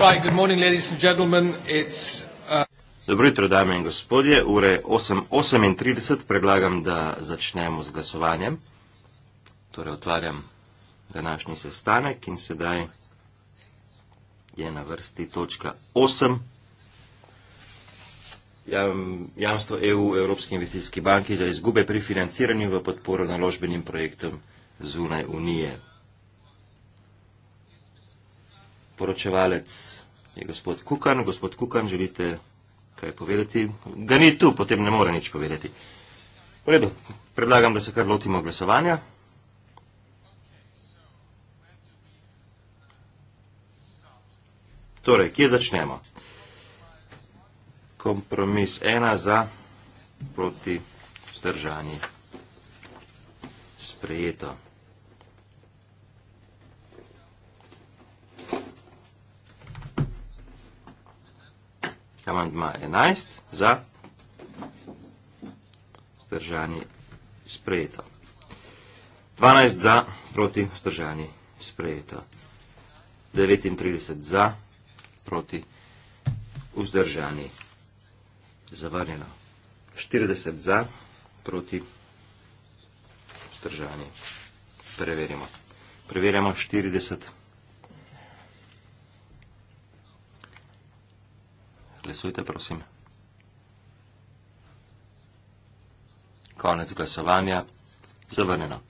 Right, good morning ladies and gentlemen. It's uh, Dobro jutro, dame in gospodje. Ure 8.38 predlagam, da začnemo z glasovanjem. Torej, otvarjam današnji sestanek in sedaj je na vrsti točka 8. Jamstvo EU Evropske investicijske banki za izgube pri financiranju v podporo naložbenim projektom zunaj Unije. poročevalec je gospod Kukan. Gospod Kukan, želite kaj povedati? Ga ni tu, potem ne more nič povedati. V redu, predlagam, da se kar lotimo glasovanja. Torej, kje začnemo? Kompromis ena za proti zdržanji. Sprejeto. Amandma 11 za vzdržani sprejeto. 12 za proti vzdržani sprejeto. 39 za proti vzdržani zavrnjeno. 40 za proti vzdržani. Preverimo. Preverjamo 40 za. Glasujte, prosim. Konec glasovanja. Zavrnjeno.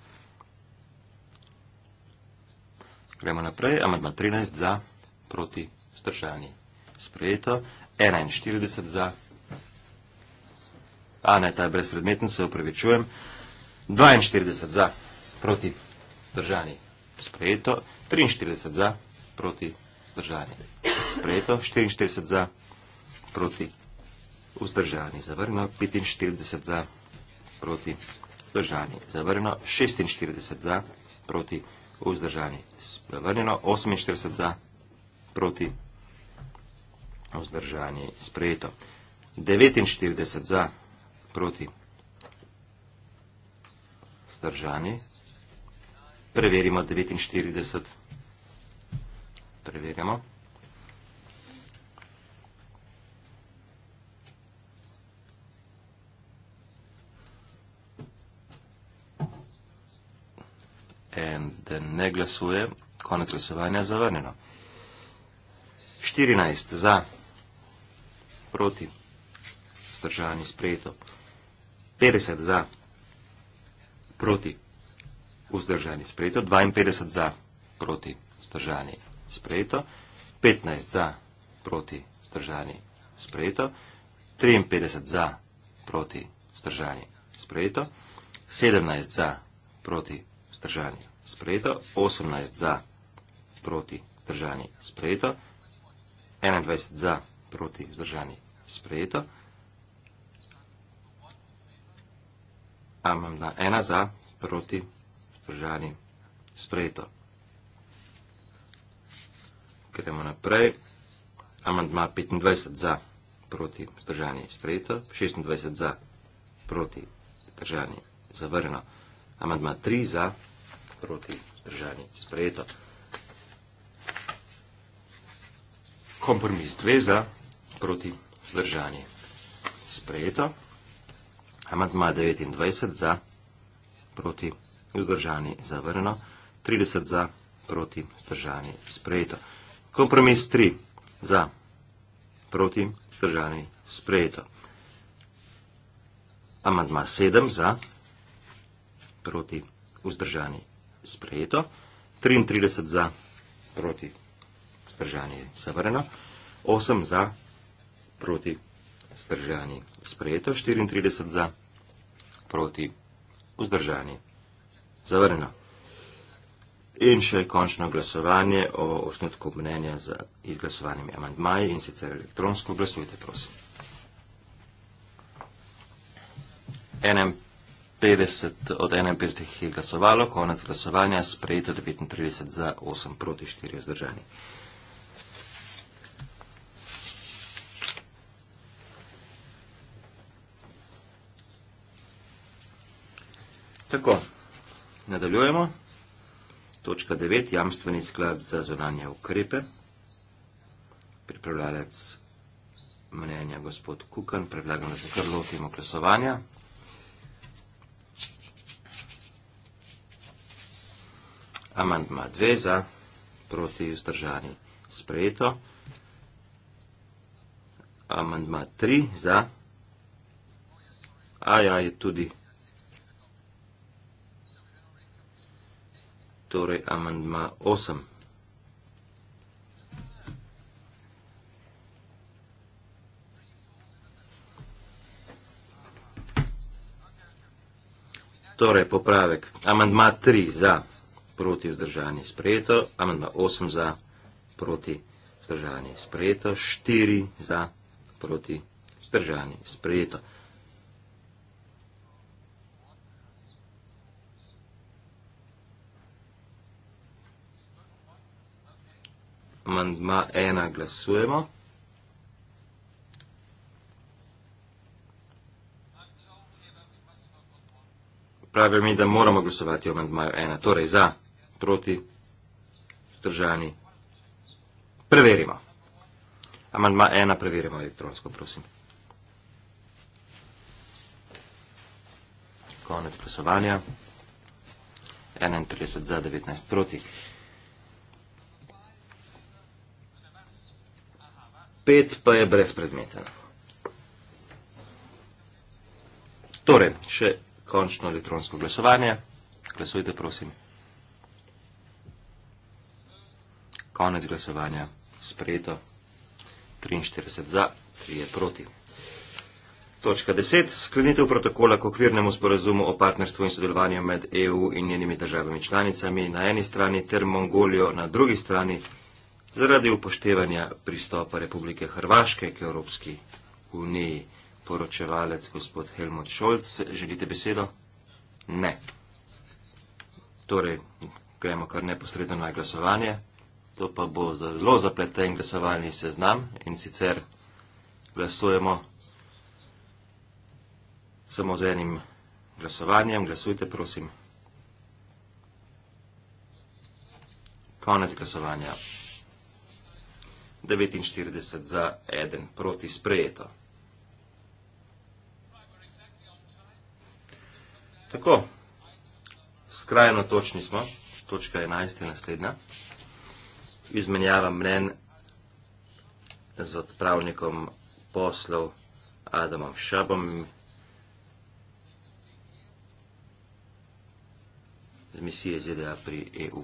Gremo naprej. Amadma 13 za proti stršanji. Sprejeto. 41 za. A ne, ta je brezpredmeten, se upravičujem. 42 za proti stršanji. Sprejeto. 43 za proti stršanji. Sprejeto. 44 za stršanji proti. Vzdržani zavrno, 45 za, proti. Vzdržani zavrno, 46 za, proti. Vzdržani zavrnjeno, 48 za, proti. Vzdržani sprejeto. 49 za, proti. Vzdržani. Preverimo 49. Preverimo. and ne glasuje, konec glasovanja zavrnjeno. 14 za, proti, zdržani sprejeto. 50 za, proti, vzdržani sprejeto. 52 za, proti, zdržani sprejeto. 15 za, proti, zdržani sprejeto. 53 za, proti, zdržani sprejeto. 17 za, proti, zdržani sprejeto držanje sprejeto, 18 za, proti držanje sprejeto, 21 za, proti držanje sprejeto, amenda 1 za, proti držanje sprejeto. Gremo naprej, amandma 25 za, proti držanje sprejeto, 26 za, proti držanje zavrjeno, amandma 3 za, proti držanje sprejeto, proti državi sprejeto. Kompromis dveza proti zdržanje sprejeto. Amatma 29 za proti zdržanje zavrneno. 30 za proti zdržanje sprejeto. Kompromis 3 za proti zdržanje sprejeto. Amatma 7 za proti zdržanje sprejeto, 33 za proti stržanje zavrjeno, 8 za proti stržanje sprejeto, 34 za proti vzdržanje zavrjeno. In še končno glasovanje o osnotku mnenja za izglasovanimi amandmaji in sicer elektronsko glasujte, prosim. 50 od 51 je glasovalo, konec glasovanja sprejeto 39 za 8 proti 4 vzdržani. Tako, nadaljujemo. Točka 9, jamstveni sklad za zonanje ukrepe. Pripravljalec mnenja gospod Kukan, predlagam, da se kar lotimo glasovanja. amandma 2 za, proti vzdržani sprejeto, amandma 3 za, a ja je tudi, torej amandma 8. Torej, popravek. Amandma 3 za proti vzdržanje sprejeto, amandma 8 za, proti vzdržanje sprejeto, 4 za, proti vzdržanje sprejeto. Amandma 1 glasujemo. Pravi mi, da moramo glasovati o amandmaju 1, torej za proti vzdržani. Preverimo. Amandma ena preverimo elektronsko, prosim. Konec glasovanja. 31 za 19 proti. 5 pa je brezpredmeten. Torej, še končno elektronsko glasovanje. Glasujte, prosim. konec glasovanja sprejeto 43 za, 3 je proti. Točka 10. Sklenitev protokola k okvirnemu sporazumu o partnerstvu in sodelovanju med EU in njenimi državami članicami na eni strani ter Mongolijo na drugi strani zaradi upoštevanja pristopa Republike Hrvaške k Evropski uniji. Poročevalec gospod Helmut Scholz, želite besedo? Ne. Torej, gremo kar neposredno na glasovanje. To pa bo zelo zapleten glasovalni seznam in sicer glasujemo samo z enim glasovanjem. Glasujte, prosim. Konec glasovanja. 49 za 1 proti sprejeto. Tako, skrajno točni smo, točka 11 je naslednja izmenjava mnen z odpravnikom poslov Adamom Šabom, z misije ZDA pri EU.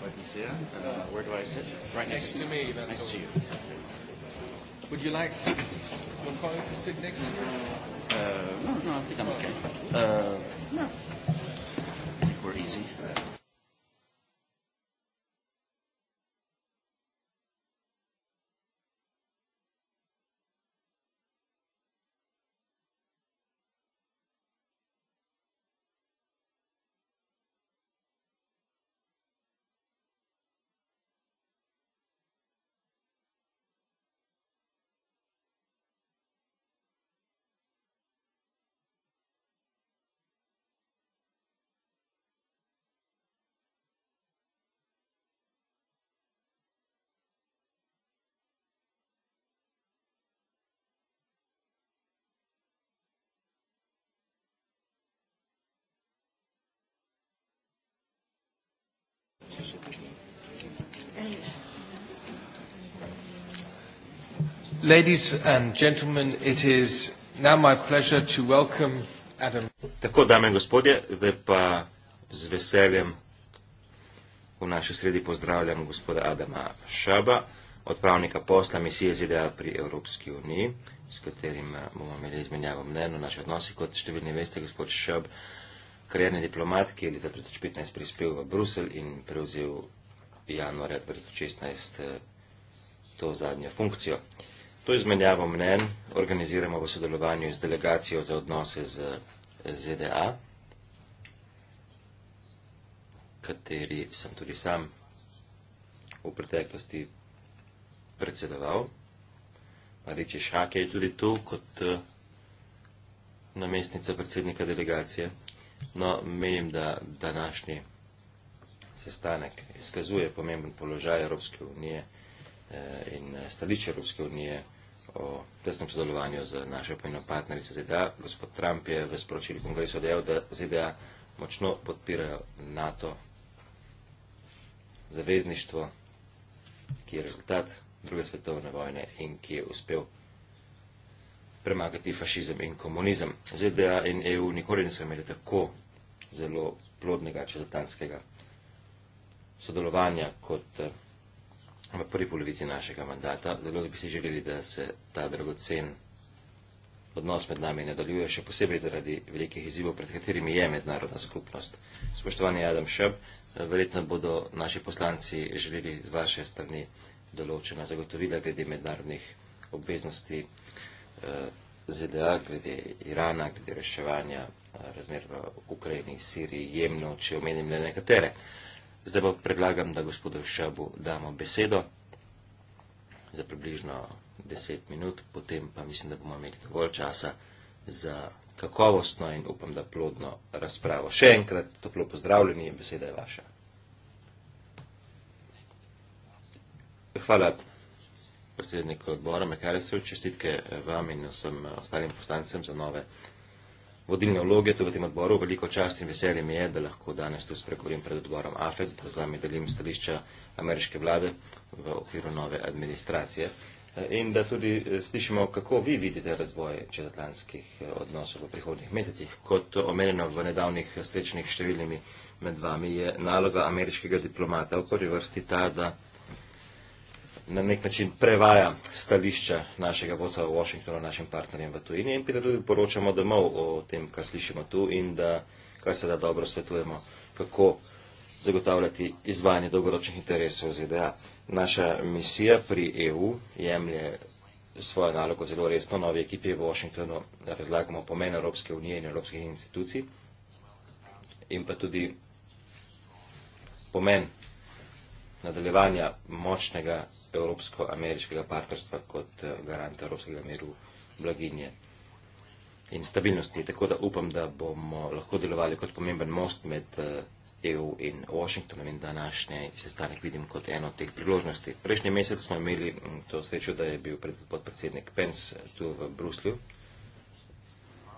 Uh, Would you like one colleague to sit next to you? Uh, no, no, I think I'm okay. Uh, no. I think we're easy. Ladies and gentlemen, it is now my pleasure to welcome Adam. Tako, dame in gospodje, zdaj pa z veseljem v naši sredi pozdravljam gospoda Adama Šaba, odpravnika posla misije ZDA pri Evropski uniji, s katerim eh, bomo imeli izmenjavo mnen v naši odnosi. Kot številni veste, gospod Šab, karjerni diplomat, ki je leta 2015 prispel v Brusel in prevzel januarja 2016 eh, to zadnjo funkcijo. To izmenjavo mnen organiziramo v sodelovanju z delegacijo za odnose z ZDA, kateri sem tudi sam v preteklosti predsedoval. Mariči Šake je tudi tu kot eh, namestnica predsednika delegacije. No, menim, da današnji sestanek izkazuje pomemben položaj Evropske unije eh, in eh, stališče Evropske unije v o tesnem sodelovanju z našo pojno partnerico ZDA. Gospod Trump je v sporočilu kongresu dejal, da ZDA močno podpirajo NATO zavezništvo, ki je rezultat druge svetovne vojne in ki je uspel premagati fašizem in komunizem. ZDA in EU nikoli niso imeli tako zelo plodnega čezatanskega sodelovanja kot uh, v prvi polovici našega mandata. Zelo bi si želeli, da se ta dragocen odnos med nami nadaljuje, še posebej zaradi velikih izzivov, pred katerimi je mednarodna skupnost. Spoštovani Adam Šab, verjetno bodo naši poslanci želeli z vaše strani določena zagotovila glede mednarodnih obveznosti eh, ZDA, glede Irana, glede reševanja eh, razmer v Ukrajini, Siriji, Jemnu, če omenim le nekatere. Uh, Zdaj pa predlagam, da gospodu Šabu damo besedo za približno 10 minut, potem pa mislim, da bomo imeli dovolj časa za kakovostno in upam, da plodno razpravo. Še enkrat toplo pozdravljeni in beseda je vaša. Hvala predsedniku odbora Mekarjesev, čestitke vam in vsem ostalim poslancem za nove vodilne vloge tudi v tem odboru. Veliko čast in veselje mi je, da lahko danes tu spregovorim pred odborom AFED, da z vami delim stališča ameriške vlade v okviru nove administracije in da tudi eh, slišimo, kako vi vidite razvoj čezatlantskih eh, odnosov v prihodnjih mesecih. Kot omenjeno v nedavnih srečnih številnimi med vami je naloga ameriškega diplomata v prvi vrsti ta, da na nek način prevaja stališča našega vodstva v Washingtonu našim partnerjem v tujini in Peter tudi poročamo domov o tem, kar slišimo tu in da kar se da dobro svetujemo, kako zagotavljati izvajanje dolgoročnih interesov ZDA. Naša misija pri EU jemlje svojo nalogo zelo resno. Novi ekipi v Washingtonu razlagamo pomen Evropske unije in Evropskih institucij in pa tudi pomen nadaljevanja močnega evropsko-ameriškega partnerstva kot eh, garanta evropskega miru, blaginje in stabilnosti. Tako da upam, da bomo lahko delovali kot pomemben most med EU eh, e in Washingtonom in današnji sestanek vidim kot eno od teh priložnosti. Prejšnji mesec smo imeli mm, to srečo, da je bil podpredsednik Pence eh, tu v Bruslju.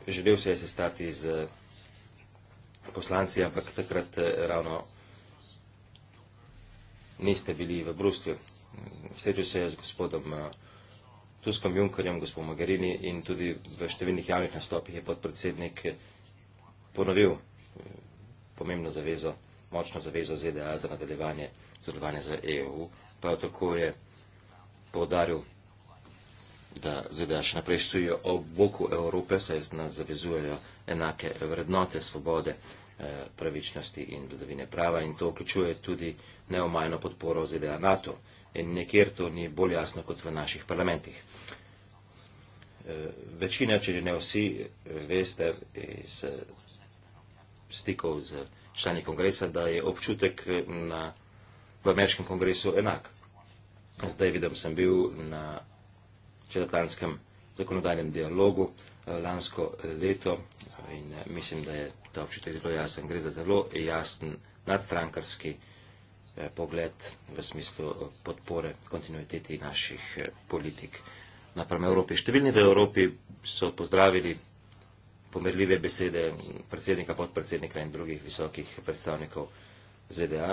Želel se je sestati z poslanci, ampak takrat ravno niste bili v Bruslju. Srečal se je z gospodom eh, Tuskom Junkerjem, gospod Mogherini in tudi v številnih javnih nastopih je podpredsednik eh, ponovil eh, pomembno zavezo, močno zavezo ZDA za nadaljevanje sodelovanja za EU. Prav tako je povdaril, da ZDA še naprej stojijo ob boku Evrope, saj nas zavezujejo enake vrednote, svobode, pravičnosti in vladavine prava in to vključuje tudi neomajno podporo ZDA NATO in nekjer to ni bolj jasno kot v naših parlamentih. E, večina, če že ne vsi, veste iz e, stikov z člani kongresa, da je občutek na, v ameriškem kongresu enak. Zdaj vidim, sem bil na četatlanskem zakonodajnem dialogu e, lansko leto in mislim, da je ta občutek zelo jasen. Gre za zelo jasen nadstrankarski Eh, pogled v smislu eh, podpore kontinuiteti naših eh, politik naprem Evropi. Številni v Evropi so pozdravili pomerljive besede predsednika, podpredsednika in drugih visokih predstavnikov ZDA.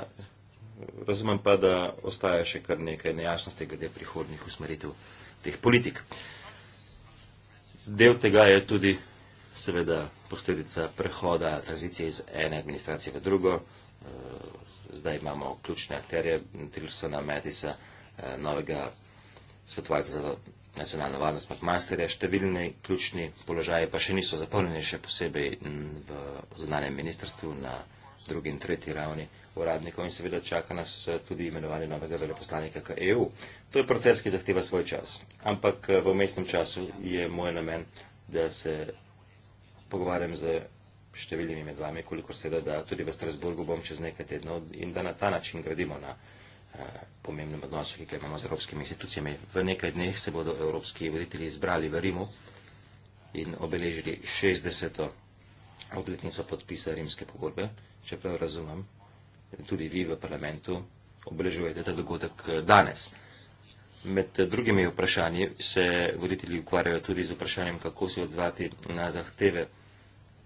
Razumem pa, da ostaja še kar nekaj nejasnosti glede prihodnih usmeritev teh politik. Del tega je tudi seveda posledica prehoda tranzicije iz ene administracije v drugo, zdaj imamo ključne akterje, Tilsona Metisa, eh, novega svetovalca za nacionalno varnost, Makmasterja, številni ključni položaji pa še niso zapolnjeni, še posebej v zunanjem ministrstvu na drugi in tretji ravni uradnikov in seveda čaka nas eh, tudi imenovanje novega veleposlanika k EU. To je proces, ki zahteva svoj čas, ampak eh, v umestnem času je moj namen, da se pogovarjam z številnimi med vami, koliko seveda, da tudi v Strasburgu bom čez nekaj tednov in da na ta način gradimo na eh, pomembnem odnosu, ki ga imamo z evropskimi institucijami. V nekaj dneh se bodo evropski voditelji izbrali v Rimu in obeležili 60. obletnico podpisa rimske pogodbe, čeprav razumem, tudi vi v parlamentu obeležujete ta dogodek eh, danes. Med drugimi vprašanji se voditelji ukvarjajo tudi z vprašanjem, kako se odzvati na zahteve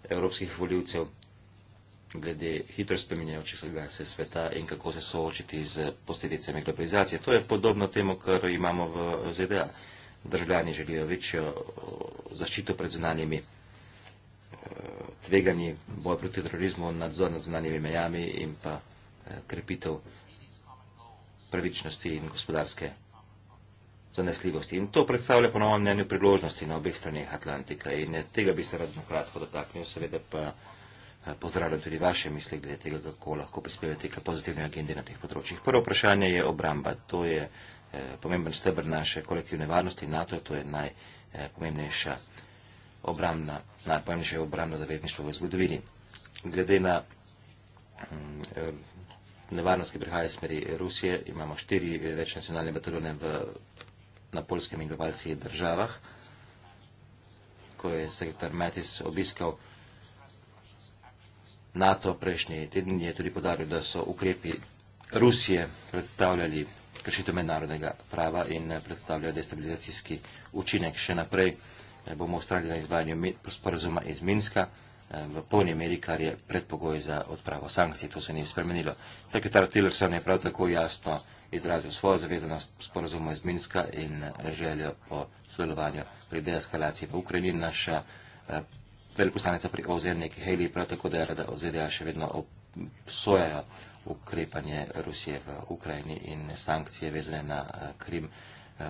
evropskih voljivcev glede hitro spreminjajočih se sveta in kako se soočiti z posledicami globalizacije. To je podobno temu, kar imamo v ZDA. Državljani želijo večjo eh, zaščito pred zunanjimi eh, tveganji, boj proti terorizmu, nadzor nad zunanjimi mejami in pa eh, krepitev pravičnosti in gospodarske zanesljivosti. In to predstavlja po novem mnenju priložnosti na obeh straneh Atlantika. In eh, tega bi se rad na kratko dotaknil, seveda pa eh, pozdravljam tudi vaše misli glede tega, kako lahko prispevate k pozitivni agendi na teh področjih. Prvo vprašanje je obramba. To je eh, pomemben stebr naše kolektivne varnosti NATO, to je najpomembnejša obramna, najpomembnejše obramno zavezništvo v zgodovini. Glede na mm, nevarnost, ki prihaja iz smeri Rusije, imamo štiri večnacionalne bataljone v na polskem in globalskih državah, ko je sektor Metis obiskal NATO prejšnji teden, je tudi podaril, da so ukrepi Rusije predstavljali kršitev mednarodnega prava in predstavljajo destabilizacijski učinek. Še naprej eh, bomo ustrajali na izvajanju sporazuma iz Minska eh, v polni meri, kar je predpogoj za odpravo sankcij. To se ni spremenilo. Sekretar Tillerson je prav tako jasno izrazil svojo zavezanost sporozumu iz Minska in eh, željo po sodelovanju pri deeskalaciji v Ukrajini. Naša eh, veliposlanica pri OZN neki Heli prav tako da je rada OZDA še vedno obsojajo ukrepanje Rusije v Ukrajini in sankcije vezane na eh, Krim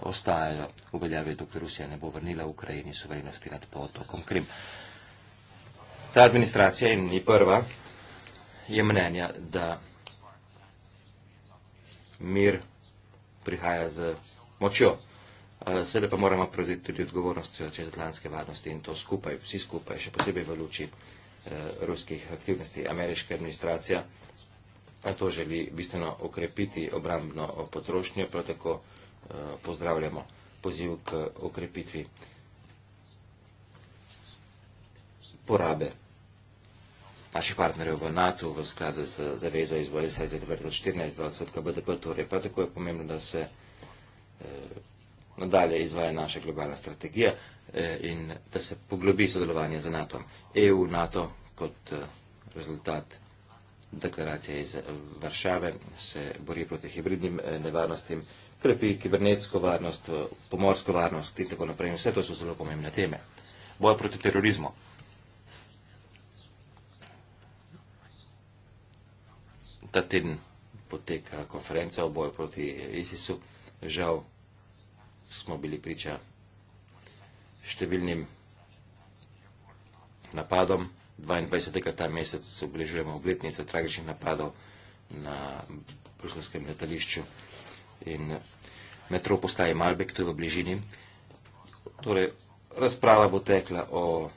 ostajajo v veljavi, dokler Rusija ne bo vrnila v Ukrajini suverenosti nad potokom Krim. Ta administracija in ni prva je mnenja, da mir prihaja z močjo. Eh, Sveda pa moramo prevzeti tudi odgovornost čezatlantske varnosti in to skupaj, vsi skupaj, še posebej v luči eh, ruskih aktivnosti. Ameriška administracija eh, to želi bistveno okrepiti obrambno potrošnjo, prav tako pozdravljamo poziv k okrepitvi porabe naših partnerjev v NATO v skladu z zavezo iz BDP 2014, 20 BDP, torej pa tako je pomembno, da se eh, nadalje izvaja naša globalna strategija eh, in da se poglobi sodelovanje z NATO. EU, NATO kot eh, rezultat deklaracije iz Varšave se bori proti hibridnim nevarnostim, krepi kibernetsko varnost, pomorsko varnost in tako naprej. Vse to so zelo pomembne teme. Boj proti terorizmu. ta teden poteka konferenca o boju proti ISIS-u. Žal smo bili priča številnim napadom. 22. ta mesec se obležujemo obletnice tragičnih napadov na bruselskem letališču in metro postaje Malbek, to je v bližini. Torej, razprava bo tekla o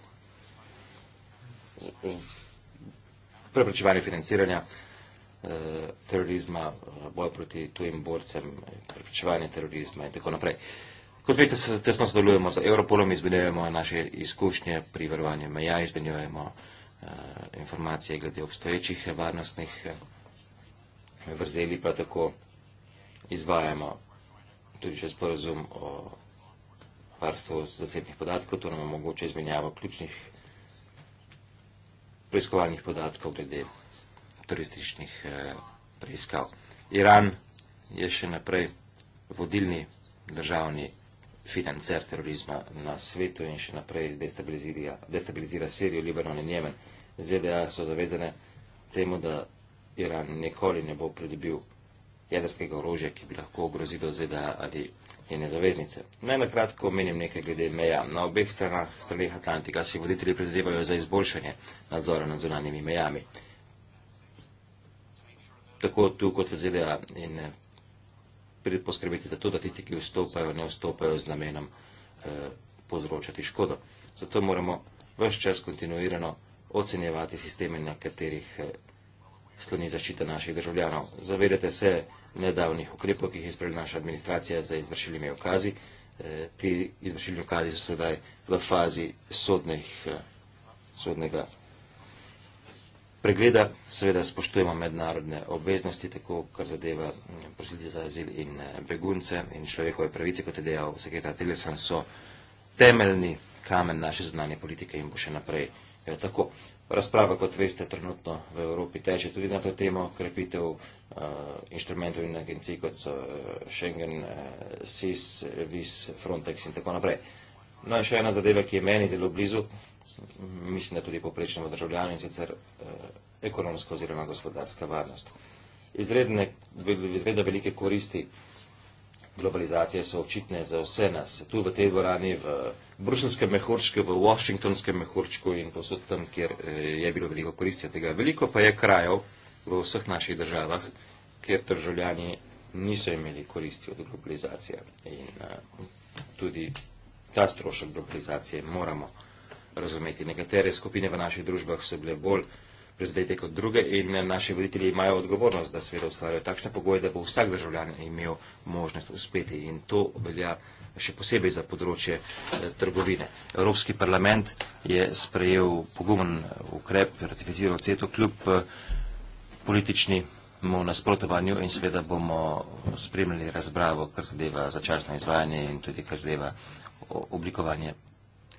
preprečevanju financiranja Eh, terorizma, eh, boj proti tujim borcem, preprečevanje terorizma in tako naprej. Kot veste, tesno sodelujemo z Europolom, izmenjujemo naše izkušnje pri varovanju meja, izmenjujemo uh, informacije glede obstoječih varnostnih vrzeli, pa tako izvajamo tudi še sporozum o varstvu zasebnih podatkov, to nam omogoča izmenjavo ključnih preiskovalnih podatkov glede turističnih eh, preiskav. Iran je še naprej vodilni državni financer terorizma na svetu in še naprej destabilizira, destabilizira Sirijo, Libanon in Jemen. ZDA so zavezane temu, da Iran nikoli ne bo pridobil jedrskega orožja, ki bi lahko ogrozilo ZDA ali njene zaveznice. Naj na kratko omenim nekaj glede meja. Na obeh stranah, stranih Atlantika, si voditelji prizadevajo za izboljšanje nadzora nad zunanjimi mejami tako tu kot v ZDA in eh, poskrbeti za to, da tisti, ki vstopajo, ne vstopajo z namenom eh, povzročati škodo. Zato moramo vse čas kontinuirano ocenjevati sisteme, na katerih eh, sloni zaščita naših državljanov. Zavedate se nedavnih ukrepov, ki jih je sprejela naša administracija za izvršilnimi okazi. Ti izvršilni okazi so sedaj v fazi sodnega pregleda, seveda spoštujemo mednarodne obveznosti, tako kar zadeva mm, prosilce za azil in eh, begunce in človekove pravice, kot je dejal sekretar Tillerson, so temeljni kamen naše zunanje politike in bo še naprej jo, tako. Razprava, kot veste, trenutno v Evropi teče tudi na to temo, krepitev uh, inštrumentov in agencij, kot so uh, Schengen, uh, SIS, VIS, Frontex in tako naprej. No in še ena zadeva, ki je meni zelo blizu, mislim, da tudi poprečnemu državljanju, in sicer eh, ekonomska oziroma gospodarska varnost. Izredne, izredne velike koristi globalizacije so očitne za vse nas. Tu v tej dvorani, v bruselskem mehurčku, v washingtonskem mehurčku in posod tam, kjer eh, je bilo veliko koristi od tega. Veliko pa je krajev v vseh naših državah, kjer državljani niso imeli koristi od globalizacije. In eh, tudi ta strošek globalizacije moramo uh, razumeti. Nekatere skupine v naših družbah so bile bolj prezdete kot druge in naši voditelji imajo odgovornost, da seveda ustvarjajo takšne pogoje, da bo vsak državljan imel možnost uspeti in to velja še posebej za področje eh, trgovine. Evropski parlament je sprejel pogumen ukrep, ratificiral CETO kljub eh, političnemu nasprotovanju in seveda bomo spremljali razbravo, kar zadeva začasno izvajanje in tudi kar zadeva oblikovanje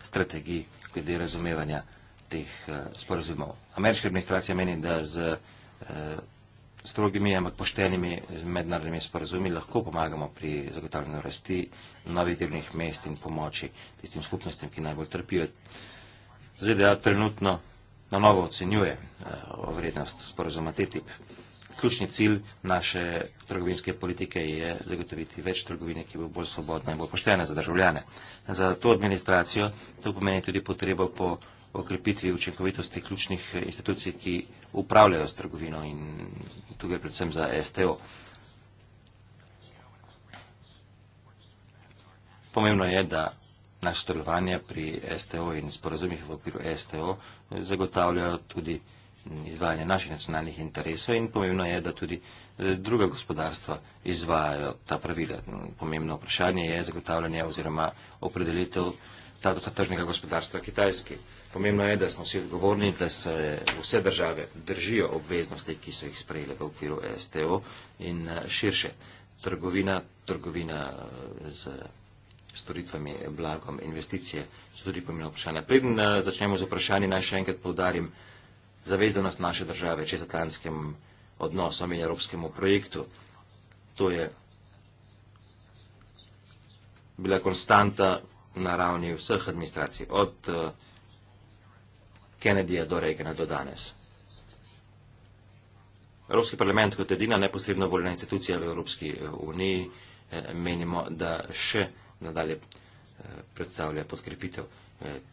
strategij glede razumevanja teh eh, sporazumov. Ameriška administracija meni, da z eh, strogimi, ampak poštenimi mednarodnimi sporazumi lahko pomagamo pri zagotavljanju rasti novih delovnih mest in pomoči tistim skupnostim, ki najbolj trpijo. ZDA e trenutno na novo ocenjuje eh, vrednost sporazuma TTIP ključni cilj naše trgovinske politike je zagotoviti več trgovine, ki bo bolj svobodna in bolj poštena za državljane. Za to administracijo to pomeni tudi potrebo po okrepitvi učinkovitosti ključnih institucij, ki upravljajo s trgovino in tukaj predvsem za STO. Pomembno je, da naše sodelovanje pri STO in sporazumih v okviru STO zagotavljajo tudi izvajanje naših nacionalnih interesov in pomembno je, da tudi eh, druga gospodarstva izvajajo ta pravila. Pomembno vprašanje je zagotavljanje oziroma opredelitev statusa tržnega gospodarstva Kitajske. Pomembno je, da smo vsi odgovorni, da se vse države držijo obveznosti, ki so jih sprejele v okviru STO in eh, širše. Trgovina, trgovina eh, z storitvami, blagom, investicije so tudi pomembno vprašanje. Preden začnemo z vprašanje, naj še enkrat povdarim, zavezanost naše države čezatlantskim odnosom in evropskemu projektu. To je bila konstanta na ravni vseh administracij, od eh, Kennedyja do Reagana do danes. Evropski parlament kot edina neposredno voljena institucija v Evropski eh, uniji eh, menimo, da še nadalje predstavlja podkrepitev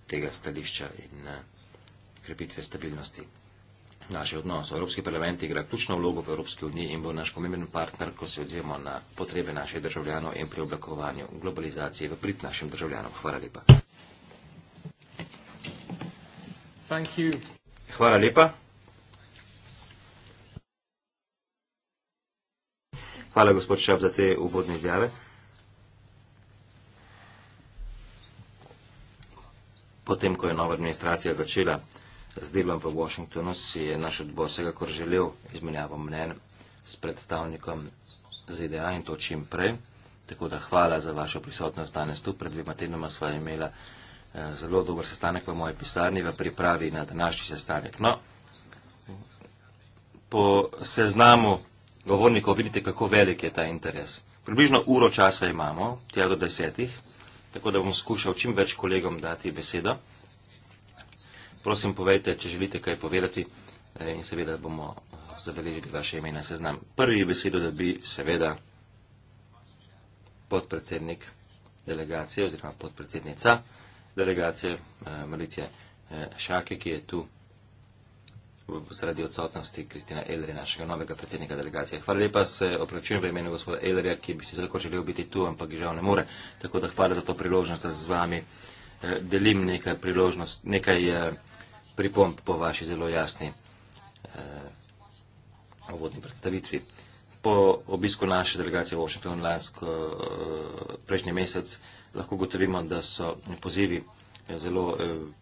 tega stališča in krepitve stabilnosti naše odnose. Evropski parlament igra ključno vlogo v Evropski uniji in bo naš pomemben partner, ko se odzivamo na potrebe naših državljanov in pri oblakovanju globalizacije v prid našim državljanom. Hvala lepa. Thank you. Hvala lepa. Hvala, gospod Šep, za te uvodne izjave. Potem, ko je nova administracija začela z delom v Washingtonu si je naš odbor vsekakor želel izmenjavo mnen s predstavnikom ZDA in to čim prej. Tako da hvala za vašo prisotnost danes tu. Pred dvema tednoma sva imela eh, zelo dober sestanek v moji pisarni v pripravi na današnji sestanek. No, po seznamu govornikov vidite, kako velik je ta interes. Približno uro časa imamo, tja do desetih, tako da bom skušal čim več kolegom dati besedo prosim povejte, če želite kaj povedati eh, in seveda bomo eh, zabeležili vaše ime na seznam. Prvi besedo, da bi seveda podpredsednik delegacije oziroma podpredsednica delegacije eh, Maritje Šake, ki je tu zaradi odsotnosti Kristina Elri, našega novega predsednika delegacije. Hvala lepa, se opravičujem v imenu gospoda Elrija, ki bi si zelo želel biti tu, ampak žal ne more. Tako da hvala za to priložnost, da z vami delim nekaj priložnost, nekaj eh, pripomb po vaši zelo jasni eh, uvodni predstavitvi. Po obisku naše delegacije v Washington lansko eh, prejšnji mesec lahko gotovimo, da so pozivi eh, zelo eh,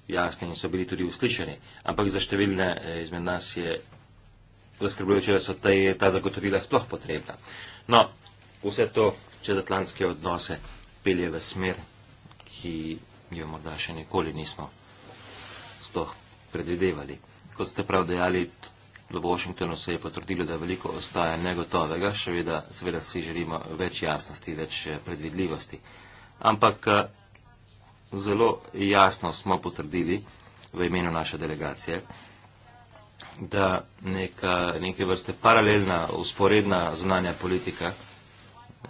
jasni in so bili tudi uslišani, ampak za številne eh, izmed nas je zaskrbljujoče, da so ta, je ta zagotovila sploh potrebna. No, vse to čezatlantske odnose pelje v smer, ki jo morda še nikoli nismo. Sploh predvidevali. Kot ste prav dejali, v Washingtonu se je potrdilo, da veliko ostaja negotovega, še vedno seveda si želimo več jasnosti, več eh, predvidljivosti. Ampak eh, zelo jasno smo potrdili v imenu naše delegacije, da neka, neke vrste paralelna, usporedna zunanja politika,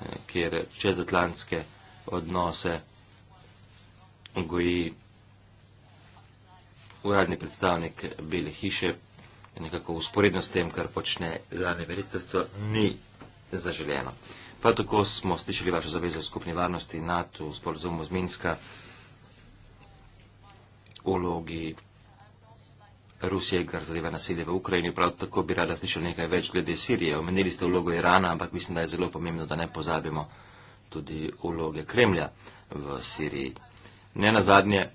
eh, kjer čezatlantske odnose goji uradni predstavnik Bele hiše, nekako usporedno s tem, kar počne zadnje veritestvo, ni zaželjeno. Prav tako smo slišali vašo zavezo skupni varnosti NATO v sporozumu z Minska o vlogi Rusije, kar zadeva nasilje v Ukrajini. Prav tako bi rada slišali nekaj več glede Sirije. Omenili ste vlogo Irana, ampak mislim, da je zelo pomembno, da ne pozabimo tudi vloge Kremlja v Siriji. Ne na zadnje,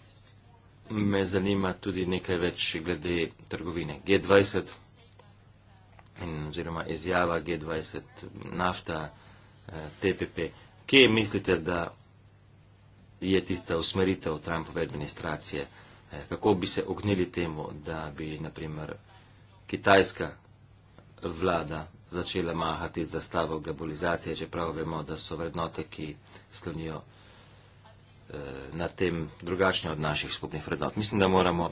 me zanima tudi nekaj več glede trgovine. G20 in oziroma izjava G20, nafta, eh, TPP. Kje mislite, da je tista usmeritev Trumpove administracije? Eh, kako bi se ognili temu, da bi, naprimer, kitajska vlada začela mahati zastavo globalizacije, čeprav vemo, da so vrednote, ki slonijo Eh, na tem drugačne od naših skupnih vrednot. Mislim, da moramo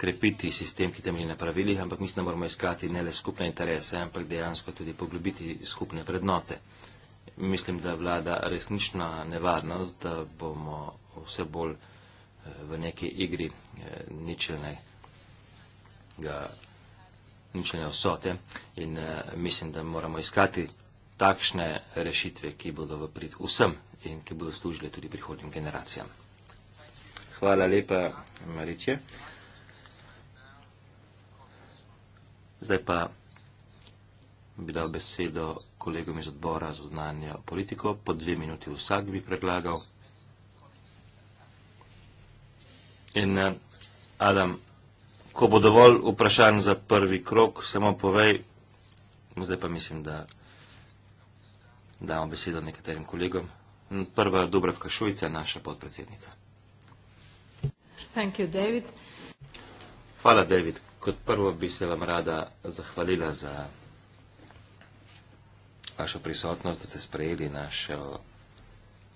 krepiti sistem, ki temelji na pravilih, ampak mislim, da moramo iskati ne le skupne interese, ampak dejansko tudi poglobiti skupne vrednote. Mislim, da vlada resnična nevarnost, da bomo vse bolj eh, v neki igri eh, ničelnega, ničelne vsote in mislim, da moramo iskati takšne rešitve, ki bodo v prid vsem in ki bodo služile tudi prihodnjim generacijam. Hvala lepa, Mariče. Zdaj pa bi dal besedo kolegom iz odbora za znanje politiko. Po dve minuti vsak bi predlagal. In eh, Adam, ko bo dovolj vprašanj za prvi krok, samo povej, zdaj pa mislim, da damo besedo nekaterim kolegom. Prva Dubravka Šujca, naša podpredsednica. Thank you, David. Hvala, David. Kot prvo bi se vam rada zahvalila za vašo prisotnost, da ste sprejeli našo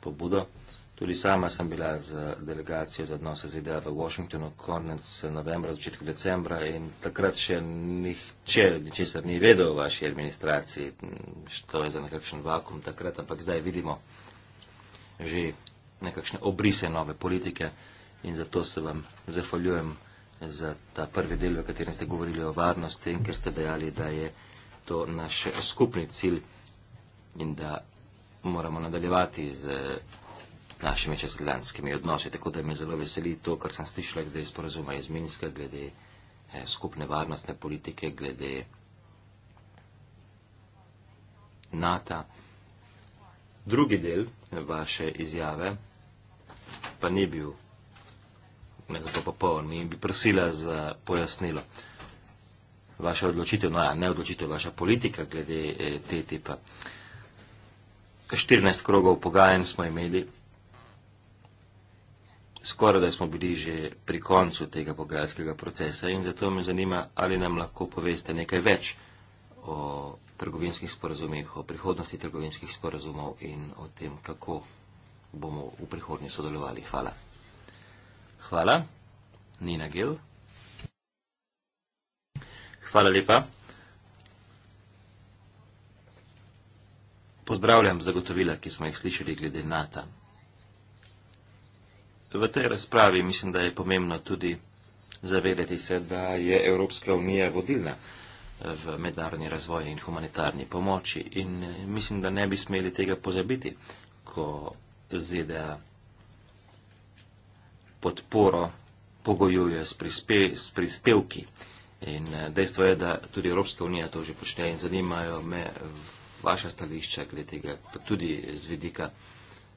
pobudo. Tudi sama sem bila z delegacijo za odnose z IDA v Washingtonu konec novembra, začetek decembra in takrat še nihče, ničesar ni vedel o vaši administraciji, što je za nekakšen vakum takrat, ampak zdaj vidimo, že nekakšne obrise nove politike in zato se vam zahvaljujem za ta prvi del, v katerem ste govorili o varnosti in ker ste dejali, da je to naš skupni cilj in da moramo nadaljevati z našimi čezatlantskimi odnosi. Tako da me zelo veseli to, kar sem slišala glede sporazuma iz Minska, glede eh, skupne varnostne politike, glede NATO. Drugi del vaše izjave pa ni bil nekako popoln in bi prosila za pojasnilo. Vaša odločitev, no ja, ne odločitev, vaša politika glede te tipa. 14 krogov pogajanj smo imeli, skoraj da smo bili že pri koncu tega pogajalskega procesa in zato me zanima, ali nam lahko poveste nekaj več o trgovinskih sporazumih, o prihodnosti trgovinskih sporazumov in o tem, kako bomo v prihodnje sodelovali. Hvala. Hvala. Nina Gil. Hvala lepa. Pozdravljam zagotovila, ki smo jih slišali glede NATO. V tej razpravi mislim, da je pomembno tudi zavedati se, da je Evropska unija vodilna v mednarodni razvoj in humanitarni pomoči. In eh, mislim, da ne bi smeli tega pozabiti, ko ZDA podporo pogojuje s, prispe, s prispevki. In eh, dejstvo je, da tudi Evropska unija to že počne in zanimajo me vaša stališča glede tega, pa tudi z vidika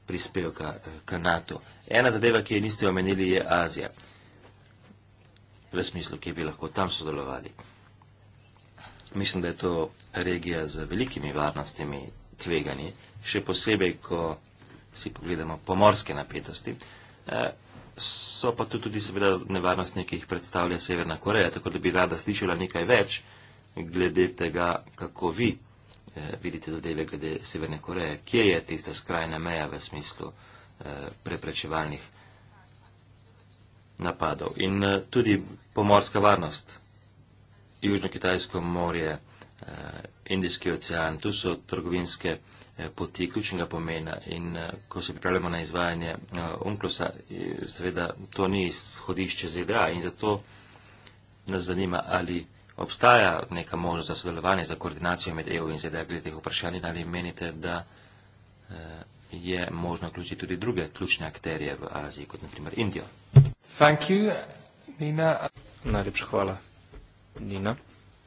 prispevka eh, k NATO. Ena zadeva, ki je niste omenili, je Azija. V smislu, ki bi lahko tam sodelovali. Mislim, da je to regija z velikimi varnostnimi tveganji, še posebej, ko si pogledamo pomorske napetosti. Eh, so pa tu tudi seveda nevarnostni, ki jih predstavlja Severna Koreja, tako da bi rada slišala nekaj več glede tega, kako vi eh, vidite zadeve glede Severne Koreje. Kje je tista skrajna meja v smislu eh, preprečevalnih napadov in tudi pomorska varnost? Južno-Kitajsko morje, eh, Indijski ocean, tu so trgovinske eh, poti ključnega pomena in eh, ko se pripravljamo na izvajanje UNCLOS-a, seveda to ni izhodišče ZDA in zato nas zanima, ali obstaja neka možnost za sodelovanje, za koordinacijo med EU in ZDA glede teh vprašanj in ali menite, da je možno vključiti tudi druge ključne akterje v Aziji, kot na primer Indijo. Thank you, Nina. Najlepša hvala. Nina.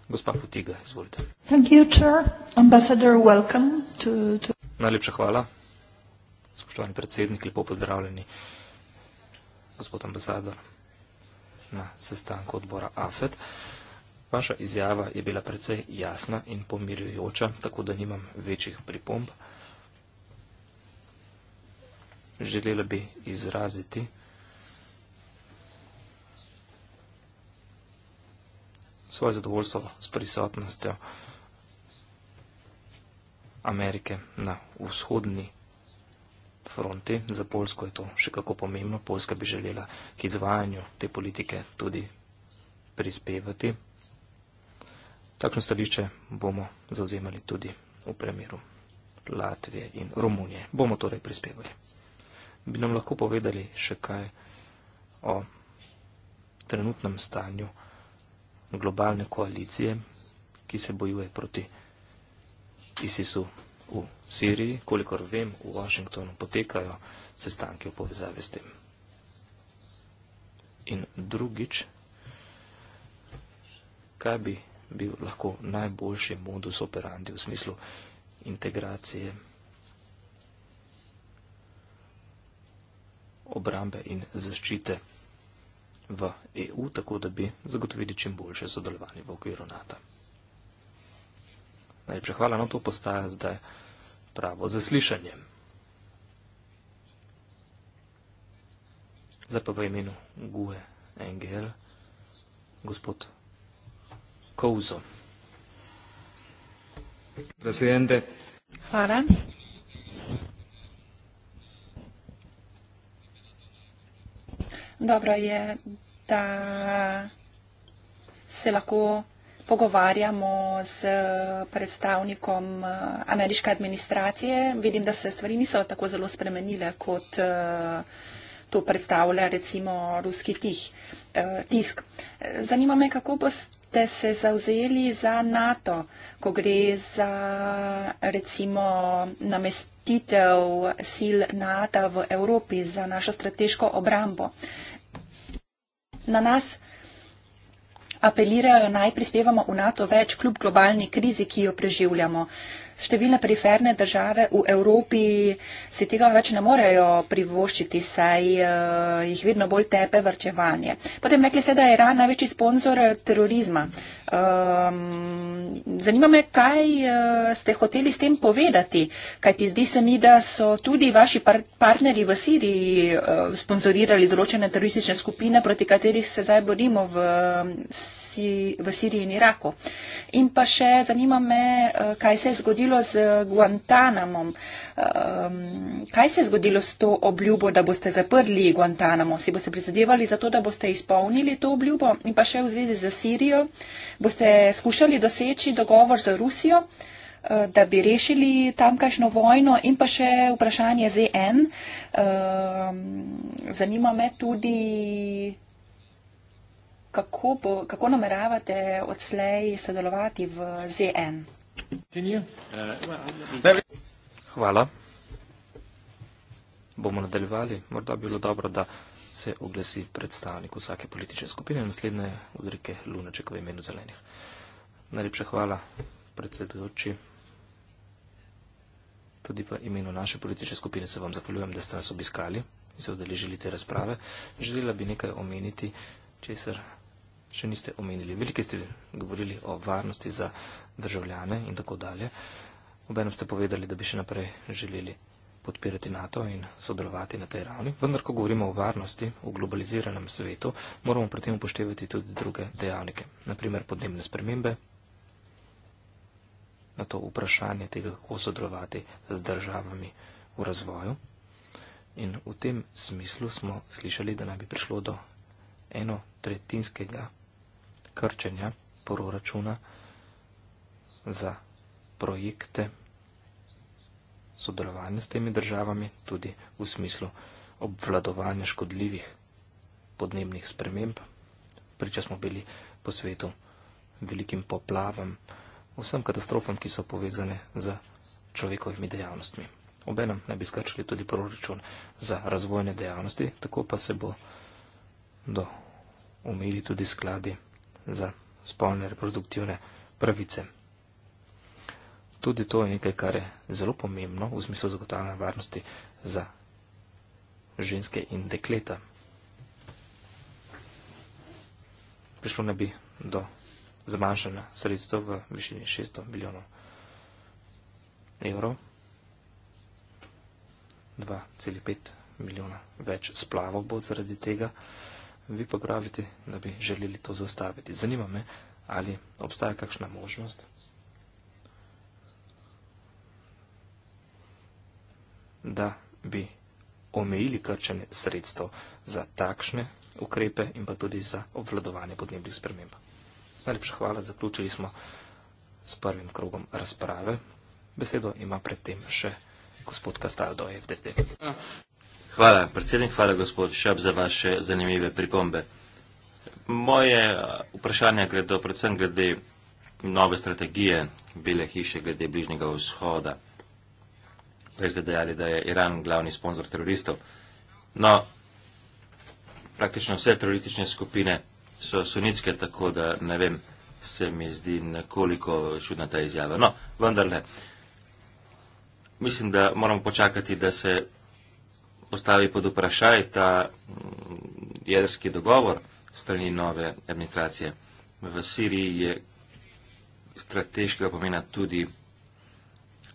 Gospa Futiga, izvolite. You, to, to... Najlepša hvala. Spoštovani predsednik, lepo pozdravljeni. Gospod ambasador na sestanku odbora AFED. Vaša izjava je bila precej jasna in pomirjujoča, tako da nimam večjih pripomb. Želela bi izraziti svoje zadovoljstvo s prisotnostjo Amerike na vzhodni fronti. Za Polsko je to še kako pomembno. Polska bi želela k izvajanju te politike tudi prispevati. Takšno stališče bomo zauzemali tudi v premjeru Latvije in Romunije. Bomo torej prispevali. Bi nam lahko povedali še kaj o trenutnem stanju Polska? globalne koalicije, ki se bojuje proti ISIS-u v Siriji. Kolikor vem, v Washingtonu potekajo sestanke v povezave s tem. In drugič, kaj bi bil lahko najboljši modus operandi v smislu integracije obrambe in zaščite v EU, tako da bi zagotovili čim boljše sodelovanje v okviru NATO. Najlepša hvala, no to postaja zdaj pravo zaslišanje. Zdaj pa v imenu Gue Engel, gospod Kouzo. Presidente. Hvala. dobro je, da se lahko pogovarjamo z predstavnikom eh, ameriške administracije. Vidim, da se stvari niso tako zelo spremenile, kot eh, to predstavlja recimo ruski tih, eh, tisk. Zanima me, kako boste se zauzeli za NATO, ko gre za recimo namestitev uvrstitev sil NATO v Evropi za našo strateško obrambo. Na nas apelirajo naj prispevamo v NATO več kljub globalni krizi, ki jo preživljamo. Številne periferne države v Evropi si tega več ne morejo privoščiti, saj uh, jih vedno bolj tepe vrčevanje. Potem rekli ste, da je Iran največji sponzor eh, terorizma. Um, zanima me, kaj uh, ste hoteli s tem povedati, kaj ti zdi se mi, da so tudi vaši par partnerji v Siriji uh, sponzorirali določene teroristične skupine, proti katerih se zdaj borimo v, si v Siriji in Iraku. In pa še zanima me, uh, kaj se je zgodilo zgodilo z Guantanamom? Um, kaj se je zgodilo s to obljubo, da boste zaprli Guantanamo? Si boste prizadevali za to, da boste izpolnili to obljubo? In pa še v zvezi z Sirijo, boste skušali doseči dogovor z Rusijo, uh, da bi rešili tamkajšno vojno? In pa še vprašanje ZN. Um, ehm, zanima me tudi. Kako, bo, kako nameravate odslej sodelovati v ZN? continue? Uh, Hvala. Bomo nadaljevali. Morda bi bilo dobro, da se oglesi predstavnik vsake politične skupine in naslednje udrike Lunaček v imenu zelenih. Najlepša hvala, predsedujoči. Tudi v imenu naše politične skupine se vam zahvaljujem, da ste nas obiskali in se odeležili te razprave. Želela bi nekaj omeniti, česar še niste omenili. Veliko ste govorili o varnosti za državljane in tako dalje. Obenem ste povedali, da bi še naprej želeli podpirati NATO in sodelovati na tej ravni. Vendar, ko govorimo o varnosti v globaliziranem svetu, moramo pri tem upoštevati tudi druge dejavnike. Naprimer, podnebne spremembe, na to vprašanje tega, kako sodelovati z državami v razvoju. In v tem smislu smo slišali, da naj bi prišlo do eno tretjinskega krčenja proračuna za projekte sodelovanja s temi državami, tudi v smislu obvladovanja škodljivih podnebnih sprememb. Priča smo bili po svetu velikim poplavam, vsem katastrofam, ki so povezane z človekovimi dejavnostmi. Obenem naj bi skrčili tudi proračun za razvojne dejavnosti, tako pa se bo do omejili tudi skladi za spolne reproduktivne pravice. Tudi to je nekaj, kar je zelo pomembno v smislu zagotavljanja varnosti za ženske in dekleta. Prišlo ne bi do zmanjšanja sredstev v višini 600 milijonov evrov, 2,5 milijona več splavov bo zaradi tega vi pa pravite, da bi želeli to zastaviti. Zanima me, ali obstaja kakšna možnost? da bi omejili krčanje sredstev za takšne ukrepe in pa tudi za obvladovanje podnebnih sprememb. Najlepša hvala, zaključili smo s prvim krogom razprave. Besedo ima predtem še gospod Kastaldo, FDT. A. Hvala, predsednik, hvala gospod Šab za vaše zanimive pripombe. Moje uh, vprašanje gre do predvsem glede nove strategije Bele hiše, glede bližnjega vzhoda. Prej ste dejali, da je Iran glavni sponzor teroristov. No, praktično vse teroristične skupine so sunitske, tako da ne vem, se mi zdi nekoliko čudna ta izjava. No, vendarle, mislim, da moramo počakati, da se postavi pod vprašaj ta mm, jedrski dogovor strani nove administracije. V Siriji je strateškega pomena tudi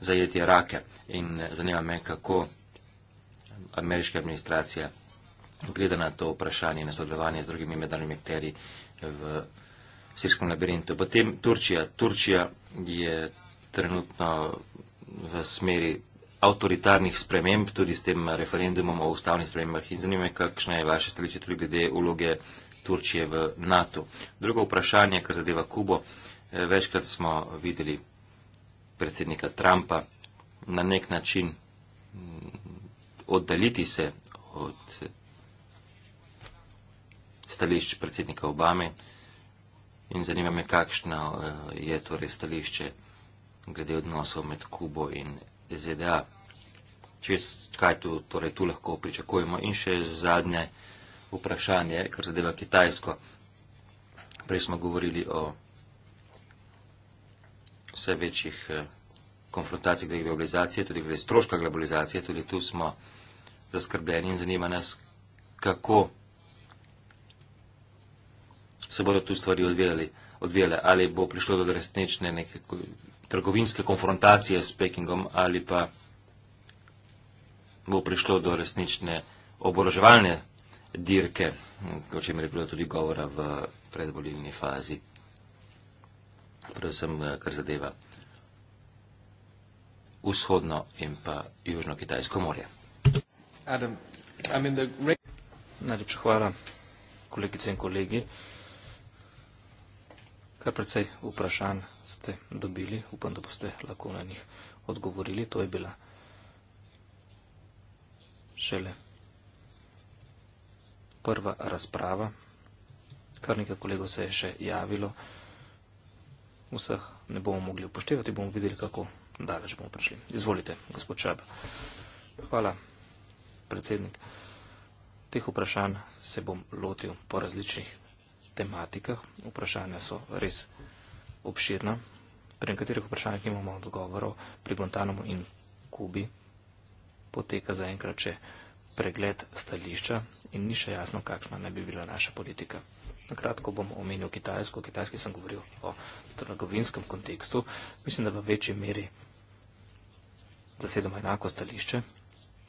zajetje rake in eh, zanima me, kako ameriška administracija gleda na to vprašanje, na sodelovanje z drugimi mednarodnimi akterji v sirskem labirintu. Potem Turčija. Turčija je trenutno v smeri avtoritarnih sprememb, tudi s tem referendumom o ustavnih spremembah in zanime, kakšna je vaše stališče tudi glede uloge Turčije v NATO. Drugo vprašanje, kar zadeva Kubo, eh, večkrat smo videli predsednika Trumpa na nek način mm, oddaliti se od stališč predsednika Obame in zanima me, kakšno eh, je torej stališče glede odnosov med Kubo in ZDA, čez kaj tu, torej, tu lahko pričakujemo. In še zadnje vprašanje, kar zadeva Kitajsko. Prej smo govorili o vse večjih eh, konfrontacijah glede globalizacije, tudi glede stroška globalizacije. Tudi tu smo zaskrbljeni in zanima nas, kako se bodo tu stvari odvijale. odvijale. Ali bo prišlo do resnične neke trgovinske konfrontacije s Pekingom ali pa bo prišlo do resnične oboroževalne dirke, o čemer je bilo tudi govora v predvolilni fazi, predvsem eh, kar zadeva vzhodno in pa južno Kitajsko morje. Adam, I mean the... Najlepša hvala, kolegice in kolegi. Kar precej vprašanj ste dobili, upam, da boste lahko na njih odgovorili. To je bila šele prva razprava. Kar nekaj kolegov se je še javilo. Vseh ne bomo mogli upoštevati, bomo videli, kako daleč bomo prišli. Izvolite, gospod Čab. Hvala, predsednik. Teh vprašanj se bom lotil po različnih tematikah. Vprašanja so res obširna. Pri nekaterih vprašanjih imamo odgovorov, pri Guantanamo in Kubi poteka zaenkrat še pregled stališča in ni še jasno, kakšna naj bi bila naša politika. Na kratko bom omenil Kitajsko. O Kitajski sem govoril o trgovinskem kontekstu. Mislim, da v večji meri zasedamo enako stališče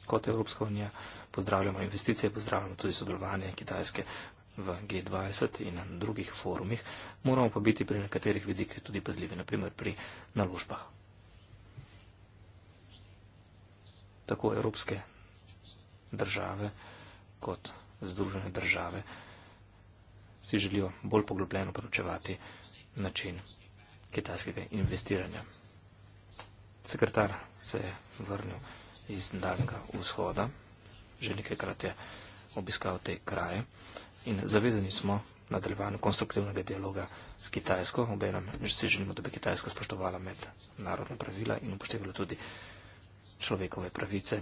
kot Evropska unija. Pozdravljamo investicije, pozdravljamo tudi sodelovanje Kitajske v G20 in na drugih forumih, moramo pa biti pri nekaterih vidikih tudi pazljivi, naprimer pri naložbah. Tako evropske države kot združene države si želijo bolj poglobljeno poročevati način kitajskega investiranja. Sekretar se je vrnil iz daljnega vzhoda, že nekajkrat je obiskal te kraje in zavezani smo nadaljevanju konstruktivnega dialoga s Kitajsko. Obenem si želimo, da bi Kitajska spoštovala mednarodna pravila in upoštevala tudi človekove pravice,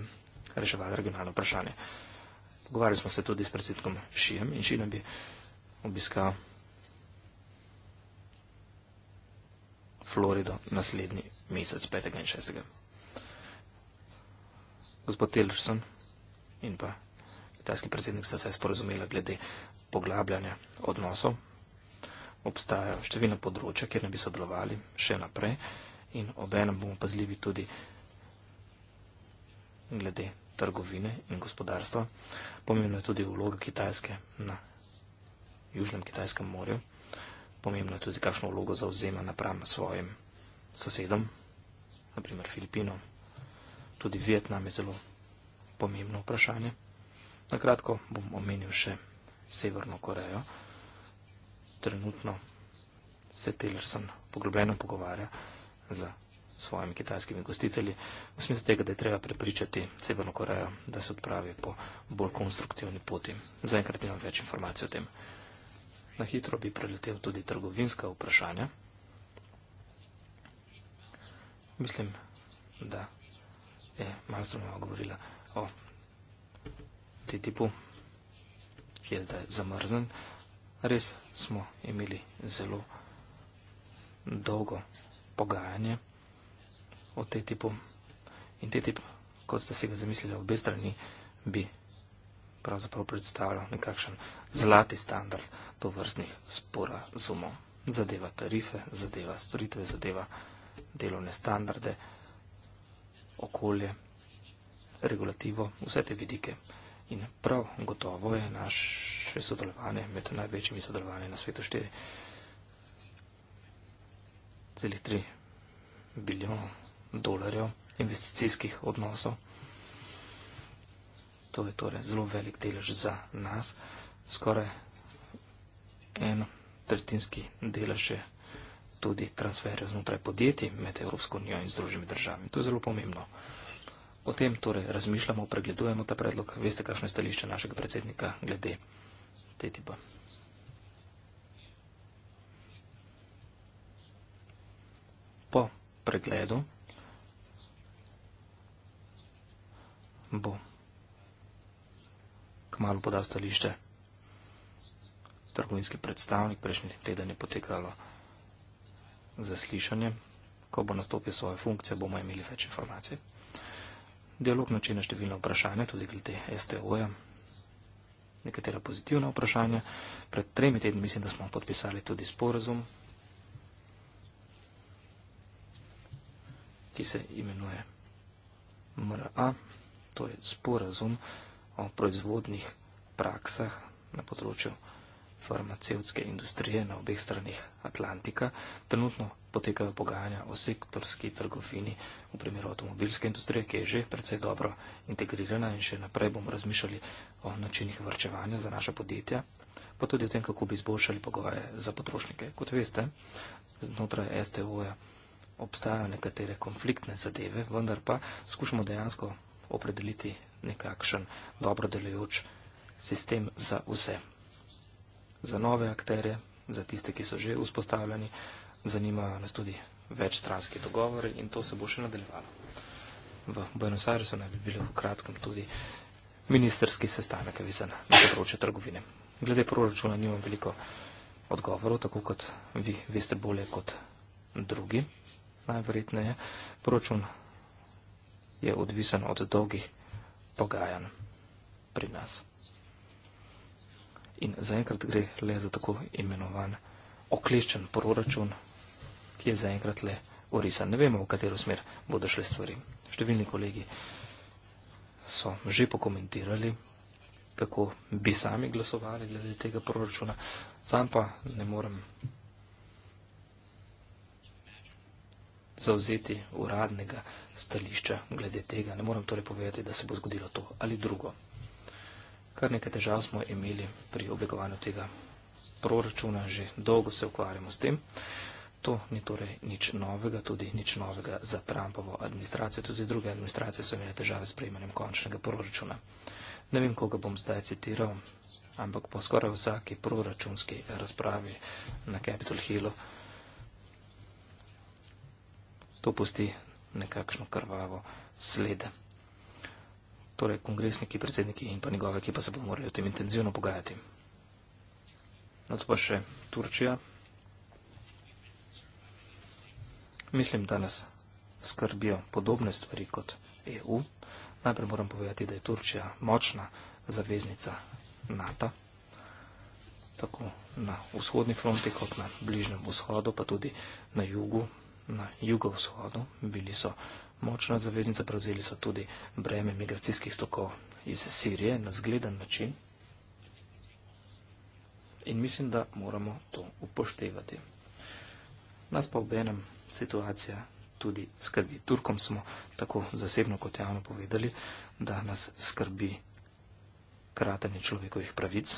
reševala regionalno vprašanje. Pogovarjali smo se tudi s predsednikom Šijem in Šijem bi obiskal Florido naslednji mesec, 5. in 6. Gospod Tilšson in pa kitajski predsednik sta se sporozumela glede poglabljanja odnosov. Obstajajo številna področja, kjer ne bi sodelovali še naprej in obenem bomo pazljivi tudi glede trgovine in gospodarstva. Pomembna je tudi vloga Kitajske na Južnem Kitajskem morju. Pomembna je tudi, kakšno vlogo zauzema napram svojim sosedom, naprimer Filipino. Tudi Vietnam je zelo pomembno vprašanje. Na kratko bom omenil še Severno Korejo. Trenutno se Tillerson poglobljeno pogovarja z svojimi kitajskimi gostitelji v smislu tega, da je treba prepričati Severno Korejo, da se odpravi po bolj konstruktivni poti. Zaenkrat nimam več informacij o tem. Na hitro bi preletel tudi trgovinska vprašanja. Mislim, da je Malstrom govorila o TTIP-u je zdaj zamrznjen. Res smo imeli zelo dolgo pogajanje o tej tipu in tej tip, kot ste si ga zamislili, obe strani bi pravzaprav predstavljal nekakšen zlati standard do vrstnih sporazumov. Zadeva tarife, zadeva storitve, zadeva delovne standarde, okolje, regulativo, vse te vidike. In prav gotovo je naše sodelovanje med največjimi sodelovanji na svetu 4. Celih 3 bilijonov dolarjev investicijskih odnosov. To je torej zelo velik delež za nas. Skoraj en tretjinski delež je tudi transferjev znotraj podjetij med Evropsko unijo in združenimi državami. To je zelo pomembno o tem torej razmišljamo, pregledujemo ta predlog. Veste, kakšno je stališče našega predsednika glede te tipa? Po pregledu bo kmalo podal stališče trgovinski predstavnik. Prejšnji teden je potekalo zaslišanje. Ko bo nastopil svojo funkcijo, bomo imeli več informacij. Dialog načine številne vprašanja, tudi glede STO-ja. Nekatera pozitivna vprašanja. Pred tremi tedni mislim, da smo podpisali tudi sporazum, ki se imenuje MRA. To je sporazum o proizvodnih praksah na področju proizvodnih praksah farmacevtske industrije na obeh stranih Atlantika. Trenutno potekajo pogajanja o sektorski trgovini v primeru avtomobilske industrije, ki je že predvsej dobro integrirana in še naprej bomo razmišljali o načinih vrčevanja za naše podjetja, pa tudi o tem, kako bi izboljšali pogoje za potrošnike. Kot veste, znotraj STO-ja obstajajo nekatere konfliktne zadeve, vendar pa skušamo dejansko opredeliti nekakšen dobro delujoč sistem za vse za nove akterje, za tiste, ki so že vzpostavljeni, zanimajo nas tudi več stranski dogovori in to se bo še nadaljevalo. V Buenos Airesu naj bi bilo v kratkem tudi ministerski sestanek vizana na področju trgovine. Glede proračuna nimam veliko odgovorov, tako kot vi veste bolje kot drugi. Najverjetneje, proračun je odvisen od dolgih pogajanj pri nas. In zaenkrat gre le za tako imenovan okleščen proračun, ki je zaenkrat le orisan. Ne vemo, v katero smer bodo šle stvari. Številni kolegi so že pokomentirali, kako bi sami glasovali glede tega proračuna. Sam pa ne morem zauzeti uradnega stališča glede tega. Ne morem torej povedati, da se bo zgodilo to ali drugo. Kar nekaj težav smo imeli pri oblikovanju tega proračuna, že dolgo se ukvarjamo s tem. To ni torej nič novega, tudi nič novega za Trumpovo administracijo. Tudi druge administracije so imele težave s prejmanjem končnega proračuna. Ne vem, koga bom zdaj citiral, ampak po skoraj vsaki proračunski razpravi na Capitol Hillu to pusti nekakšno krvavo slede torej kongresniki, predsedniki in pa njegove, ki pa se bodo morali o tem intenzivno pogajati. Na to pa še Turčija. Mislim, da nas skrbijo podobne stvari kot EU. Najprej moram povedati, da je Turčija močna zaveznica NATO, tako na vzhodni fronti kot na bližnjem vzhodu, pa tudi na jugu, na jugovzhodu. Bili so močna zaveznica, prevzeli so tudi breme migracijskih tokov iz Sirije na zgleden način. In mislim, da moramo to upoštevati. Nas pa ob enem situacija tudi skrbi. Turkom smo tako zasebno kot javno povedali, da nas skrbi kratenje človekovih pravic,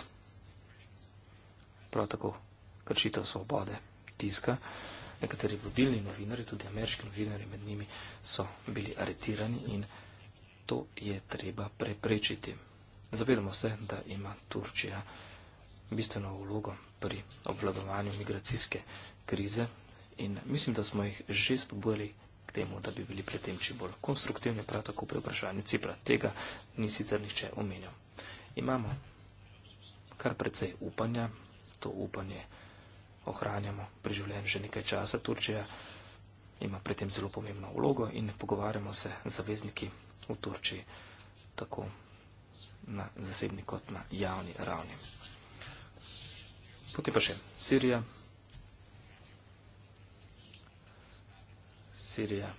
prav tako kršitev svobode tiska. Nekateri vodilni novinari, tudi ameriški novinari med njimi, so bili aretirani in to je treba preprečiti. Zavedamo se, da ima Turčija bistveno vlogo pri obvladovanju migracijske krize in mislim, da smo jih že spobujali k temu, da bi bili pri tem čim bolj konstruktivni, prav tako pri vprašanju Cipra. Tega ni sicer nihče omenil. Imamo kar precej upanja, to upanje ohranjamo pri življenju že nekaj časa. Turčija ima pri tem zelo pomembno vlogo in pogovarjamo se z zavezniki v Turčiji tako na zasebni kot na javni ravni. Potem pa še Sirija. Sirija,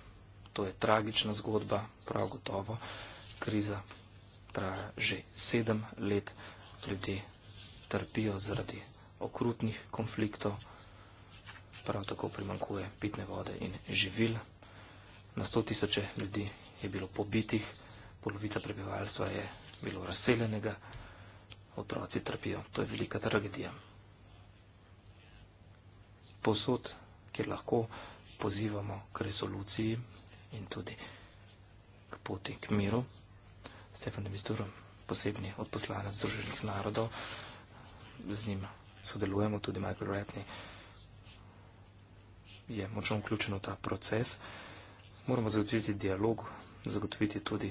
to je tragična zgodba, prav gotovo. Kriza traja že sedem let, ljudi trpijo zaradi okrutnih konfliktov, prav tako primankuje pitne vode in živil. Na 100 tisoče ljudi je bilo pobitih, polovica prebivalstva je bilo razseljenega, otroci trpijo. To je velika tragedija. Posod, kjer lahko pozivamo k resoluciji in tudi k poti k miru, Stefan de Misturo, posebni odposlanec Združenih narodov, z njima sodelujemo, tudi Michael Ratney je močno vključen v ta proces. Moramo zagotoviti dialog, zagotoviti tudi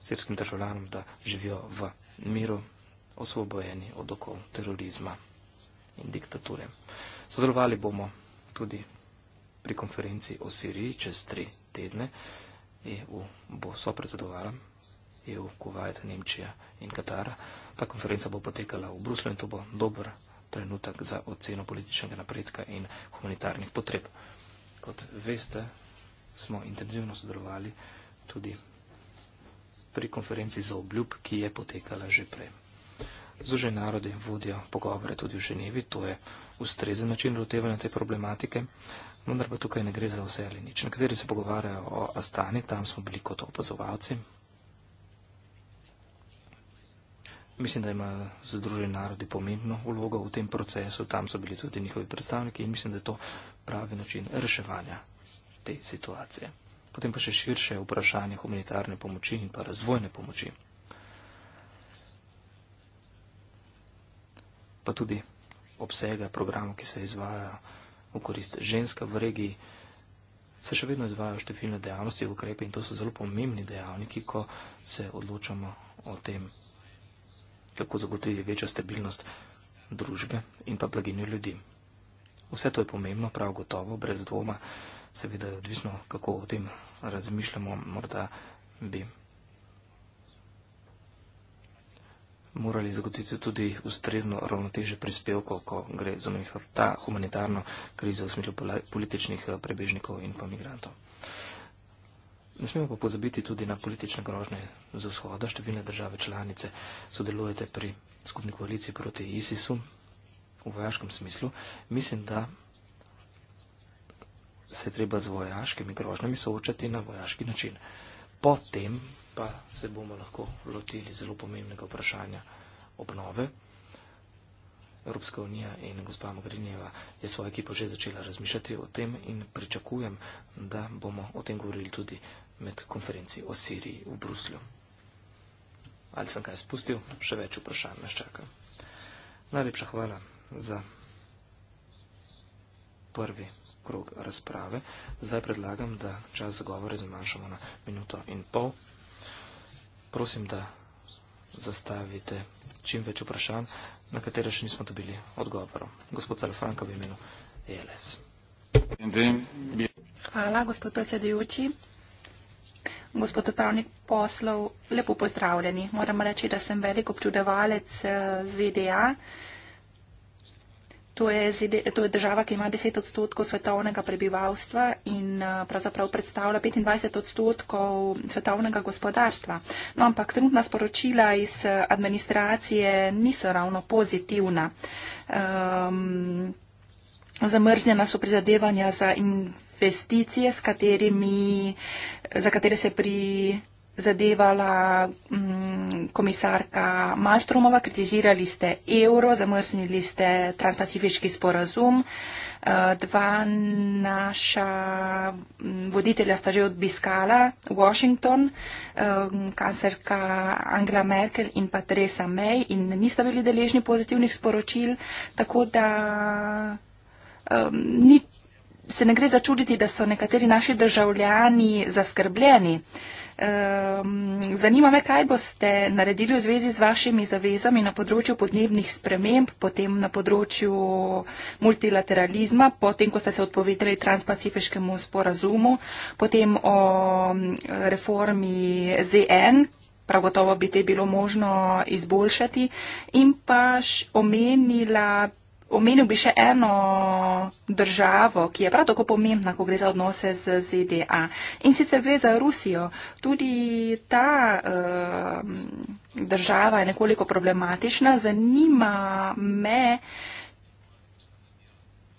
srpskim državljanom, da živijo v miru, osvobojeni od okol terorizma in diktature. Sodelovali bomo tudi pri konferenci o Siriji čez tri tedne. EU bo sopredsedovala, EU, Kuwait, Nemčija in Katara. Ta konferenca bo potekala v Bruslju in to bo dober trenutek za oceno političnega napredka in humanitarnih potreb. Kot veste, smo intenzivno sodelovali tudi pri konferenci za obljub, ki je potekala že prej. Združeni narodi vodijo pogovore tudi v Ženevi, to je ustrezen način lotevanja te problematike, vendar pa tukaj ne gre za vse ali nič. Nekateri se pogovarjajo o Astani, tam smo bili kot opazovalci, Mislim, da ima Združeni narodi pomembno vlogo v tem procesu, tam so bili tudi njihovi predstavniki in mislim, da je to pravi način reševanja te situacije. Potem pa še širše vprašanje humanitarne pomoči in pa razvojne pomoči. Pa tudi obsega programov, ki se izvaja v korist ženska v regiji, se še vedno izvajo številne dejavnosti v ukrepe in to so zelo pomembni dejavniki, ko se odločamo o tem kako zagotoviti večjo stabilnost družbe in pa blaginjo ljudi. Vse to je pomembno, prav gotovo, brez dvoma, seveda je odvisno, kako o tem razmišljamo, morda bi morali zagotoviti tudi ustrezno ravnoteže prispevkov, ko gre za ta humanitarno krizo v smislu političnih eh, prebežnikov in pa migrantov. Ne smemo pa pozabiti tudi na politične grožnje z vzhoda. Številne države članice sodelujete pri skupni koaliciji proti ISIS-u v vojaškem smislu. Mislim, da se je treba z vojaškimi grožnjami soočati na vojaški način. Potem pa se bomo lahko lotili zelo pomembnega vprašanja obnove. Evropska unija in gospa Mogrinjeva je svojo ekipo že začela razmišljati o tem in pričakujem, da bomo o tem govorili tudi med konferenci o Siriji v Bruslju. Ali sem kaj spustil? Še več vprašanj me čaka. Najlepša hvala za prvi krog razprave. Zdaj predlagam, da čas za govore zmanjšamo na minuto in pol. Prosim, da zastavite čim več vprašanj, na katere še nismo dobili odgovorov. Gospod Salafranka v imenu ELS. Hvala, gospod predsedujoči gospod upravnik poslov, lepo pozdravljeni. Moram reči, da sem velik občudovalec eh, ZDA. To je, ZDA, to je država, ki ima 10 odstotkov svetovnega prebivalstva in eh, pravzaprav predstavlja 25 odstotkov svetovnega gospodarstva. No, ampak trenutna sporočila iz eh, administracije niso ravno pozitivna. Um, Zamrznjena so prizadevanja za in investicije, katerimi, za katere se pri zadevala mm, komisarka Malstromova, kritizirali ste evro, zamrznili ste transpacifiški sporazum, eh, dva naša mm, voditelja sta že odbiskala Washington, eh, kancerka Angela Merkel in pa Theresa May in nista bili deležni pozitivnih sporočil, tako da um, eh, nič se ne gre začuditi, da so nekateri naši državljani zaskrbljeni. Ehm, zanima me, kaj boste naredili v zvezi z vašimi zavezami na področju podnebnih sprememb, potem na področju multilateralizma, potem, ko ste se odpovedali transpacifiškemu sporazumu, potem o reformi ZN, prav gotovo bi te bilo možno izboljšati, in pa omenila Omenil bi še eno državo, ki je prav tako pomembna, ko gre za odnose z ZDA. In sicer gre za Rusijo. Tudi ta uh, država je nekoliko problematična. Zanima me.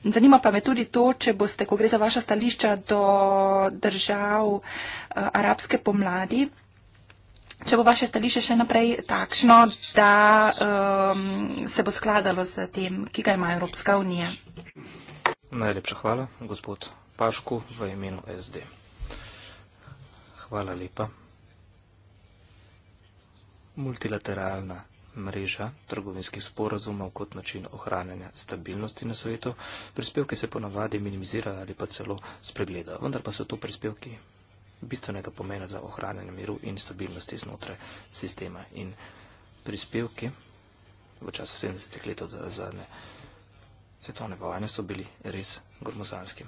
Zanima pa me tudi to, če boste, ko gre za vaša stališča do držav uh, arabske pomladi, Če bo vaše stališče še naprej takšno, da um, se bo skladalo z tem, ki ga ima Evropska unija. Najlepša hvala, gospod Pašku, v imenu SD. Hvala lepa. Multilateralna mreža trgovinskih sporazumov kot način ohranjanja stabilnosti na svetu, prispevke se ponavadi minimizira ali pa celo spregleda. Vendar pa so to prispevki bistvenega pomena za ohranjanje miru in stabilnosti znotraj sistema. In prispevki v času 70-ih letov zadnje svetovne vojne so bili res gromozanski.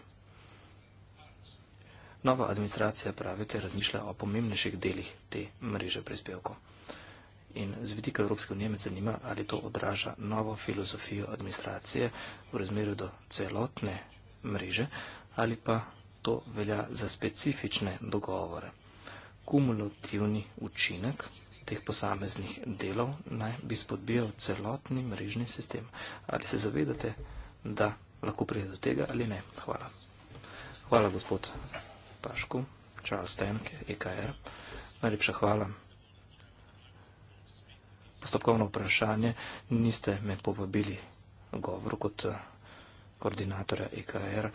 Nova administracija, pravite, razmišlja o pomembnejših delih te mreže prispevkov. In z vidika Evropske unije me zanima, ali to odraža novo filozofijo administracije v razmerju do celotne mreže ali pa to velja za specifične dogovore. Kumulativni učinek teh posameznih delov naj bi spodbijal celotni mrežni sistem. Ali se zavedate, da lahko pride do tega ali ne? Hvala. Hvala, gospod Pašku, Charles Tenke, EKR. Najlepša hvala. Postopkovno vprašanje. Niste me povabili govoru kot eh, koordinatora EKR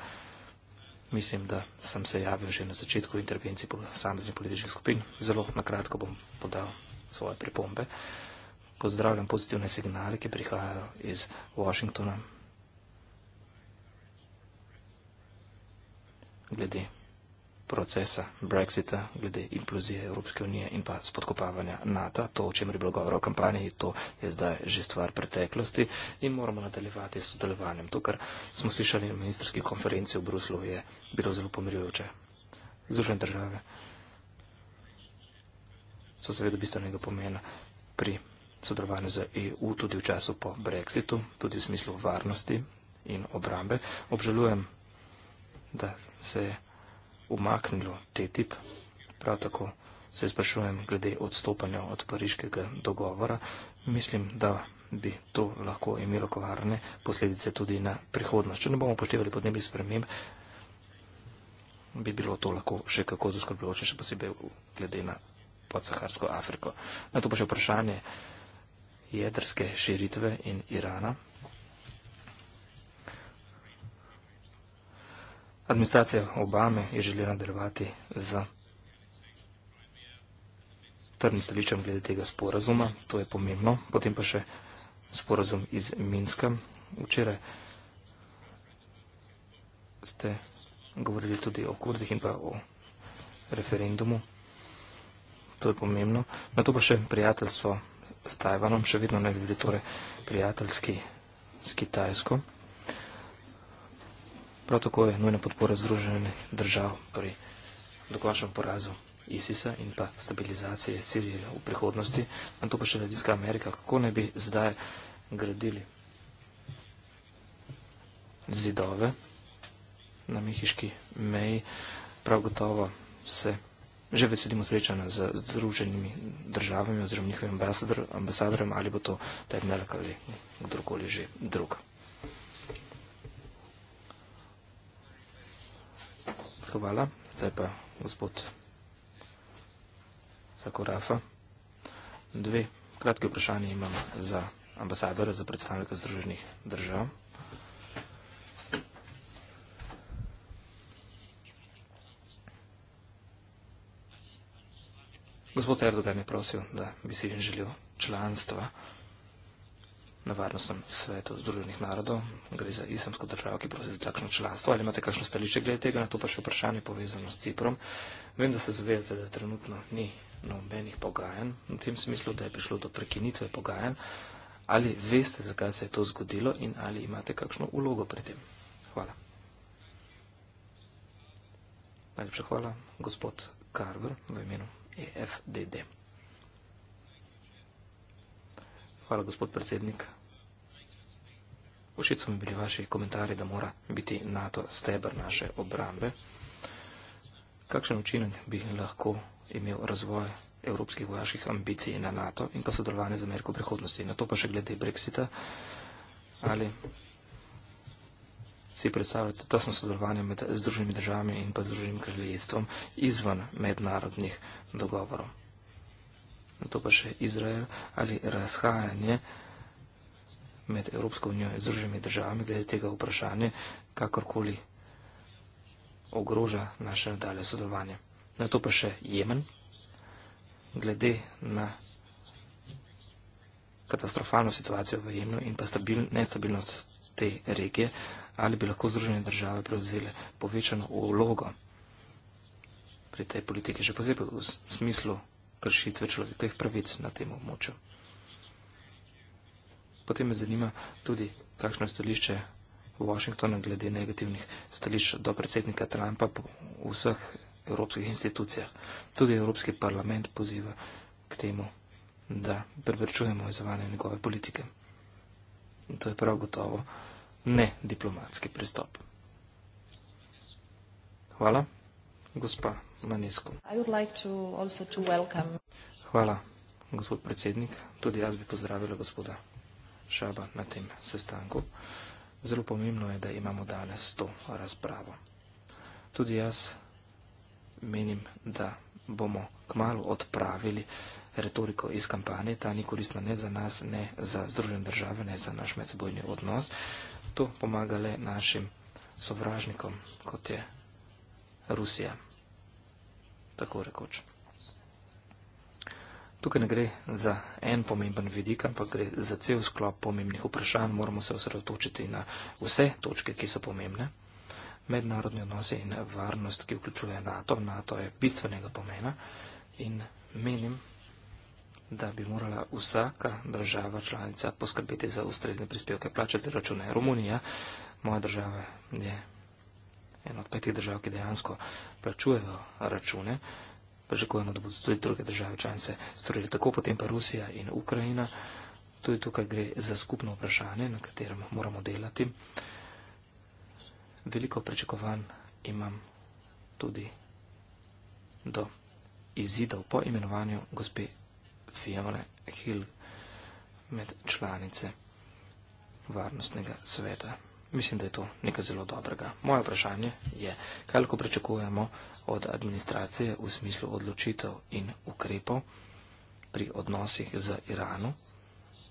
mislim, da sem se javil že na začetku intervencij posameznih političnih skupin. Zelo na kratko bom podal svoje pripombe. Pozdravljam pozitivne signale, ki prihajajo iz Washingtona glede procesa Brexita, glede implozije Evropske unije in pa spodkopavanja NATO. To, o čem je bilo govora o kampanji, to je zdaj že stvar preteklosti in moramo nadaljevati s sodelovanjem. To, kar smo slišali na ministerski konferenci v Bruslu, je bilo zelo pomirjujoče. Združene države so seveda bistvenega pomena pri sodelovanju z EU tudi v času po Brexitu, tudi v smislu varnosti in obrambe. Obžalujem, da se je umaknilo TTIP. Prav tako se sprašujem glede odstopanja od pariškega dogovora. Mislim, da bi to lahko imelo kovarne posledice tudi na prihodnost. Če ne bomo poštevali podnebnih sprememb, bi bilo to lahko še kako zaskrbljujoče, še posebej glede na podsaharsko Afriko. Na to pa še vprašanje jedrske širitve in Irana. Administracija Obame je želela nadaljevati z trdnim stališčem glede tega sporazuma, to je pomembno. Potem pa še sporazum iz Minska. Včeraj ste govorili tudi o kurdih in pa o referendumu. To je pomembno. Na to pa še prijateljstvo s Tajvanom, še vedno naj bi bili torej prijateljski s Kitajsko. Prav tako je nujna podpora združene držav pri dokončnem porazu ISIS-a in pa stabilizacije Sirije v prihodnosti. Na to pa še Latinska Amerika, kako ne bi zdaj gradili zidove na mehiški meji. Prav gotovo se že veselimo srečanja z združenimi državami oziroma njihovim ambasadorem ali bo to Ted Nelk ali kdorkoli že drug. Hvala. Zdaj pa gospod Zakorafa. Dve kratke vprašanje imam za ambasadora, za predstavnika Združenih držav. Gospod Erdogan je prosil, da bi si želel članstva na varnostnem svetu Združenih narodov, gre za islamsko državo, ki prosi za takšno članstvo. Ali imate kakšno stališče glede tega? Na to pa še vprašanje povezano s Ciprom. Vem, da se zavedate, da trenutno ni nobenih pogajanj, v tem smislu, da je prišlo do prekinitve pogajanj. Ali veste, zakaj se je to zgodilo in ali imate kakšno ulogo pri tem? Hvala. Najlepša hvala, gospod Karver, v imenu EFDD. Hvala, gospod predsednik. Všeč so mi bili vaši komentarji, da mora biti NATO stebr naše obrambe. Kakšen učinek bi lahko imel razvoj evropskih vojaških ambicij na NATO in pa sodelovanje z Ameriko v prihodnosti? Na to pa še glede Brexita. Ali si predstavljate tesno sodelovanje med Združenimi državami in pa Združenim kraljestvom izvan mednarodnih dogovorov? Na to pa še Izrael ali razhajanje med Evropsko unijo in Združenimi državami glede tega vprašanja, kakorkoli ogroža naše nadalje sodelovanje. Na to pa še Jemen, glede na katastrofalno situacijo v Jemnu in pa stabil, nestabilnost te regije, ali bi lahko Združene države prevzele povečano vlogo pri tej politiki, še posebej v smislu kršitve človekovih pravic na tem območju potem me zanima tudi, kakšno je stališče Washingtona glede negativnih stališč do predsednika Trumpa v vseh evropskih institucijah. Tudi Evropski parlament poziva k temu, da preprečujemo izvajanje njegove politike. In to je prav gotovo ne diplomatski pristop. Hvala, gospa Manesko. Like Hvala, gospod predsednik. Tudi jaz bi pozdravila gospoda. Šaba na tem sestanku. Zelo pomembno je, da imamo danes to razpravo. Tudi jaz menim, da bomo kmalo odpravili retoriko iz kampanje, ta ni koristna ne za nas, ne za Združene države, ne za naš medsebojni odnos. To pomaga le našim sovražnikom, kot je Rusija. Tako rekoč. Tukaj ne gre za en pomemben vidik, ampak gre za cel sklop pomembnih vprašanj. Moramo se osredotočiti na vse točke, ki so pomembne. Mednarodni odnose in varnost, ki vključuje NATO. NATO je bistvenega pomena in menim, da bi morala vsaka država članica poskrbeti za ustrezne prispevke, plačati račune. Romunija, moja država, je ena od petih držav, ki dejansko plačujejo račune pričakujemo, da bodo tudi druge države članice storili tako, potem pa Rusija in Ukrajina. Tudi tukaj gre za skupno vprašanje, na katerem moramo delati. Veliko pričakovanj imam tudi do izidov po imenovanju gospe Fiona Hill med članice varnostnega sveta. Mislim, da je to nekaj zelo dobrega. Moje vprašanje je, kaj lahko pričakujemo od administracije v smislu odločitev in ukrepov pri odnosih z Iranom,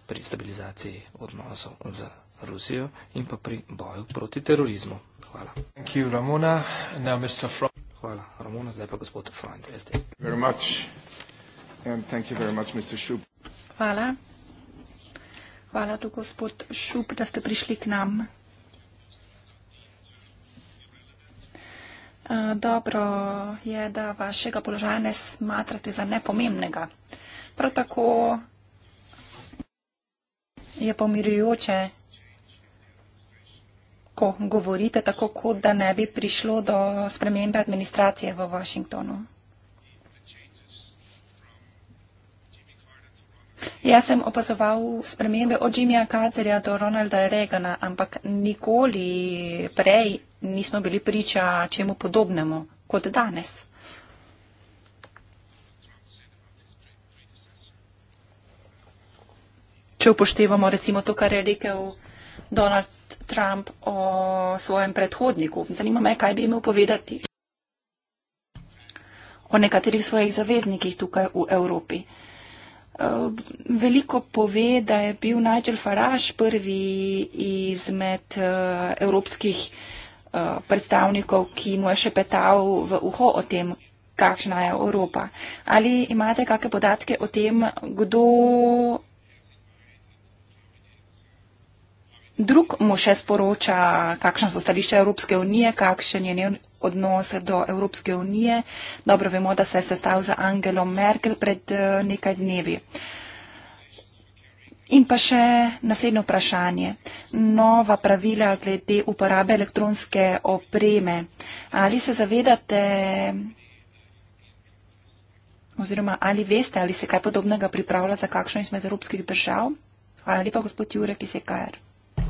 pri stabilizaciji odnosov z Rusijo in pa pri boju proti terorizmu. Hvala. Thank you, Ramona. Now, Mr. Fro Hvala, Ramona. Zdaj pa gospod Freund. Hvala. Hvala tu, gospod Šup, da ste prišli k nam. Dobro je, da vašega položaja ne smatrate za nepomembnega. Prav tako je pomirjujoče, ko govorite tako, kot da ne bi prišlo do spremembe administracije v Washingtonu. Jaz sem opazoval spremembe od Jimmyja Carterja do Ronalda Reagana, ampak nikoli prej nismo bili priča čemu podobnemu kot danes. Če upoštevamo recimo to, kar je rekel Donald Trump o svojem predhodniku, zanima me, kaj bi imel povedati o nekaterih svojih zaveznikih tukaj v Evropi. Eh, veliko pove, da je bil Nigel Farage prvi izmed eh, evropskih eh, predstavnikov, ki mu je še petal v uho o tem, kakšna je Evropa. Ali imate kakšne podatke o tem, kdo Drug mu še sporoča, kakšno so stališče Evropske unije, kakšen je njen odnos do Evropske unije. Dobro vemo, da se je sestal z Angelo Merkel pred eh, nekaj dnevi. In pa še naslednje vprašanje. Nova pravila glede uporabe elektronske opreme. Ali se zavedate oziroma ali veste, ali se kaj podobnega pripravlja za kakšno izmed evropskih držav? Hvala lepa, gospod Jurek iz EKR.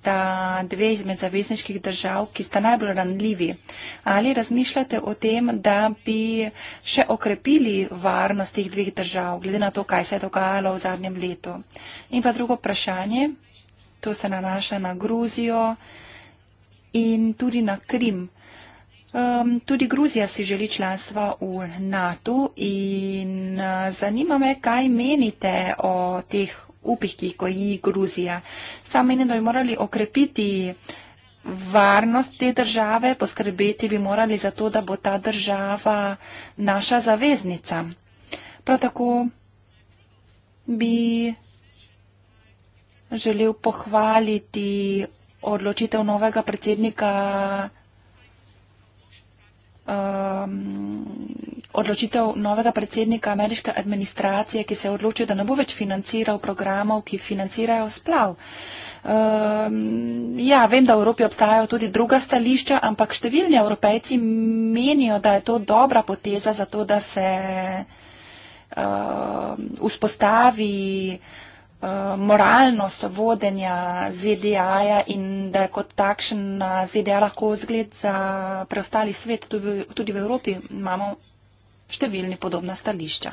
sta dve izmed zavezniških držav, ki sta najbolj ranljivi. Ali razmišljate o tem, da bi še okrepili varnost teh dveh držav, glede na to, kaj se je dogajalo v zadnjem letu? In pa drugo vprašanje, to se nanaša na Gruzijo in tudi na Krim. Um, tudi Gruzija si želi članstva v NATO in uh, zanima me, kaj menite o teh upihki, ko je Gruzija. Sam menim, da bi morali okrepiti varnost te države, poskrbeti bi morali za to, da bo ta država naša zaveznica. Prav tako bi želel pohvaliti odločitev novega predsednika um, odločitev novega predsednika ameriške administracije, ki se je odločil, da ne bo več financiral programov, ki financirajo splav. Um, ja, vem, da v Evropi obstajajo tudi druga stališča, ampak številni evropejci menijo, da je to dobra poteza za to, da se uh, vzpostavi uh, Eh, moralnost vodenja ZDA-ja in da je kot takšen ZDA lahko zgled za preostali svet, tudi v, tudi v Evropi imamo številni podobna stališča.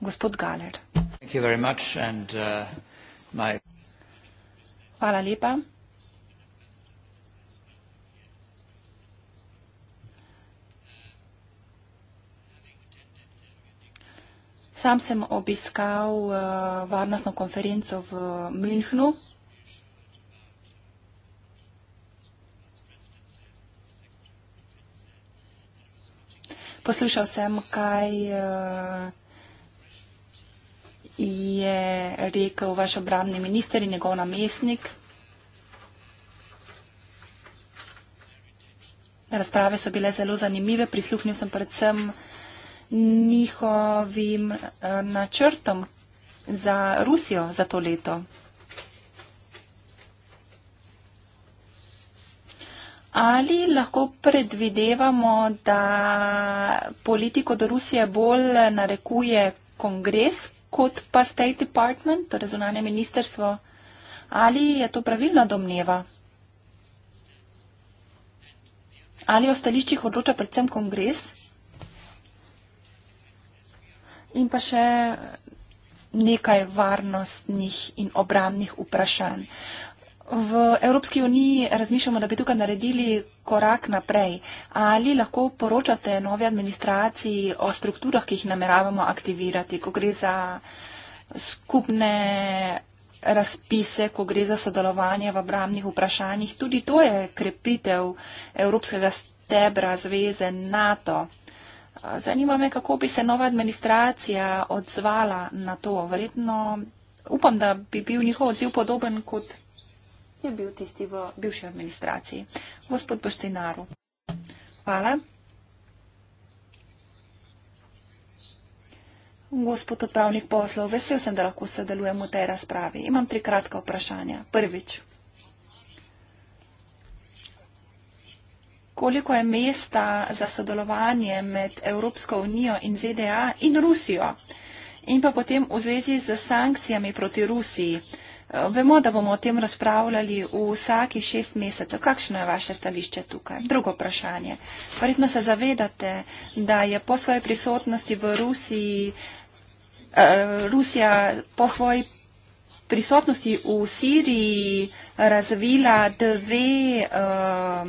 Gospod Galer. Uh, Hvala lepa. Sam sem obiskal uh, varnostno konferenco v Münchnu. Poslušal sem, kaj uh, je rekel vaš obramni minister in njegov namestnik. Razprave so bile zelo zanimive, prisluhnil sem predvsem uh, njihovim eh, načrtom za Rusijo za to leto. Ali lahko predvidevamo, da politiko do Rusije bolj narekuje kongres kot pa State Department, torej zunanje ministerstvo? Ali je to pravilna domneva? Ali o stališčih odloča predvsem kongres? in pa še nekaj varnostnih in obramnih vprašanj. V Evropski uniji razmišljamo, da bi tukaj naredili korak naprej. Ali lahko poročate novi administraciji o strukturah, ki jih nameravamo aktivirati, ko gre za skupne razpise, ko gre za sodelovanje v obramnih vprašanjih. Tudi to je krepitev evropskega stebra zveze NATO. Zanima me, kako bi se nova administracija odzvala na to. Verjetno upam, da bi bil njihov odziv podoben, kot je bil tisti v bivši administraciji. Gospod Boštinaru. Hvala. Gospod odpravnik poslov, vesel sem, da lahko sodelujem v tej razpravi. Imam tri kratka vprašanja. Prvič. koliko je mesta za sodelovanje med Evropsko unijo in ZDA in Rusijo in pa potem v zvezi z sankcijami proti Rusiji. Eh, vemo, da bomo o tem razpravljali v vsaki šest mesecev. Kakšno je vaše stališče tukaj? Drugo vprašanje. Verjetno se zavedate, da je po svoji prisotnosti v Rusiji, eh, Rusija po svoji prisotnosti v Siriji razvila dve uh,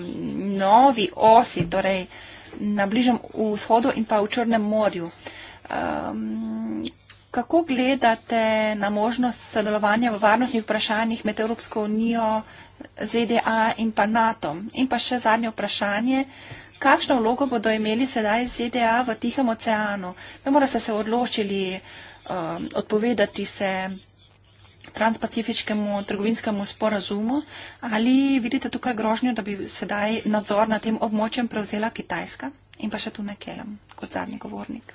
novi osi, torej na bližnjem vzhodu in pa v Črnem morju. Um, kako gledate na možnost sodelovanja v varnostnih vprašanjih med Evropsko unijo, ZDA in pa NATO? In pa še zadnje vprašanje. Kakšno vlogo bodo imeli sedaj ZDA v Tihem oceanu? Vemo, da ste se odločili um, odpovedati se transpacifičkemu trgovinskemu sporazumu. Ali vidite tukaj grožnjo, da bi sedaj nadzor nad tem območjem prevzela Kitajska in pa še tu nekelem kot zadnji govornik?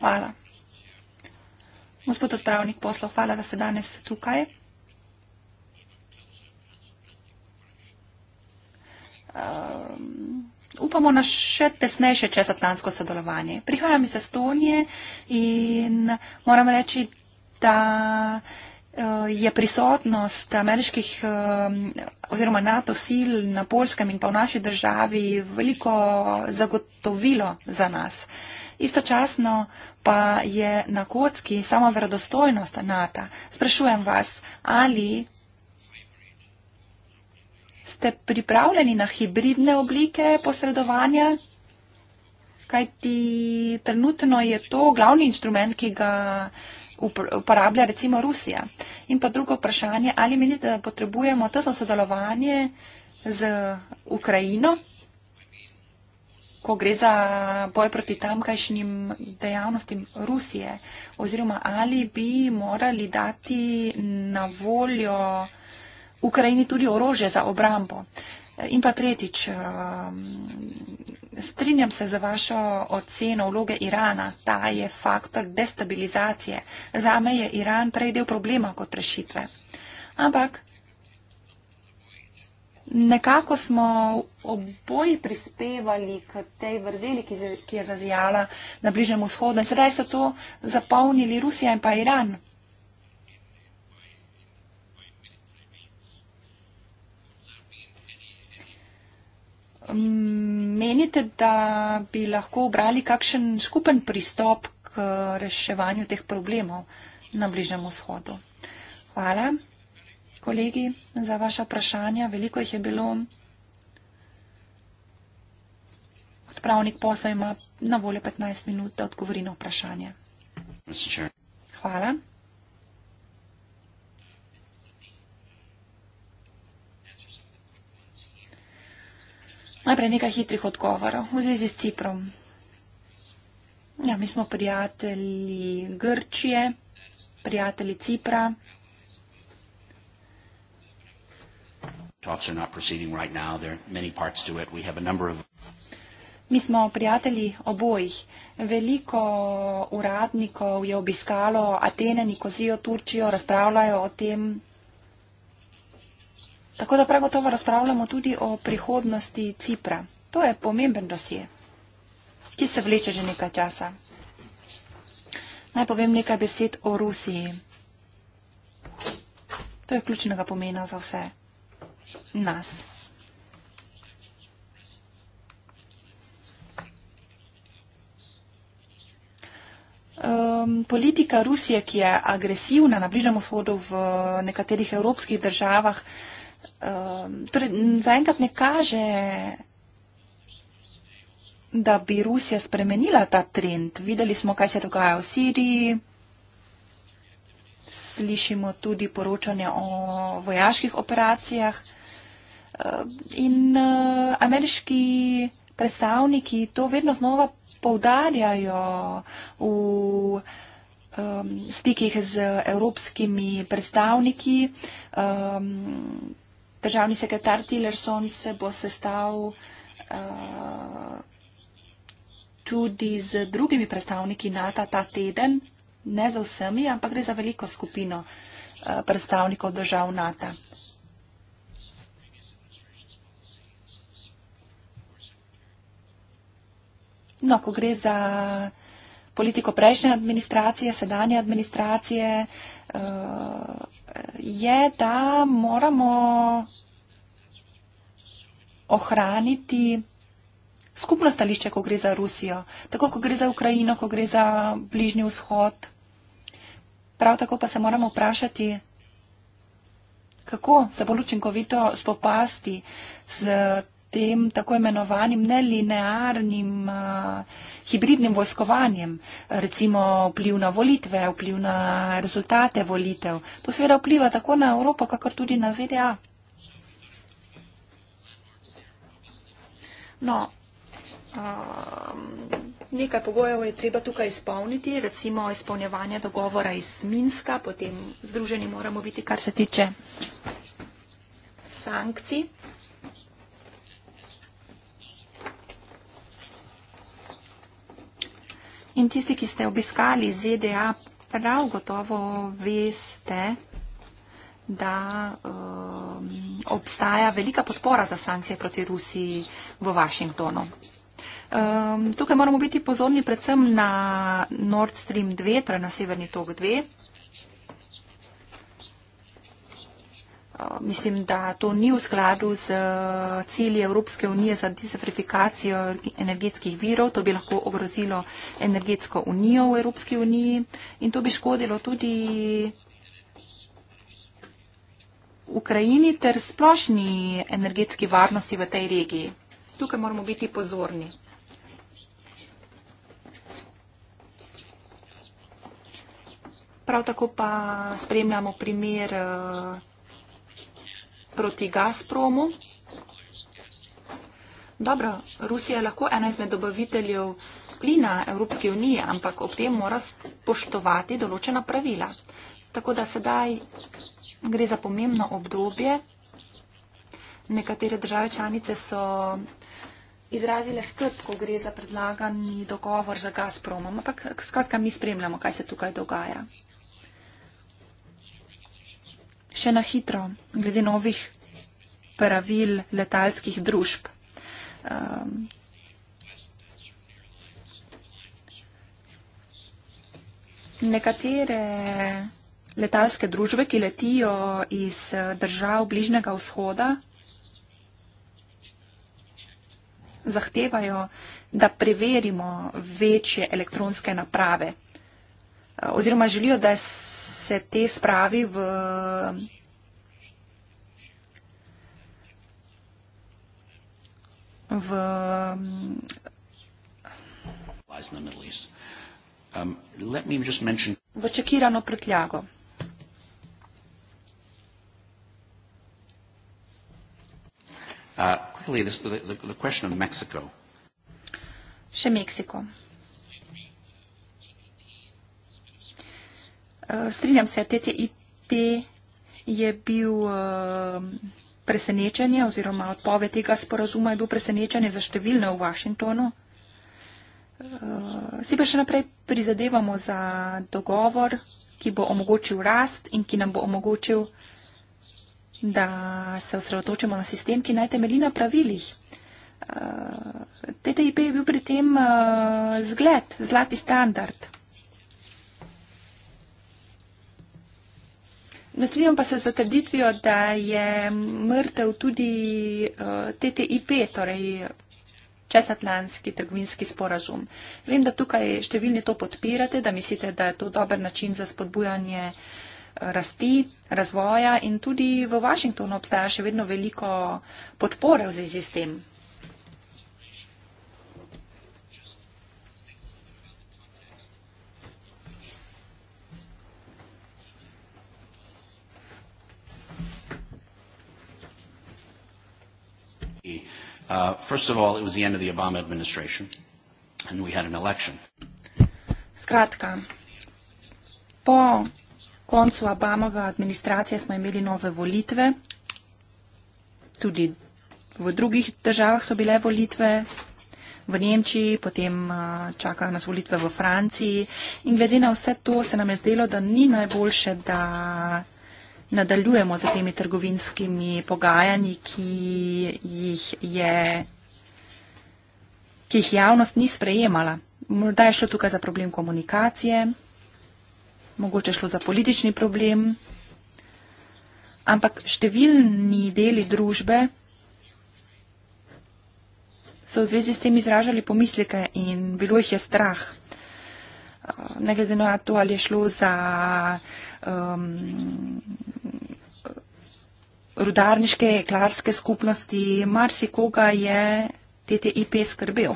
Hvala. Gospod odpravnik poslov, hvala, da ste danes tukaj. Um, upamo na še tesnejše čezatlansko sodelovanje. Prihajam iz Estonije in moram reči, ta eh, je prisotnost ameriških eh, oziroma NATO sil na polskem in pa v naši državi veliko zagotovilo za nas. Istočasno pa je na kocki sama verodostojnost NATO. Sprašujem vas, ali ste pripravljeni na hibridne oblike posredovanja? Kaj ti trenutno je to glavni instrument, ki ga uporablja recimo Rusija. In pa drugo vprašanje, ali menite, da potrebujemo tesno sodelovanje z Ukrajino, ko gre za boj proti tamkajšnjim dejavnostim Rusije, oziroma ali bi morali dati na voljo Ukrajini tudi orožje za obrambo. Uh, In pa tretjič, um, strinjam se za vašo oceno vloge Irana. Ta je faktor destabilizacije. Zame je Iran prej del problema kot rešitve. Ampak nekako smo oboji prispevali k tej vrzeli, ki je zazijala na Bližnjem vzhodu. In sedaj so to zapolnili Rusija in pa Iran. Menite, da bi lahko obrali kakšen skupen pristop k reševanju teh problemov na Bližnem vzhodu? Hvala, kolegi, za vaše vprašanja. Veliko jih je bilo. Odpravnik posla ima na voljo 15 minut, da odgovori na vprašanje. Hvala. Najprej nekaj hitrih odgovorov v zvezi s Ciprom. Ja, mi smo prijatelji Grčije, prijatelji Cipra. Right of... Mi smo prijatelji obojih. Veliko uradnikov je obiskalo Atene, Nikozijo, Turčijo, razpravljajo o tem Tako da prav gotovo razpravljamo tudi o prihodnosti Cipra. To je pomemben dosje, ki se vleče že nekaj časa. Naj povem nekaj besed o Rusiji. To je ključnega pomena za vse nas. Um, politika Rusije, ki je agresivna na Bližnjem vzhodu v nekaterih evropskih državah, uh, Ehm, torej, zaenkrat ne kaže, da bi Rusija spremenila ta trend. Videli smo, kaj se dogaja v Siriji. Slišimo tudi poročanje o vojaških operacijah. Ehm, in e, ameriški predstavniki to vedno znova poudarjajo v ehm, stikih z evropskimi predstavniki. Državni sekretar Tillerson se bo sestal uh, tudi z drugimi predstavniki NATO ta teden, ne za vsemi, ampak gre za veliko skupino uh, predstavnikov držav NATO. No, ko gre za politiko prejšnje administracije, sedanje administracije, uh, je, da moramo ohraniti skupno stališče, ko gre za Rusijo, tako ko gre za Ukrajino, ko gre za Bližnji vzhod. Prav tako pa se moramo vprašati, kako se bolj učinkovito spopasti z. Mm tem tako imenovanim nelinearnim eh, hibridnim vojskovanjem, recimo vpliv na volitve, vpliv na rezultate volitev. To seveda vpliva tako na Evropo, kakor tudi na ZDA. No, um, nekaj pogojev je treba tukaj izpolniti, recimo izpolnjevanje dogovora iz Minska, potem združeni moramo biti, kar se tiče sankcij. In tisti, ki ste obiskali ZDA, prav gotovo veste, da um, obstaja velika podpora za sankcije proti Rusiji v Vašingtonu. Um, tukaj moramo biti pozorni predvsem na Nord Stream 2, torej na Severni tok 2. mislim, da to ni v skladu z eh, cilji Evropske unije za diversifikacijo energetskih virov. To bi lahko ogrozilo energetsko unijo v Evropski uniji in to bi škodilo tudi Ukrajini ter splošni energetski varnosti v tej regiji. Tukaj moramo biti pozorni. Prav tako pa spremljamo primer uh, proti Gazpromu. Dobro, Rusija je lahko ena izmed dobaviteljev plina Evropske unije, ampak ob tem mora spoštovati določena pravila. Tako da sedaj gre za pomembno obdobje. Nekatere države članice so izrazile skrb, ko gre za predlagani dogovor za Gazpromom, ampak skratka mi spremljamo, kaj se tukaj dogaja. Še na hitro, glede novih pravil letalskih družb. Um, nekatere letalske družbe, ki letijo iz eh, držav Bližnjega vzhoda, zahtevajo, da preverimo večje elektronske naprave eh, oziroma želijo, da se se te spravi v v v čekirano prtljago. Uh, Še Meksiko. Eh, strinjam se, TTIP je bil uh, presenečenje oziroma odpoved tega sporazuma je bil presenečenje za številne v Washingtonu. Uh, si pa še naprej prizadevamo za dogovor, ki bo omogočil rast in ki nam bo omogočil, da se osredotočimo na sistem, ki naj temelji na pravilih. Uh, TTIP je bil pri tem uh, zgled, zlati standard. Naslednjo pa se zatrditvijo, da je mrtev tudi uh, eh, TTIP, torej Česatlanski trgovinski sporazum. Vem, da tukaj številni to podpirate, da mislite, da je to dober način za spodbujanje eh, rasti, razvoja in tudi v Washingtonu obstaja še vedno veliko podpore v zvezi s tem. Uh, first of all, it was the end of the Obama administration, and we had an election. Skratka, po koncu Obamove administracije smo imeli nove volitve, tudi v drugih državah so bile volitve, v Nemčiji, potem uh, čakajo nas volitve v Franciji. In glede na vse to se nam je zdelo, da ni najboljše, da nadaljujemo z temi trgovinskimi pogajanji, ki jih je ki jih javnost ni sprejemala. Morda je šlo tukaj za problem komunikacije, mogoče je šlo za politični problem, ampak številni deli družbe so v zvezi s tem izražali pomislike in bilo jih je strah. Ne glede na to, ali je šlo za um, rudarniške, klarske skupnosti, marsikoga je TTIP skrbel.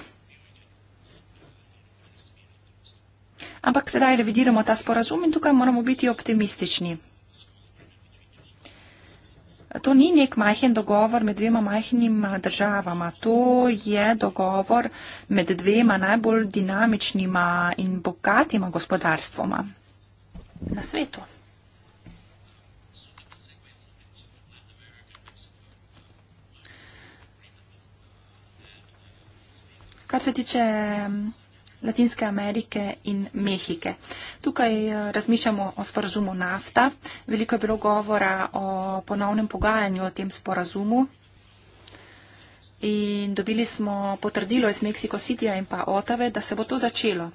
Ampak sedaj revidiramo ta sporazum in tukaj moramo biti optimistični. To ni nek majhen dogovor med dvema majhnima državama. To je dogovor med dvema najbolj dinamičnima in bogatima gospodarstvoma na svetu. Kar se tiče mm, Latinske Amerike in Mehike. Tukaj eh, razmišljamo o sporazumu nafta. Veliko je bilo govora o ponovnem pogajanju o tem sporazumu. In dobili smo potrdilo iz Mexico Cityja in pa Otave, da se bo to začelo.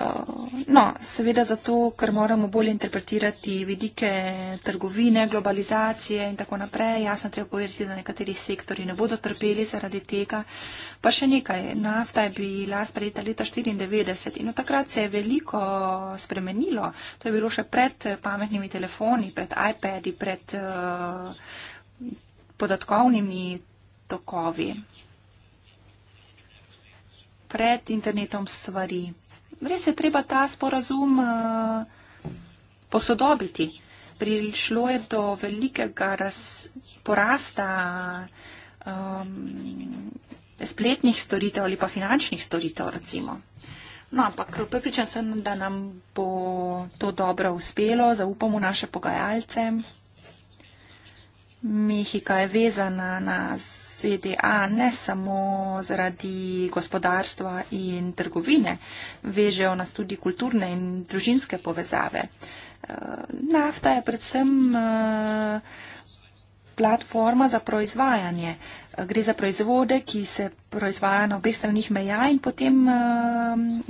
Eh, no, seveda zato, ker moramo bolje interpretirati vidike trgovine, globalizacije in tako naprej. Jasno treba povedati, da nekateri sektori ne bodo trpeli zaradi tega. Pa še nekaj, nafta je bila sprejeta leta 1994 in od takrat se je veliko spremenilo. To je bilo še pred pametnimi telefoni, pred iPadi, pred uh, podatkovnimi tokovi. Pred internetom stvari res je treba ta sporazum eh, posodobiti. Prišlo je do velikega porasta um, spletnih storitev ali pa finančnih storitev, recimo. No, ampak pripričan sem, da nam bo to dobro uspelo, zaupamo naše pogajalce. Mihi, ki je vezana na ZDA, ne samo zaradi gospodarstva in trgovine, vežejo nas tudi kulturne in družinske povezave. Eh, nafta je predvsem eh, platforma za proizvajanje. Eh, gre za proizvode, ki se proizvaja na obeh stranih meja in potem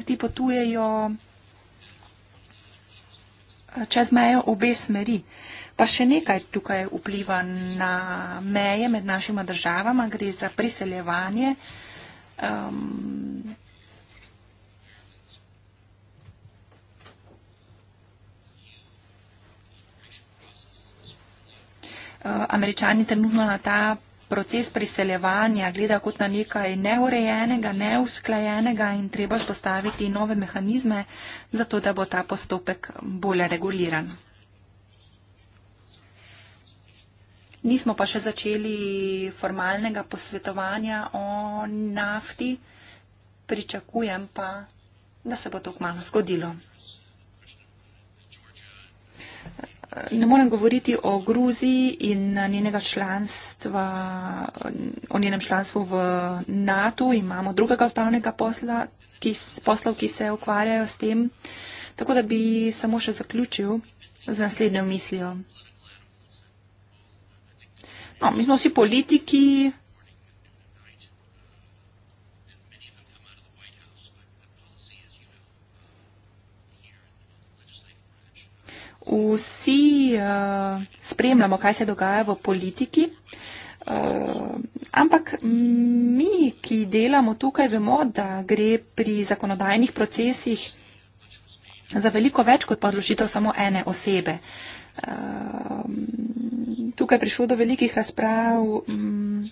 ti potujejo čez mejo obe smeri. Pa še nekaj tukaj vpliva na meje med našima državama, gre za priseljevanje. Um, uh, Američani trenutno na ta proces priseljevanja gledajo kot na nekaj neurejenega, neusklajenega in treba spostaviti nove mehanizme, zato da bo ta postopek bolje reguliran. Nismo pa še začeli formalnega posvetovanja o nafti, pričakujem pa, da se bo to kmalo zgodilo. Ne morem govoriti o Gruziji in članstva, o njenem članstvu v NATO. Imamo drugega odpravnega posla, ki, poslov, ki se ukvarjajo s tem. Tako da bi samo še zaključil z naslednjo mislijo. No, mi smo vsi politiki. Vsi uh, spremljamo, kaj se dogaja v politiki, uh, ampak mi, ki delamo tukaj, vemo, da gre pri zakonodajnih procesih za veliko več kot podložitev samo ene osebe. Uh, tukaj prišlo do velikih razprav. Mm,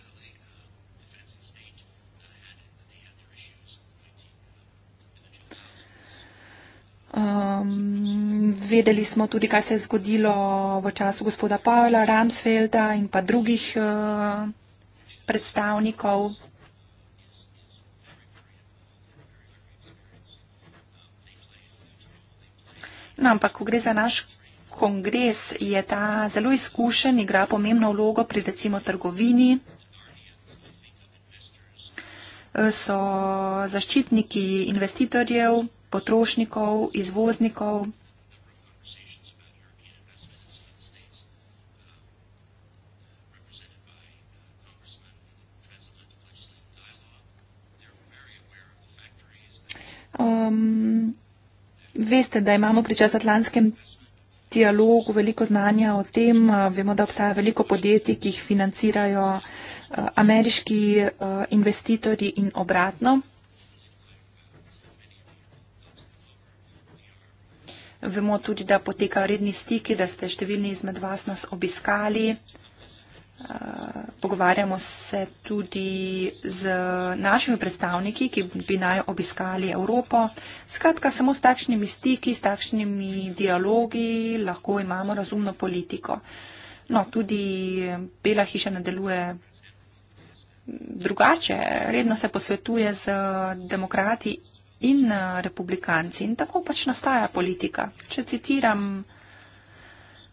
um, vedeli smo tudi, kaj se je zgodilo v času gospoda Paula Ramsfelda in pa drugih uh, predstavnikov. No, ampak, ko gre za naš kongres je ta zelo izkušen, igra pomembno vlogo pri recimo trgovini. So zaščitniki investitorjev, potrošnikov, izvoznikov. Um, veste, da imamo pri čezatlantskem dialogu veliko znanja o tem. Vemo, da obstaja veliko podjetij, ki jih financirajo ameriški investitorji in obratno. Vemo tudi, da potekajo redni stiki, da ste številni izmed vas nas obiskali pogovarjamo se tudi z našimi predstavniki, ki bi naj obiskali Evropo. Skratka, samo s takšnimi stiki, s takšnimi dialogi lahko imamo razumno politiko. No, tudi Bela hiša ne deluje drugače. Redno se posvetuje z demokrati in republikanci. In tako pač nastaja politika. Če citiram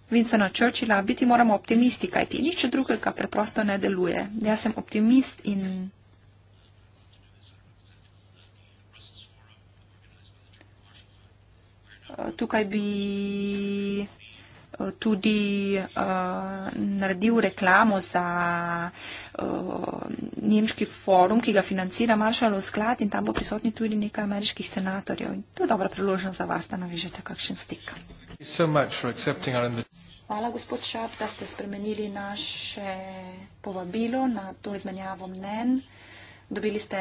Vincona Churchilla, biti moramo optimisti, kaj ti nič drugega preprosto ne deluje. Jaz sem optimist in. Tukaj bi eh, tudi uh, naredil reklamo za uh, nemški forum, ki ga financira Marshallov sklad in tam bo prisotni tudi nekaj ameriških senatorjev. In to je dobra priložnost za vas, da navežete kakšen stik. Hvala, gospod Šap, da ste spremenili naše povabilo na to izmenjavo mnen. Dobili ste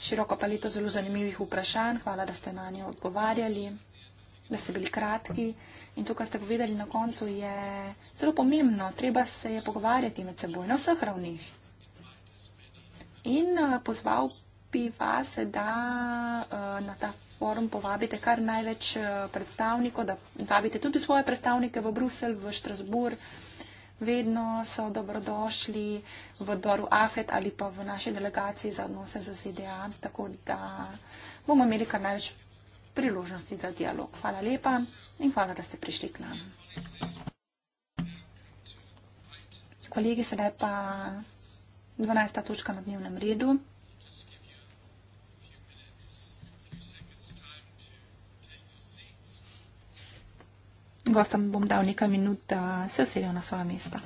široko paleto zelo zanimivih vprašanj. Hvala, da ste na nje odgovarjali, da ste bili kratki. In to, kar ste povedali na koncu, je zelo pomembno. Treba se je pogovarjati med seboj na vseh ravnih. In eh, pozval bi vas, da eh, na ta forum povabite kar največ eh, predstavnikov, da povabite tudi svoje predstavnike v Bruselj, v Štrasbur. Vedno so dobrodošli v odboru AFET ali pa v naši delegaciji za odnose z ZDA, tako da bomo imeli kar največ priložnosti za dialog. Hvala lepa in hvala, da ste prišli k nam. Kolegi, sedaj pa 12. točka na dnevnem redu. gostom bom dal nekaj minut, da se usedejo na svoje mesta.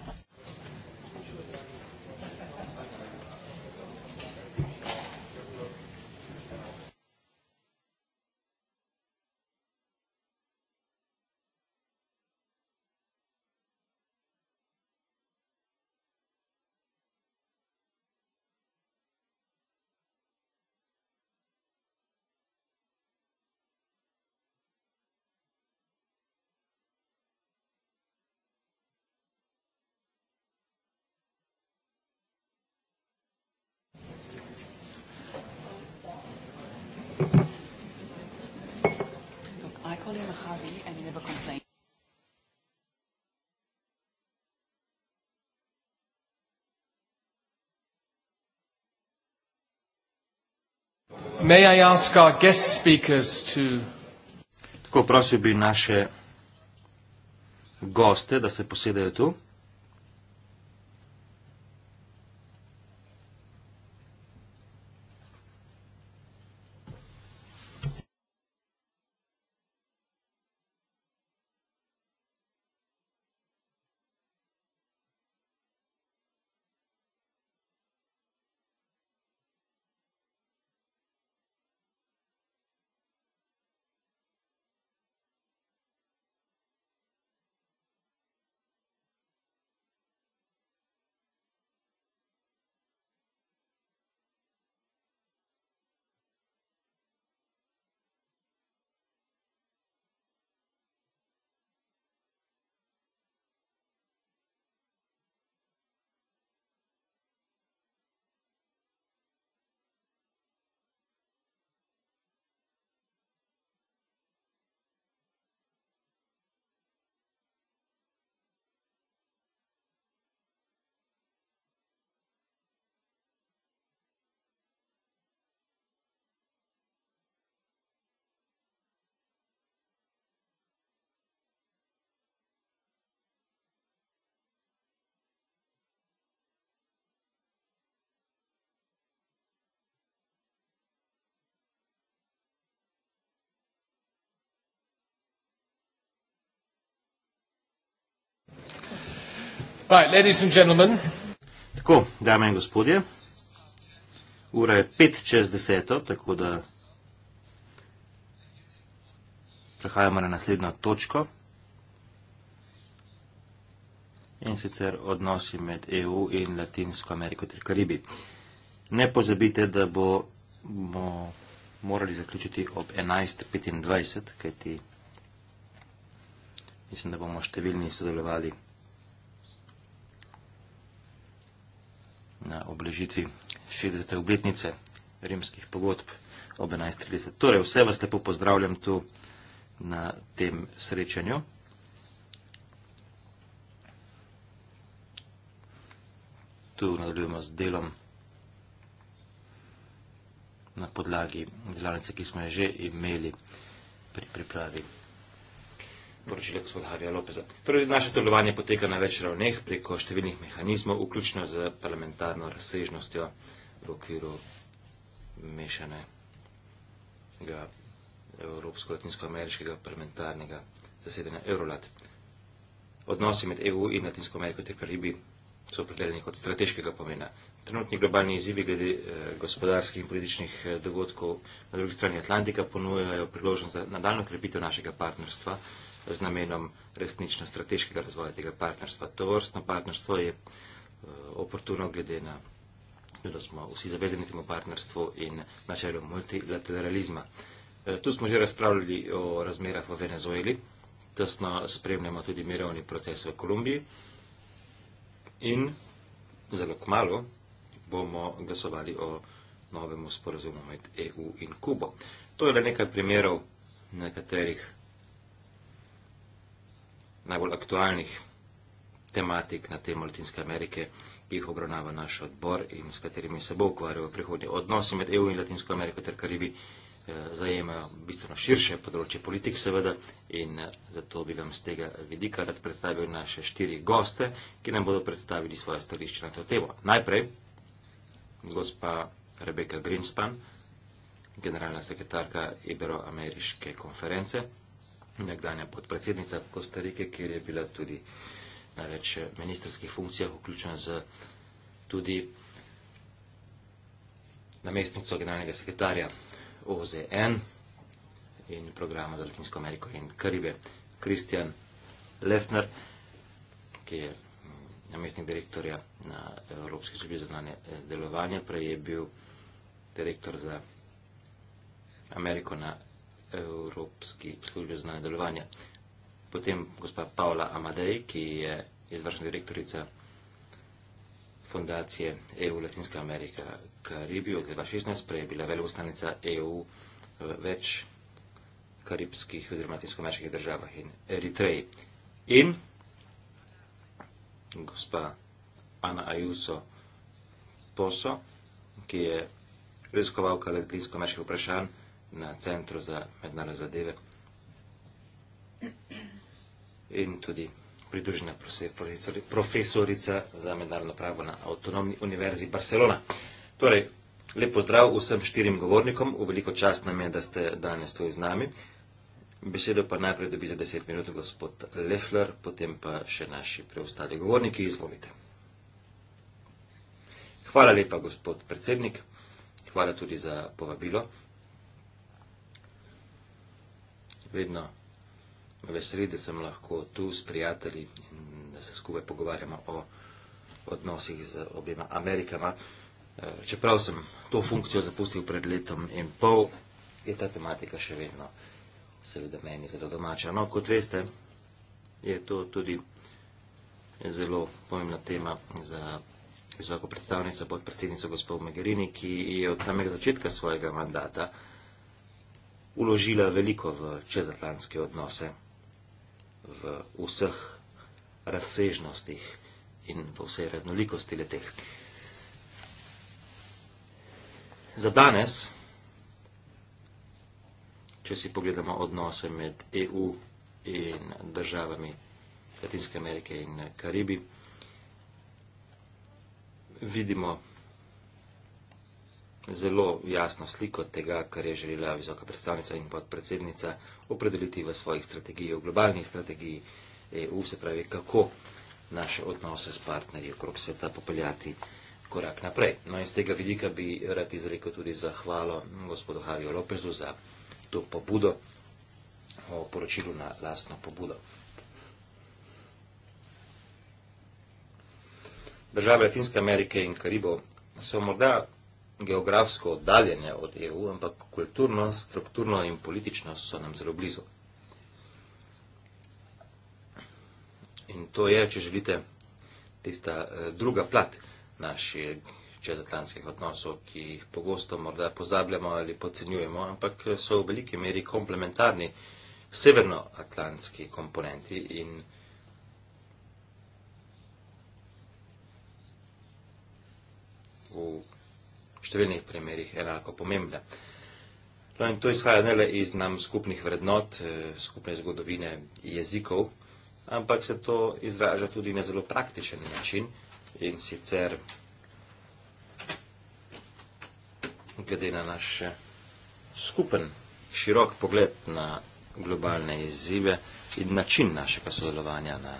May I ask our guest speakers to... Tako prosil bi naše goste, da se posedejo tu. Tako, dame in gospodje, ura je pet čez deseto, tako da prehajamo na naslednjo točko in sicer odnosi med EU in Latinsko Ameriko ter Karibi. Ne pozabite, da bomo morali zaključiti ob 11.25, kajti mislim, da bomo številni sodelovali. na obležitvi 60. obletnice rimskih pogodb ob 11.30. Torej, vse vas lepo pozdravljam tu na tem srečanju. Tu nadaljujemo z delom na podlagi delavnice, ki smo jo že imeli pri pripravi poročila gospoda Harija Lopeza. Torej, naše delovanje poteka na več ravneh preko številnih mehanizmov, vključno z parlamentarno razsežnostjo v okviru mešanega evropsko-latinsko-ameriškega parlamentarnega zasedanja Eurolat. Odnosi med EU in Latinsko Ameriko ter Karibi so opredeljeni kot strateškega pomena. Trenutni globalni izzivi glede eh, gospodarskih in političnih eh, dogodkov na drugi strani Atlantika ponujajo priložnost za nadaljno krepitev našega partnerstva z namenom resnično strateškega razvoja tega partnerstva. To vrstno partnerstvo je eh, oportuno glede na, da smo vsi zavezani temu partnerstvu in načelu multilateralizma. Eh, tu smo že razpravljali o razmerah v Venezueli, tesno spremljamo tudi mirovni proces v Kolumbiji in zelo kmalo bomo glasovali o novemu sporozumu med EU in Kubo. To je le nekaj primerov, na katerih najbolj aktualnih tematik na temo Latinske Amerike, ki jih obravnava naš odbor in s katerimi se bo ukvarjal v prihodnje. Odnosi med EU in Latinsko Ameriko ter Karibi eh, zajemajo bistveno širše področje politik seveda in eh, zato bi vam z tega vidika rad predstavil naše štiri goste, ki nam bodo predstavili svoje stališče na to temo. Najprej gospa Rebeka Greenspan, generalna sekretarka Iberoameriške konference nekdanja podpredsednica Kostarike, kjer je bila tudi na več ministerskih funkcijah vključena z tudi namestnico generalnega sekretarja OZN in programa za Latinsko Ameriko in Karibe, Kristjan Lefner, ki je mm, namestnik direktorja na Evropski službi za zunanje eh, delovanje, prej je bil direktor za Ameriko na Evropski službi za nadaljevanje. Potem gospa Paula Amadej, ki je izvršna direktorica fundacije EU Latinska Amerika Karibijo od 2016, prej je bila veleposlanica EU v več karibskih oziroma latinsko-ameriških državah in Eritreji. In gospa Ana Ayuso Poso, ki je raziskovalka latinsko-ameriških vprašanj na centru za mednarodne zadeve in tudi pridružena profesorica za mednarodno pravo na Avtonomni univerzi Barcelona. Torej, lep pozdrav vsem štirim govornikom, v veliko čast nam je, da ste danes tu z nami. Besedo pa najprej dobi za deset minut gospod Lefler, potem pa še naši preostali govorniki. Izvolite. Hvala lepa, gospod predsednik. Hvala tudi za povabilo. vedno me veseli, da sem lahko tu s prijatelji in da se skupaj pogovarjamo o odnosih z objema Amerikama. Eh, čeprav sem to funkcijo zapustil pred letom in pol, je ta tematika še vedno seveda meni zelo domača. No, kot veste, je to tudi zelo pomembna tema za visoko predstavnico, podpredsednico gospod Megerini, ki je od samega začetka svojega mandata uložila veliko v čezatlantske odnose, v vseh razsežnostih in v vsej raznolikosti leteh. Za danes, če si pogledamo odnose med EU in državami Latinske Amerike in Karibi, vidimo, da je vse, zelo jasno sliko tega, kar je želela visoka predstavnica in podpredsednica opredeliti v svojih strategijih, v globalni strategiji EU, se pravi, kako naše odnose s partnerji okrog sveta popeljati korak naprej. No in z tega vidika bi rad izrekel tudi zahvalo gospodu Harijo Lopezu za to pobudo o poročilu na lastno pobudo. Države Latinske Amerike in Karibov so morda geografsko oddaljene od EU, ampak kulturno, strukturno in politično so nam zelo blizu. In to je, če želite, tista eh, druga plat naših čezatlantskih odnosov, ki jih pogosto morda pozabljamo ali podcenjujemo, ampak eh, so v veliki meri komplementarni severnoatlantski komponenti in v številnih primerjih enako pomembne. No in to izhaja ne le iz nam skupnih vrednot, eh, skupne zgodovine jezikov, ampak se to izraža tudi na zelo praktičen način in sicer glede na naš eh, skupen širok pogled na globalne izzive in način našega sodelovanja na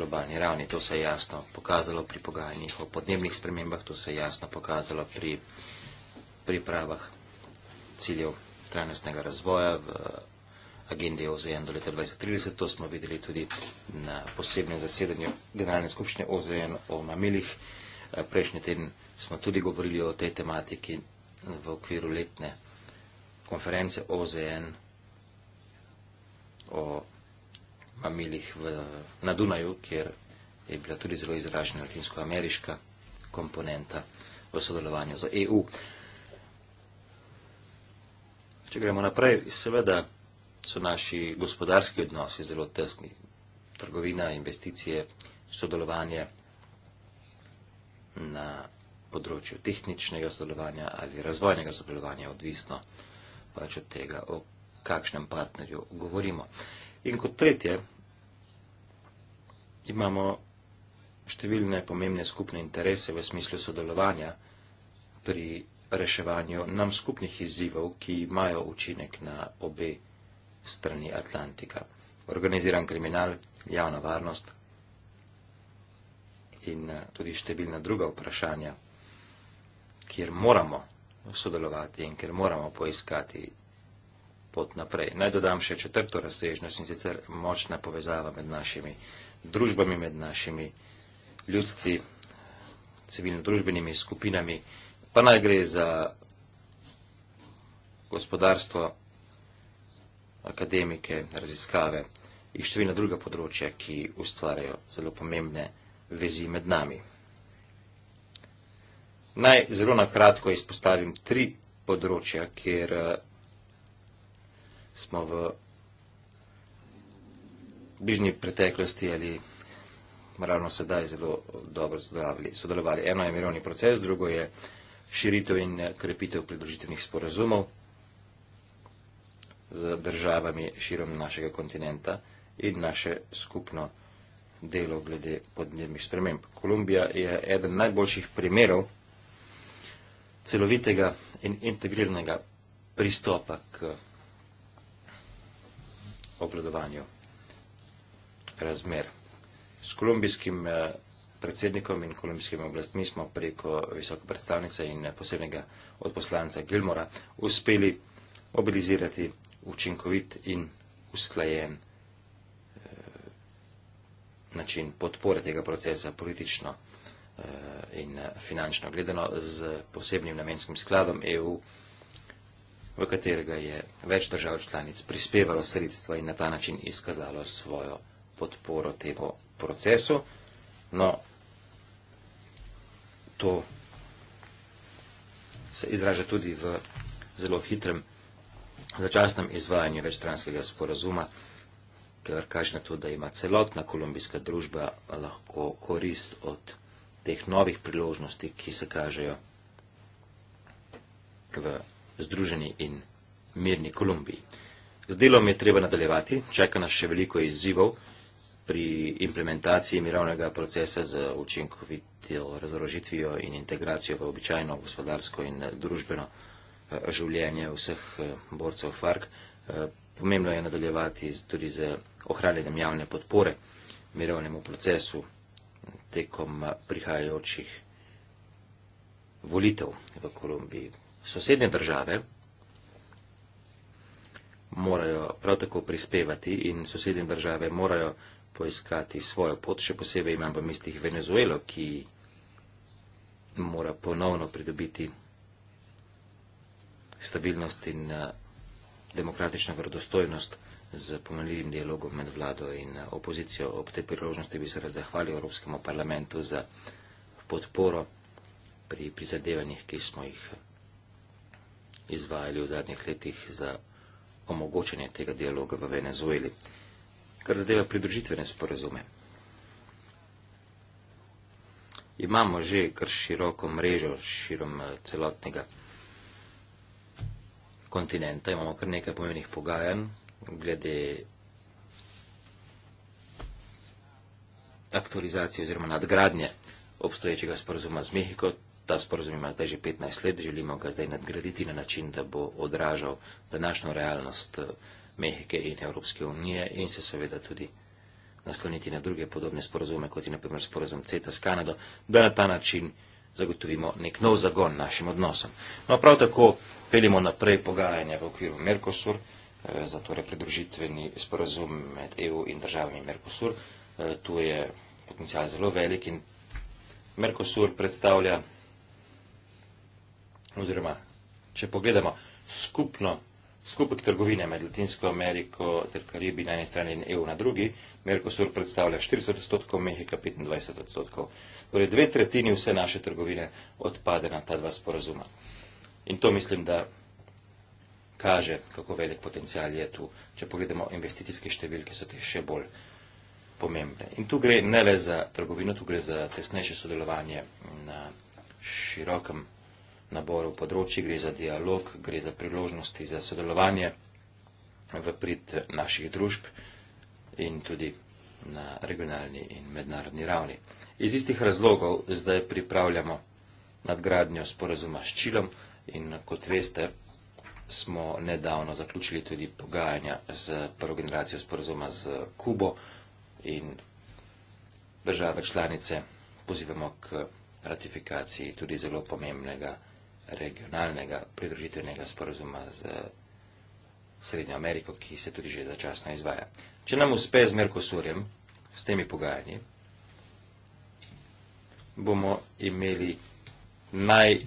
globalni ravni, to se je jasno pokazalo pri pogajanjih o podnebnih spremembah, to se je jasno pokazalo pri pripravah ciljev trajnostnega razvoja v agendi OZN do leta 2030. To smo videli tudi na posebnem zasedanju Generalne skupščine OZN o mamilih. Eh, prejšnji teden smo tudi govorili o tej tematiki v okviru letne konference OZN o mamilih v, na Dunaju, kjer je bila tudi zelo izražena latinsko-ameriška komponenta v sodelovanju z EU. Če gremo naprej, seveda so naši gospodarski odnosi zelo tesni. Trgovina, investicije, sodelovanje na področju tehničnega sodelovanja ali razvojnega sodelovanja, odvisno pač od tega, o kakšnem partnerju govorimo. Uh, In kot tretje, imamo številne pomembne skupne interese v smislu sodelovanja pri reševanju nam skupnih izzivov, ki imajo učinek na obe strani Atlantika. Organiziran kriminal, javna varnost in eh, tudi številna druga vprašanja, kjer moramo sodelovati in kjer moramo poiskati pot naprej. Naj dodam še četrto razsežnost in sicer močna povezava med našimi družbami, med našimi ljudstvi, civilno-družbenimi skupinami, pa naj gre za gospodarstvo, akademike, raziskave in številna druga področja, ki ustvarjajo zelo pomembne vezi med nami. Naj zelo na kratko izpostavim tri področja, kjer smo v bližnji preteklosti ali ravno sedaj zelo dobro sodelovali. Eno je mirovni proces, drugo je širitev in eh, krepitev pridružitevnih sporazumov z državami širom našega kontinenta in naše skupno delo glede podnebnih sprememb. Kolumbija je eden najboljših primerov celovitega in integriranega pristopa k obladovanju razmer. S kolumbijskim eh, predsednikom in kolumbijskim oblastmi smo preko visoke predstavnice in eh, posebnega odposlanca Gilmora uspeli mobilizirati učinkovit in usklajen eh, način podpore tega procesa politično in finančno gledano z posebnim namenskim skladom EU v katerega je več držav članic prispevalo sredstva in na ta način izkazalo svojo podporo temu procesu. No, to se izraža tudi v zelo hitrem začasnem izvajanju večstranskega sporazuma, ker kaže na to, da ima celotna kolumbijska družba lahko korist od teh novih priložnosti, ki se kažejo v združeni in mirni Kolumbiji. Z delom je treba nadaljevati, čaka nas še veliko izzivov pri implementaciji mirovnega procesa z učinkovito razorožitvijo in integracijo v običajno gospodarsko in eh, družbeno eh, življenje vseh eh, borcev FARC. Pomembno je nadaljevati tudi z ohranjenjem javne podpore mirovnemu procesu tekom prihajajočih volitev v Kolumbiji. Sosednje države morajo prav tako prispevati in sosednje države morajo poiskati svojo pot, še posebej imam v mislih Venezuelo, ki mora ponovno pridobiti stabilnost in eh, demokratično vrdostojnost z pomenljivim dialogom med vlado in eh, opozicijo. Ob tej priložnosti bi se rad zahvalil Evropskemu parlamentu za podporo pri prizadevanjih, ki smo jih vsega izvajali v zadnjih letih za omogočanje tega dialoga v Venezueli, kar zadeva pridružitvene sporazume. Imamo že kar široko mrežo širom eh, celotnega kontinenta, imamo kar nekaj pomembnih pogajanj glede aktualizacije oziroma nadgradnje obstoječega sporazuma z Mehiko, Ta sporozum ima zdaj že 15 let, želimo ga zdaj nadgraditi na način, da bo odražal današnjo realnost eh, Mehike in Evropske unije in se seveda tudi nasloniti na druge podobne sporozume, kot je naprimer sporozum CETA s Kanado, da na ta način zagotovimo nek nov zagon našim odnosom. No, prav tako pelimo naprej pogajanja v okviru Mercosur, eh, za torej pridružitveni sporozum med EU in državami Mercosur. Eh, tu je potencial zelo velik in Mercosur predstavlja oziroma če pogledamo skupno, skupek trgovine med Latinsko Ameriko ter Karibi na eni strani in EU na drugi, Mercosur predstavlja 40 odstotkov, Mehika 25 odstotkov. Torej dve tretjini vse naše trgovine odpade na ta dva sporazuma. In to mislim, da kaže, kako velik potencial je tu. Če pogledamo investicijske številke, so te še bolj pomembne. In tu gre ne le za trgovino, tu gre za tesnejše sodelovanje na širokem naboru področji, gre za dialog, gre za priložnosti za sodelovanje v prid naših družb in tudi na regionalni in mednarodni ravni. Iz istih razlogov zdaj pripravljamo nadgradnjo sporazuma s Čilom in kot veste, smo nedavno zaključili tudi pogajanja z prvo generacijo sporazuma z Kubo in države članice pozivamo k ratifikaciji tudi zelo pomembnega regionalnega pridružitvenega sporozuma z Srednjo Ameriko, ki se tudi že začasno izvaja. Če nam uspe z Merkosurjem, s temi pogajanji, bomo imeli najbolj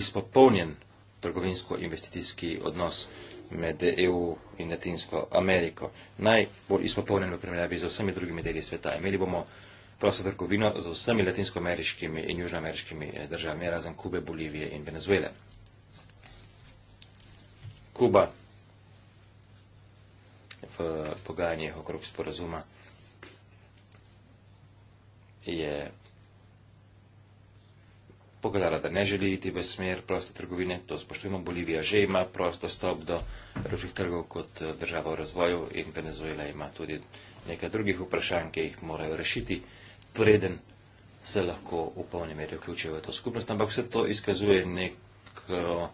izpopolnjen trgovinsko-investicijski odnos med EU in Latinsko Ameriko. Najbolj izpopolnjen v primerjavi z vsemi drugimi deli sveta. Imeli bomo prosto trgovino z vsemi latinskoameriškimi in južnoameriškimi eh, državami, razen Kube, Bolivije in Venezuele. Kuba v pogajanjih okrog sporazuma je pokazala, da ne želi iti v smer proste trgovine, to spoštujemo, Bolivija že ima prosto stop do evropskih trgov kot eh, država v razvoju in Venezuela ima tudi nekaj drugih vprašanj, ki jih morajo rešiti preden se lahko v polni meri vključijo v to skupnost, ampak vse to izkazuje neko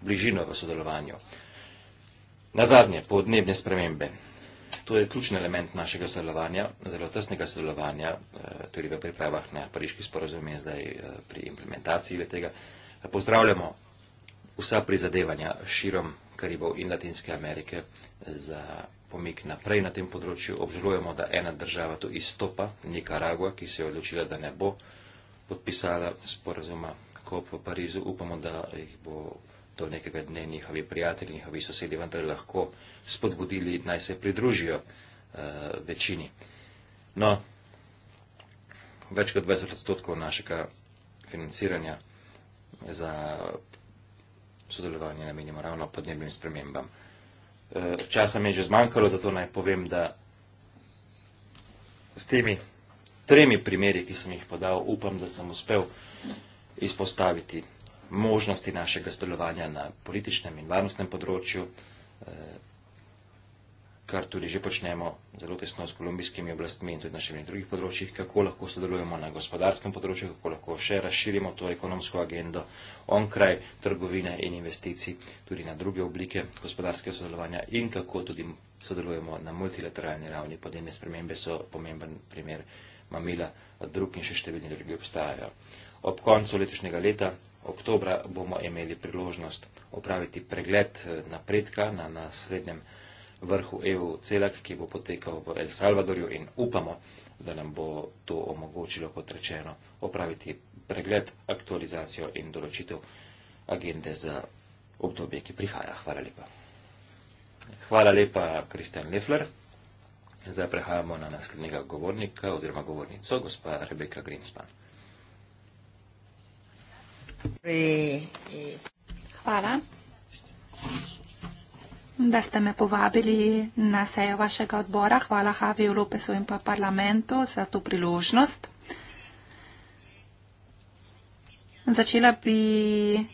bližino v sodelovanju. Na zadnje, podnebne spremembe. To je ključni element našega sodelovanja, zelo tesnega sodelovanja, eh, tudi v pripravah na pariški sporozum in zdaj eh, pri implementaciji le tega. Pozdravljamo vsa prizadevanja širom Karibov in Latinske Amerike za pomik naprej na tem področju. Obžalujemo, da ena država tu izstopa, Nikaragua, ki se je odločila, da ne bo podpisala sporazuma COP v Parizu. Upamo, da jih bo do nekega dne njihovi prijatelji, njihovi sosedi vendar lahko spodbudili, naj se pridružijo uh, večini. No, več kot 20 odstotkov našega financiranja za sodelovanje namenimo ravno podnebnim spremembam. Uh, Eh, časa mi je že zmanjkalo, zato naj povem, da s temi tremi primeri, ki sem jih podal, upam, da sem uspel izpostaviti možnosti našega sodelovanja na političnem in varnostnem področju. Eh, kar tudi že počnemo zelo tesno s kolumbijskimi oblastmi in tudi na še nekaj drugih področjih, kako lahko sodelujemo na gospodarskem področju, kako lahko še razširimo to ekonomsko agendo onkraj trgovine in investicij, tudi na druge oblike gospodarskega sodelovanja in kako tudi sodelujemo na multilateralni ravni. Podnebne spremembe so pomemben primer mamila, drug in še številni drugi obstajajo. Ob koncu letošnjega leta, oktobra, bomo imeli priložnost opraviti pregled eh, napredka na naslednjem. Na vrhu EU celak, ki bo potekal v El Salvadorju in upamo, da nam bo to omogočilo, kot rečeno, opraviti pregled, aktualizacijo in določitev agende za obdobje, ki prihaja. Hvala lepa. Hvala lepa, Kristjan Lefler. Zdaj prehajamo na naslednjega govornika oziroma govornico, gospa Rebeka Grinspan. Hvala da ste me povabili na sejo vašega odbora. Hvala Javiju Lopesu in pa parlamentu za to priložnost. Začela bi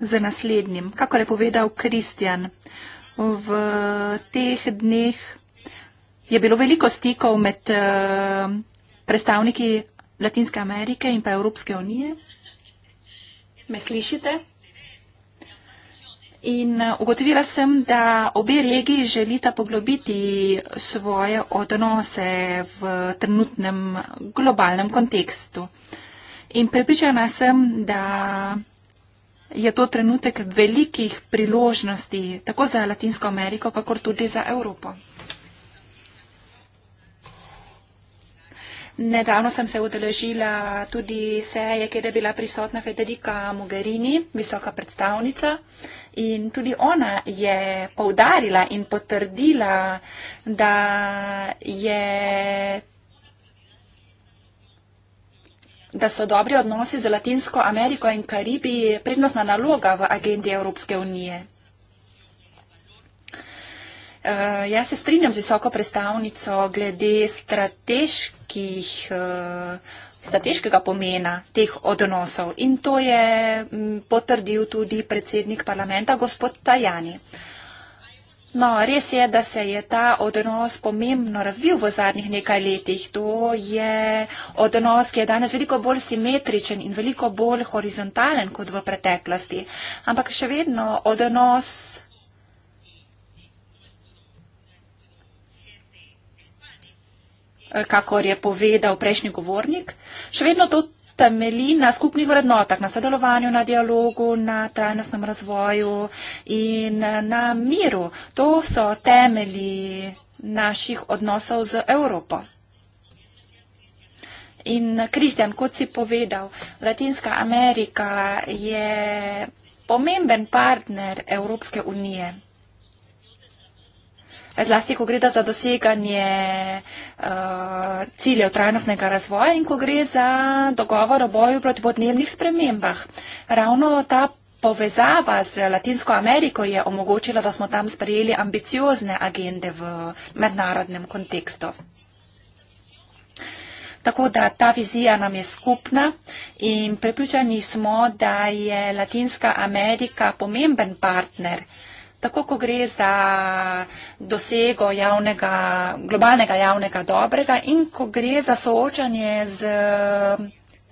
z naslednjim. Kakor je povedal Kristjan, v teh dneh je bilo veliko stikov med eh, predstavniki Latinske Amerike in pa Evropske unije. Me slišite? In eh, ugotovila sem, da obe regiji želita poglobiti svoje odnose v trenutnem globalnem kontekstu. In prepričana sem, da je to trenutek velikih priložnosti tako za Latinsko Ameriko, kakor tudi za Evropo. Nedavno sem se udeležila tudi seje, kjer je bila prisotna Federica Mogherini, visoka predstavnica in tudi ona je poudarila in potrdila, da je. da so dobri odnosi z Latinsko Ameriko in Karibi prednostna naloga v agendi Evropske unije. Uh, jaz se strinjam z visoko predstavnico glede strateških uh, strateškega pomena teh odnosov in to je mm, potrdil tudi predsednik parlamenta, gospod Tajani. No, res je, da se je ta odnos pomembno razvil v zadnjih nekaj letih. To je odnos, ki je danes veliko bolj simetričen in veliko bolj horizontalen kot v preteklosti. Ampak še vedno odnos Eh, kakor je povedal prejšnji govornik, še vedno to temelji na skupnih vrednotah, na sodelovanju, na dialogu, na trajnostnem razvoju in eh, na miru. To so temelji naših odnosov z Evropo. In eh, Križdan, kot si povedal, Latinska Amerika je pomemben partner Evropske unije zlasti, ko gre za doseganje uh, ciljev trajnostnega razvoja in ko gre za dogovor o boju proti podnebnih spremembah. Ravno ta povezava z Latinsko Ameriko je omogočila, da smo tam sprejeli ambiciozne agende v mednarodnem kontekstu. Tako da ta vizija nam je skupna in prepričani smo, da je Latinska Amerika pomemben partner tako ko gre za dosego javnega, globalnega javnega dobrega in ko gre za soočanje z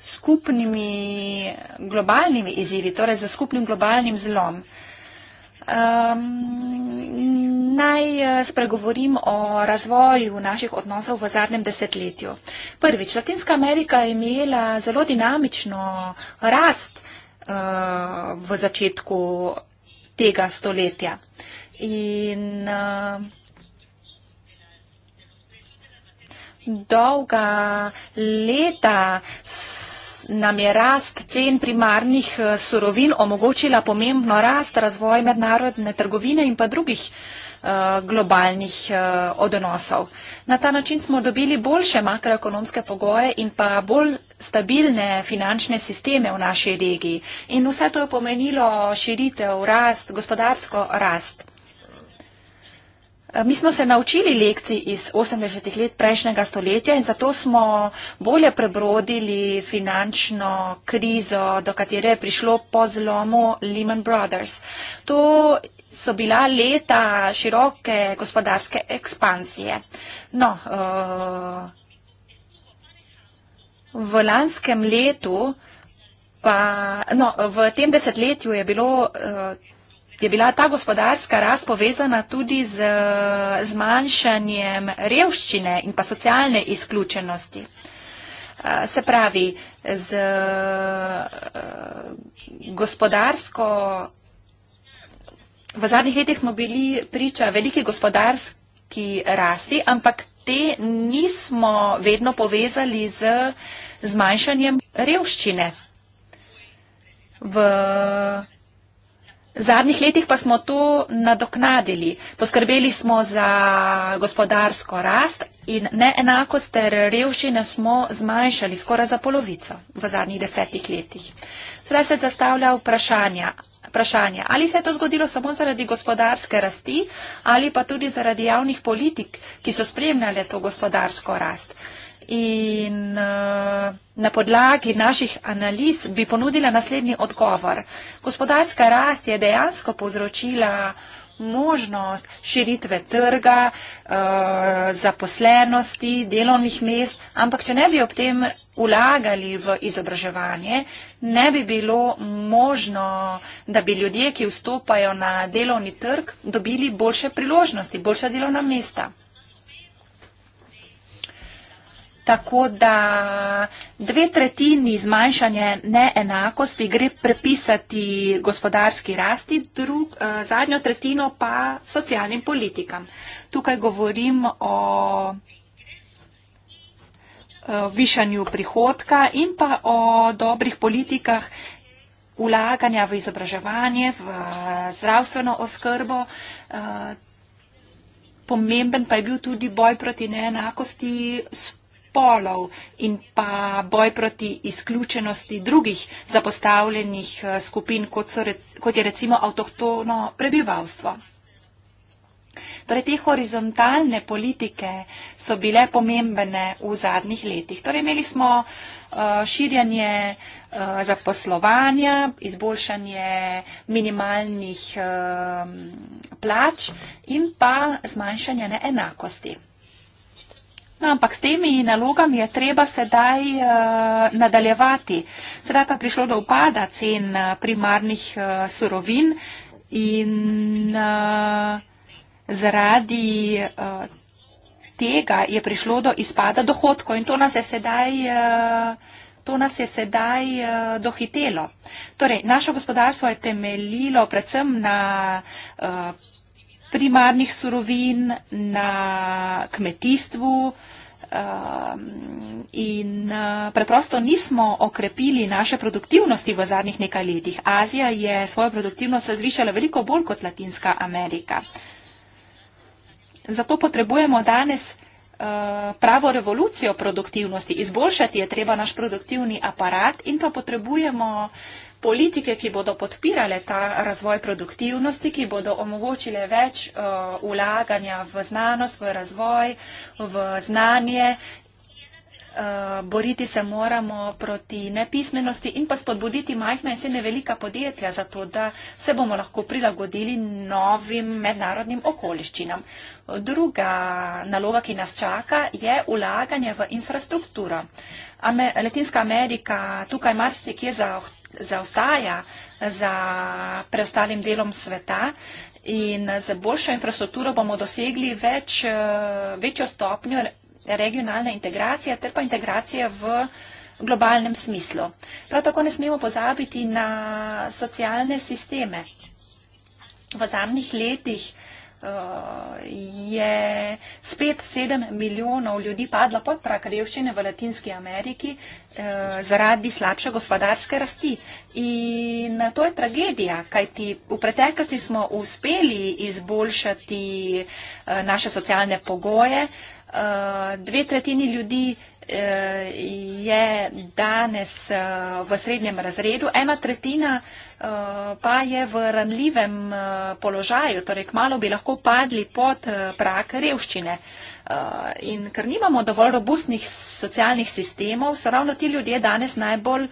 skupnimi globalnimi izzivi, torej z skupnim globalnim zlom. Um, naj eh, spregovorim o razvoju naših odnosov v zadnjem desetletju. Prvič, Latinska Amerika je imela zelo dinamično rast uh, v začetku tega stoletja. In eh, dolga leta nam je rast cen primarnih eh, surovin omogočila pomembno rast, razvoj mednarodne trgovine in pa drugih uh, Eh, globalnih eh, odnosov. Na ta način smo dobili boljše makroekonomske pogoje in pa bolj stabilne finančne sisteme v naši regiji. In vse to je pomenilo širitev, rast, gospodarsko rast. Mi smo se naučili lekcij iz 80-ih let prejšnjega stoletja in zato smo bolje prebrodili finančno krizo, do katere je prišlo po zlomu Lehman Brothers. To so bila leta široke gospodarske ekspansije. No, eh, v lanskem letu pa, no, v tem desetletju je bilo eh, je bila ta gospodarska raz povezana tudi z zmanjšanjem revščine in pa socialne izključenosti. Eh, se pravi, z gospodarsko V zadnjih letih smo bili priča veliki gospodarski rasti, ampak te nismo vedno povezali z zmanjšanjem revščine. V zadnjih letih pa smo to nadoknadili. Poskrbeli smo za gospodarsko rast in neenakost ter revščine smo zmanjšali skoraj za polovico v zadnjih desetih letih. Zdaj se zastavlja vprašanje, vprašanje, ali se je to zgodilo samo zaradi gospodarske rasti ali pa tudi zaradi javnih politik, ki so spremljale to gospodarsko rast. In uh, na podlagi naših analiz bi ponudila naslednji odgovor. Gospodarska rast je dejansko povzročila možnost širitve trga, uh, zaposlenosti, delovnih mest, ampak če ne bi ob tem vlagali v izobraževanje, uh, ne bi bilo možno, da bi ljudje, ki vstopajo na delovni trg, dobili boljše priložnosti, boljša delovna mesta. Tako da dve tretjini zmanjšanja neenakosti gre prepisati gospodarski rasti, drug, eh, zadnjo tretjino pa socialnim politikam. Tukaj govorim o Eh, višanju prihodka in pa o dobrih politikah ulaganja v izobraževanje, v zdravstveno oskrbo. Eh, pomemben pa je bil tudi boj proti neenakosti spolov in pa boj proti izključenosti drugih zapostavljenih eh, skupin, kot, rec, kot je recimo avtohtono prebivalstvo. Torej, te horizontalne politike so bile pomembne v zadnjih letih. Torej, imeli smo eh, širjanje eh, zaposlovanja, izboljšanje minimalnih eh, plač in pa zmanjšanje neenakosti. No, ampak s temi nalogami je treba sedaj uh, nadaljevati. Sedaj pa je prišlo do upada cen primarnih uh, surovin in uh, zaradi eh, tega je prišlo do izpada dohodkov in to nas je sedaj, eh, to nas je sedaj eh, dohitelo. Torej, naše gospodarstvo je temeljilo predvsem na primarnih surovin, na kmetijstvu in preprosto nismo okrepili naše produktivnosti v zadnjih nekaj letih. Azija je svojo produktivnost zvišala veliko bolj kot Latinska Amerika. Zato potrebujemo danes eh, pravo revolucijo produktivnosti. Izboljšati je treba naš produktivni aparat in pa potrebujemo politike, ki bodo podpirale ta razvoj produktivnosti, ki bodo omogočile več uh, ulaganja v znanost, v razvoj, v znanje Eh, boriti se moramo proti nepismenosti in pa spodbuditi majhna in srednje velika podjetja za to, da se bomo lahko prilagodili novim mednarodnim okoliščinam. Druga naloga, ki nas čaka, je ulaganje v infrastrukturo. Latinska Amerika tukaj marsikje zaostaja za preostalim delom sveta in z boljšo infrastrukturo bomo dosegli eh, večjo stopnjo regionalna integracija ter pa integracija v globalnem smislu. Prav tako ne smemo pozabiti na socialne sisteme. V zadnjih letih eh, je spet 7 milijonov ljudi padlo pod prak revščine v Latinski Ameriki eh, zaradi slabše gospodarske rasti. In to je tragedija, kajti v preteklosti smo uspeli izboljšati eh, naše socialne pogoje, Eh, dve tretjini ljudi eh, je danes eh, v srednjem razredu, ena tretjina pa je v ranljivem položaju, torej kmalo bi lahko padli pod prak revščine. In ker nimamo dovolj robustnih socialnih sistemov, so ravno ti ljudje danes najbolj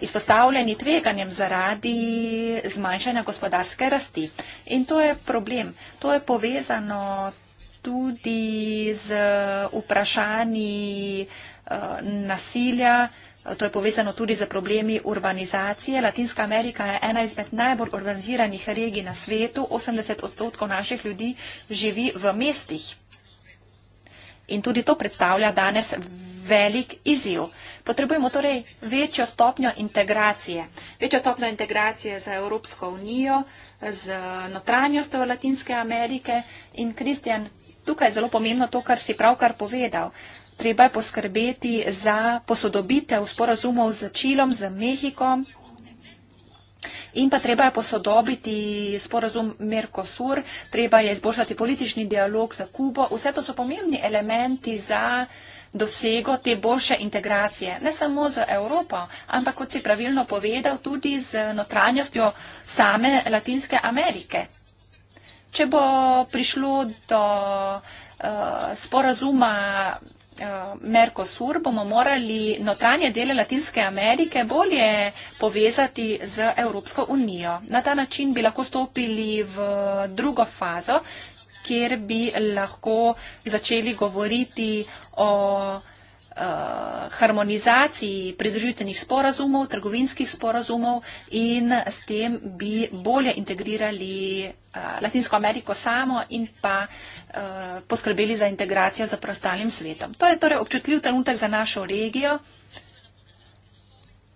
izpostavljeni tveganjem zaradi zmanjšanja gospodarske rasti. In to je problem. To je povezano tudi z vprašanji eh, nasilja. To je povezano tudi z problemi urbanizacije. Latinska Amerika je ena izmed najbolj urbaniziranih regij na svetu. 80 odstotkov naših ljudi živi v mestih. In tudi to predstavlja danes velik izziv. Potrebujemo torej večjo stopnjo integracije. Večjo stopnjo integracije za Evropsko unijo, z notranjostjo Latinske Amerike in Kristjan tukaj je zelo pomembno to, kar si pravkar povedal. Treba je poskrbeti za posodobitev sporazumov z Čilom, z Mehikom in pa treba je posodobiti sporazum Mercosur, treba je izboljšati politični dialog za Kubo. Vse to so pomembni elementi za dosego te boljše integracije, ne samo z Evropo, ampak, kot si pravilno povedal, tudi z notranjostjo same Latinske Amerike. Če bo prišlo do uh, sporazuma uh, Mercosur, bomo morali notranje dele Latinske Amerike bolje povezati z Evropsko unijo. Na ta način bi lahko stopili v drugo fazo, kjer bi lahko začeli govoriti o Eh, harmonizaciji pridružitvenih sporazumov, trgovinskih sporazumov in s tem bi bolje integrirali eh, Latinsko Ameriko samo in pa eh, poskrbeli za integracijo za preostalim svetom. To je torej občutljiv trenutek za našo regijo.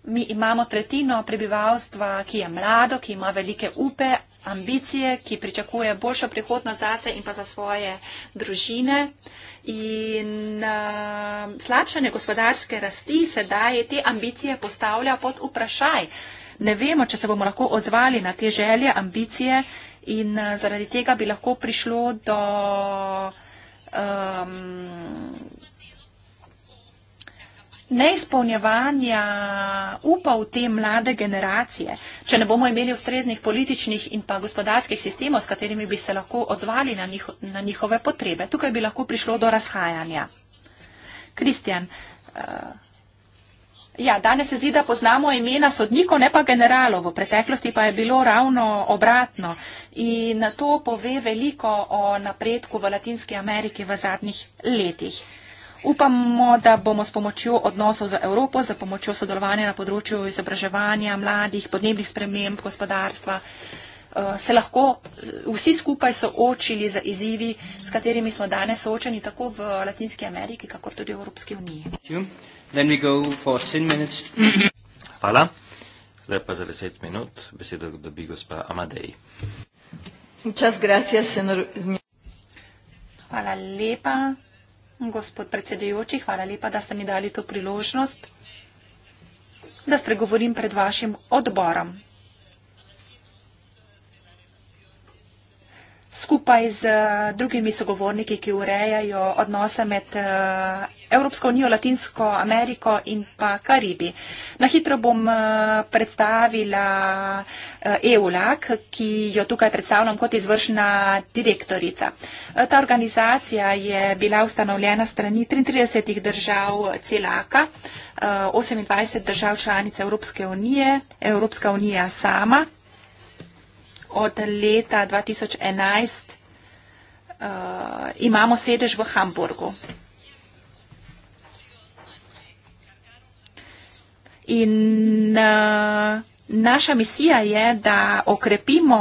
Mi imamo tretjino prebivalstva, ki je mlado, ki ima velike upe, ambicije, ki pričakuje boljšo prihodnost zase in pa za svoje družine. In uh, slabšanje gospodarske rasti sedaj te ambicije postavlja pod vprašaj. Ne vemo, če se bomo lahko odzvali na te želje, ambicije in uh, zaradi tega bi lahko prišlo do. Um, neizpolnjevanja upa v te mlade generacije, če ne bomo imeli ustreznih političnih in pa gospodarskih sistemov, s katerimi bi se lahko odzvali na, njiho, na njihove potrebe. Tukaj bi lahko prišlo do razhajanja. Kristjan, uh, ja, danes se zdi, da poznamo imena sodnikov, ne pa generalov. V preteklosti pa je bilo ravno obratno. In to pove veliko o napredku v Latinski Ameriki v zadnjih letih. Upamo, da bomo s pomočjo odnosov za Evropo, za pomočjo sodelovanja na področju izobraževanja mladih, podnebnih sprememb, gospodarstva, eh, se lahko eh, vsi skupaj soočili za izzivi, s katerimi smo danes soočeni tako v Latinski Ameriki, kakor tudi v Evropski uniji. Hvala. Zdaj pa za deset minut besedo dobi gospa Amadej. Hvala lepa. Gospod predsedujoči, hvala lepa, da ste mi dali to priložnost, da spregovorim pred vašim odborom. skupaj z eh, drugimi sogovorniki, ki urejajo odnose med eh, Evropsko unijo, Latinsko Ameriko in pa Karibi. Na hitro bom eh, predstavila EULAK, e ki jo tukaj predstavljam kot izvršna direktorica. Ta organizacija je bila ustanovljena strani 33 držav CELAKA, 28 držav članic Evropske unije, Evropska unija sama od leta 2011 uh, eh, imamo sedež v Hamburgu. In uh, naša misija je, da okrepimo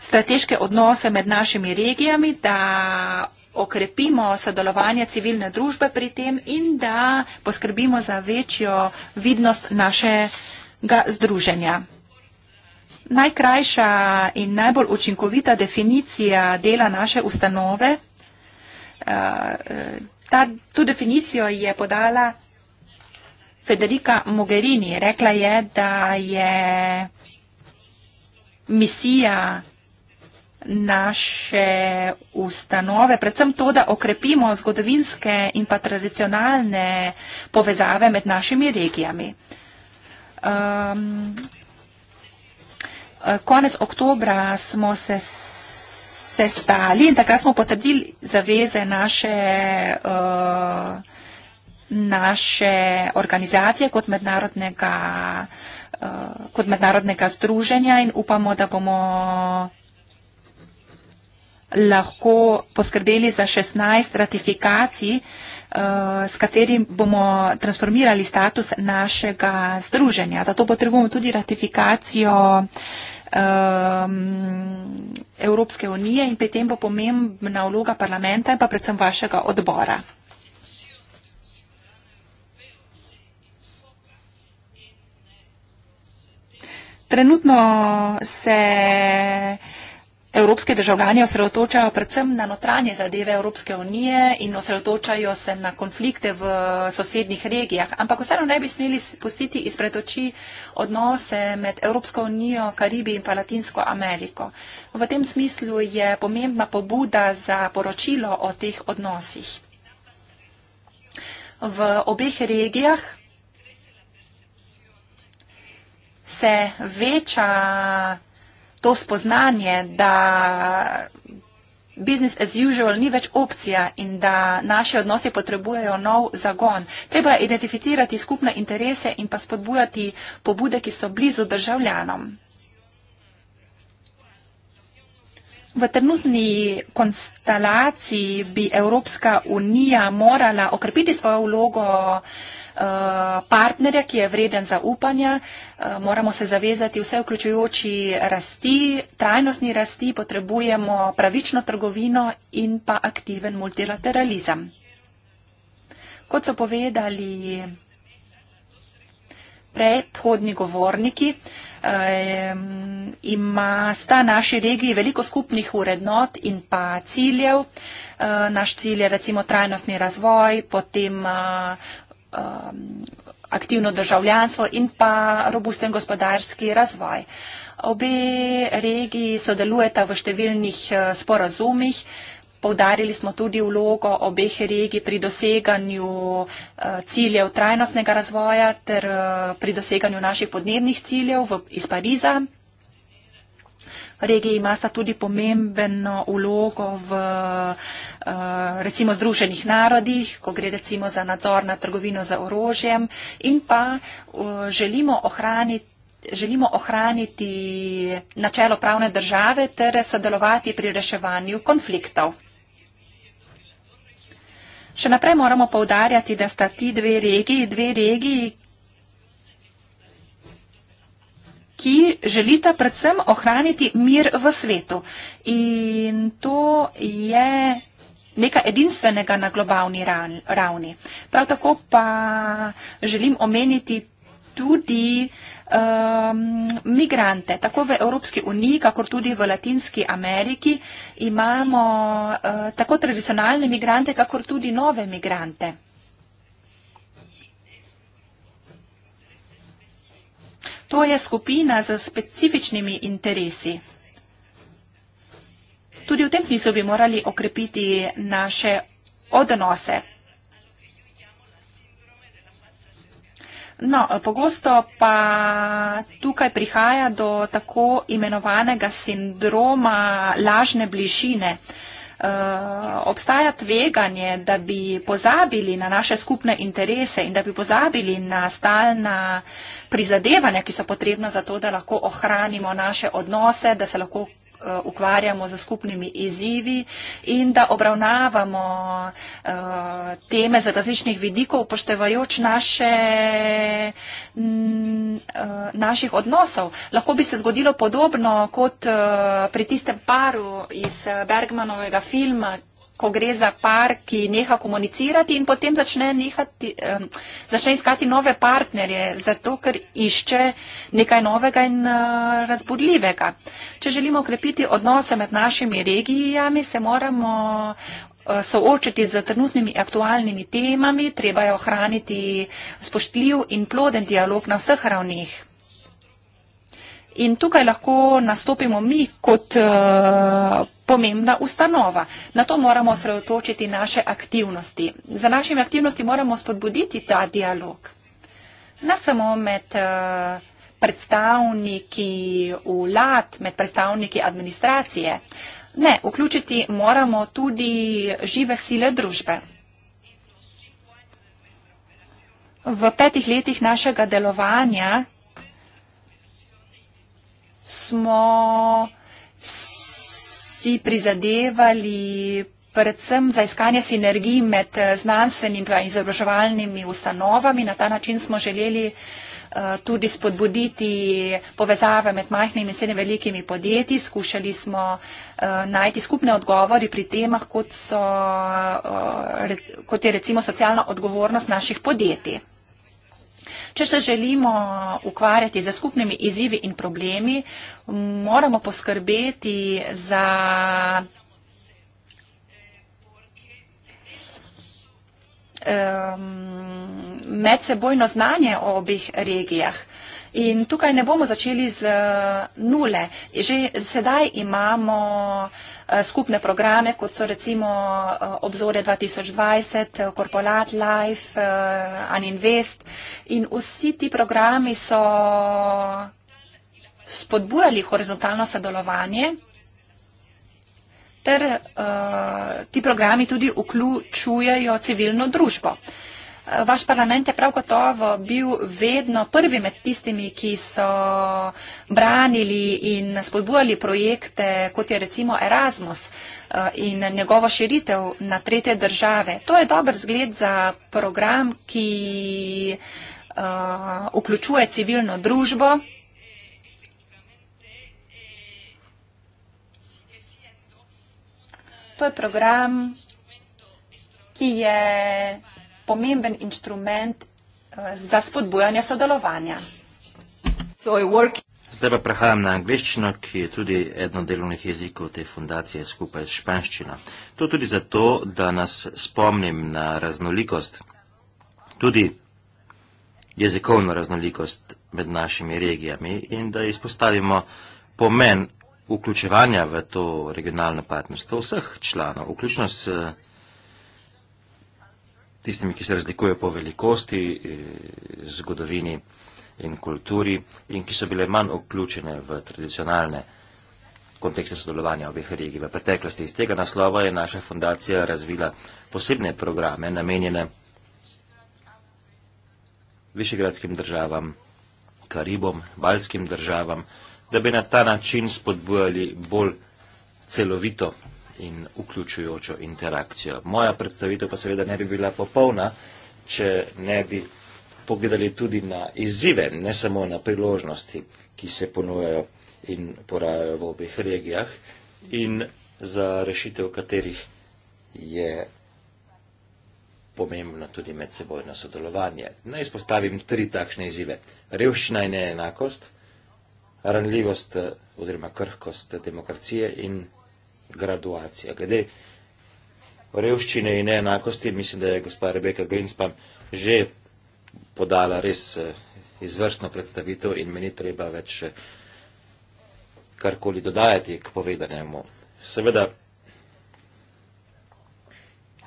strateške odnose med našimi regijami, da okrepimo sodelovanje civilne družbe pri tem in da poskrbimo za večjo vidnost našega združenja najkrajša in najbolj učinkovita definicija dela naše ustanove. Eh, ta, tu definicijo je podala Federica Mogherini. Rekla je, da je misija naše ustanove, predvsem to, da okrepimo zgodovinske in pa tradicionalne povezave med našimi regijami. Um, konec oktobra smo se sestali in takrat smo potrdili zaveze naše, uh, naše organizacije kot mednarodnega, uh, kot mednarodnega združenja in upamo, da bomo lahko poskrbeli za 16 ratifikacij, eh, s katerim bomo transformirali status našega združenja. Zato potrebujemo tudi ratifikacijo um, Evropske unije in pri tem bo pomembna vloga parlamenta in pa predvsem vašega odbora. Trenutno se Evropski državljani osredotočajo predvsem na notranje zadeve Evropske unije in osredotočajo se na konflikte v sosednjih regijah, ampak vseeno ne bi smeli spustiti izpred oči odnose med Evropsko unijo, Karibi in pa Latinsko Ameriko. V tem smislu je pomembna pobuda za poročilo o teh odnosih. V obeh regijah se veča to spoznanje, da business as usual ni več opcija in da naše odnose potrebujejo nov zagon. Treba je identificirati skupne interese in pa spodbujati pobude, ki so blizu državljanom. V trenutni konstelaciji bi Evropska unija morala okrepiti svojo vlogo uh, Eh, partnerja, ki je vreden zaupanja. Eh, moramo se zavezati vse vključujoči rasti, trajnostni rasti, potrebujemo pravično trgovino in pa aktiven multilateralizem. Kot so povedali predhodni govorniki, ehm, ima sta naši regiji veliko skupnih urednot in pa ciljev. Eh, naš cilj je recimo trajnostni razvoj, potem um, aktivno državljanstvo in pa robusten gospodarski razvoj. Obe regiji sodelujeta v številnih eh, sporazumih. Povdarili smo tudi vlogo obeh regij pri doseganju eh, ciljev trajnostnega razvoja ter eh, pri doseganju naših podnebnih ciljev v, iz Pariza regiji ima sta tudi pomembeno ulogo v eh, recimo Združenih narodih, ko gre recimo za nadzor na trgovino za orožjem in pa eh, želimo ohraniti Želimo ohraniti načelo pravne države ter sodelovati pri reševanju konfliktov. Še naprej moramo povdarjati, da sta ti dve regiji, dve regiji, ki želita predvsem ohraniti mir v svetu. In to je nekaj edinstvenega na globalni ravni. Prav tako pa želim omeniti tudi um, migrante. Tako v Evropski uniji, kako tudi v Latinski Ameriki imamo uh, tako tradicionalne migrante, kako tudi nove migrante. To je skupina z specifičnimi interesi. Tudi v tem smislu bi morali okrepiti naše odnose. No, pogosto pa tukaj prihaja do tako imenovanega sindroma lažne bližine. Uh, Eh, obstaja tveganje, da bi pozabili na naše skupne interese in da bi pozabili na stalna prizadevanja, ki so potrebna za to, da lahko ohranimo naše odnose, da se lahko Eh, ukvarjamo z skupnimi izzivi in da obravnavamo eh, teme z različnih vidikov, upoštevajoč naše, mm, eh, naših odnosov. Lahko bi se zgodilo podobno kot pri tistem paru iz Bergmanovega filma, ko gre za par, ki neha komunicirati in potem začne, nehati, um, začne iskati nove partnerje, zato ker išče nekaj novega in uh, eh, razbudljivega. Če želimo okrepiti odnose med našimi regijami, se moramo eh, soočiti z trenutnimi aktualnimi temami, treba je ohraniti spoštljiv in ploden dialog na vseh ravnih. In tukaj lahko nastopimo mi kot uh, pomembna ustanova. Na to moramo osredotočiti naše aktivnosti. Za našimi aktivnosti moramo spodbuditi ta dialog. Ne samo med uh, predstavniki vlad, med predstavniki administracije. Ne, vključiti moramo tudi žive sile družbe. V petih letih našega delovanja smo si prizadevali predvsem za iskanje sinergij med znanstvenimi in izobraževalnimi ustanovami. Na ta način smo želeli eh, tudi spodbuditi povezave med majhnimi in srednje velikimi podjetji. Skušali smo eh, najti skupne odgovori pri temah, kot, so, eh, kot je recimo socialna odgovornost naših podjetij. Če se želimo ukvarjati za skupnimi izzivi in problemi, moramo poskrbeti za um, medsebojno znanje o obih regijah. In tukaj ne bomo začeli z eh, nule. Že sedaj imamo eh, skupne programe, kot so recimo eh, Obzore 2020, Corporate Life, Uninvest. In vsi ti programi so spodbujali horizontalno sodelovanje, ter uh, ti programi tudi vključujejo civilno družbo. Uh, Vaš parlament je prav gotovo bil vedno prvi med tistimi, ki so branili in spodbujali projekte, kot je recimo Erasmus eh, in njegovo širitev na tretje države. To je dober zgled za program, ki eh, vključuje civilno družbo. To je program, ki je pomemben inštrument eh, za spodbujanje sodelovanja. Zdaj pa prehajam na angliščino, ki je tudi eno delovnih jezikov te fundacije skupaj s španščino. To tudi zato, da nas spomnim na raznolikost, tudi jezikovno raznolikost med našimi regijami in da izpostavimo pomen vključevanja v to regionalno partnerstvo vseh članov, vključno s eh, tistimi, ki se razlikujejo po velikosti, eh, zgodovini in kulturi in ki so bile manj vključene v tradicionalne kontekste sodelovanja obeh regij. V preteklosti iz tega naslova je naša fundacija razvila posebne programe namenjene višegradskim državam, Karibom, baljskim državam, da bi na ta način spodbujali bolj celovito in vključujočo interakcijo. Moja predstavitev pa seveda ne bi bila popolna, če ne bi pogledali tudi na izzive, ne samo na priložnosti, ki se ponujajo in porajajo v obeh regijah in za rešitev katerih je pomembno tudi medsebojno sodelovanje. Naj izpostavim tri takšne izzive. Revščina in neenakost, ranljivost eh, oziroma krhkost demokracije in graduacija. Glede revščine in neenakosti, mislim, da je gospa Rebeka Grinspan že podala res eh, izvrstno predstavitev in meni treba več eh, karkoli dodajati k povedanemu. Seveda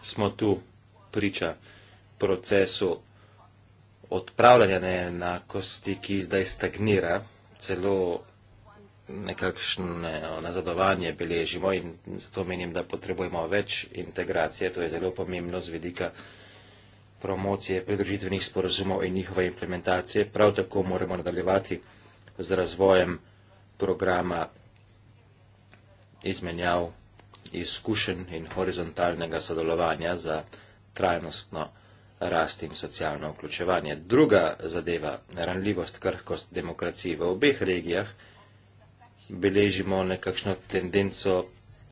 smo tu priča procesu odpravljanja neenakosti, ki zdaj stagnira, celo nekakšne nazadovanje beležimo in zato menim, da potrebujemo več integracije. To je zelo pomembno z vidika promocije pridružitvenih sporozumov in njihove implementacije. Prav tako moramo nadaljevati z razvojem programa izmenjav izkušenj in horizontalnega sodelovanja za trajnostno rast in socialno vključevanje. Druga zadeva, ranljivost, krhkost demokracije v obeh regijah, beležimo nekakšno tendenco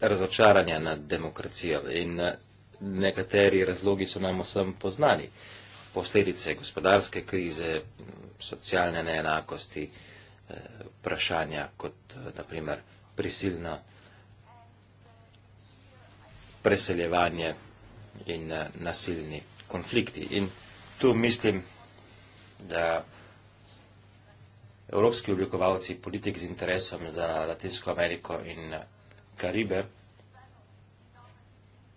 razočaranja nad demokracijo in eh, nekateri razlogi so nam vsem poznani. Posledice gospodarske krize, socialne neenakosti, eh, vprašanja kot eh, naprimer prisilno preseljevanje in nasilni konflikti. In tu mislim, da evropski oblikovalci politik z interesom za Latinsko Ameriko in Karibe,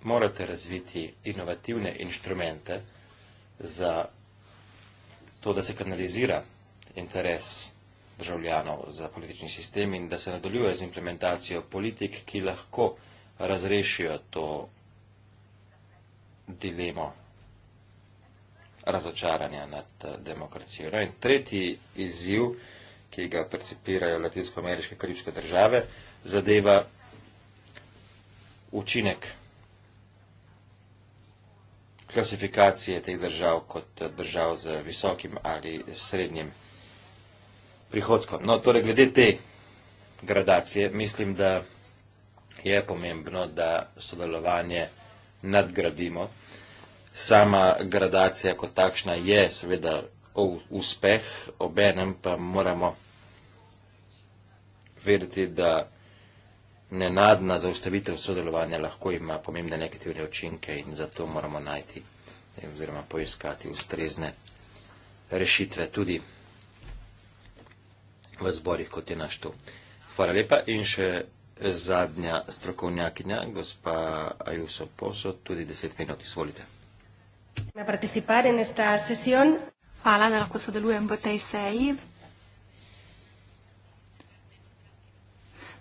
morate razviti inovativne inštrumente za to, da se kanalizira interes državljanov za politični sistem in da se nadaljuje z implementacijo politik, ki lahko razrešijo to dilemo razočaranja nad demokracijo. No, in tretji izziv je, ki ga percipirajo latinsko-ameriške karibske države, zadeva učinek klasifikacije teh držav kot držav z visokim ali srednjim prihodkom. No, torej, glede te gradacije, mislim, da je pomembno, da sodelovanje nadgradimo. Sama gradacija kot takšna je seveda uspeh, obenem pa moramo vedeti, da nenadna zaustavitev sodelovanja lahko ima pomembne negativne učinke in zato moramo najti oziroma poiskati ustrezne rešitve tudi v zborih, kot je naš tu. Hvala lepa in še zadnja strokovnjakinja, gospa Ajuso Poso, tudi deset minut, izvolite. Na participar en esta sesión. Hvala, da lahko sodelujem v tej seji.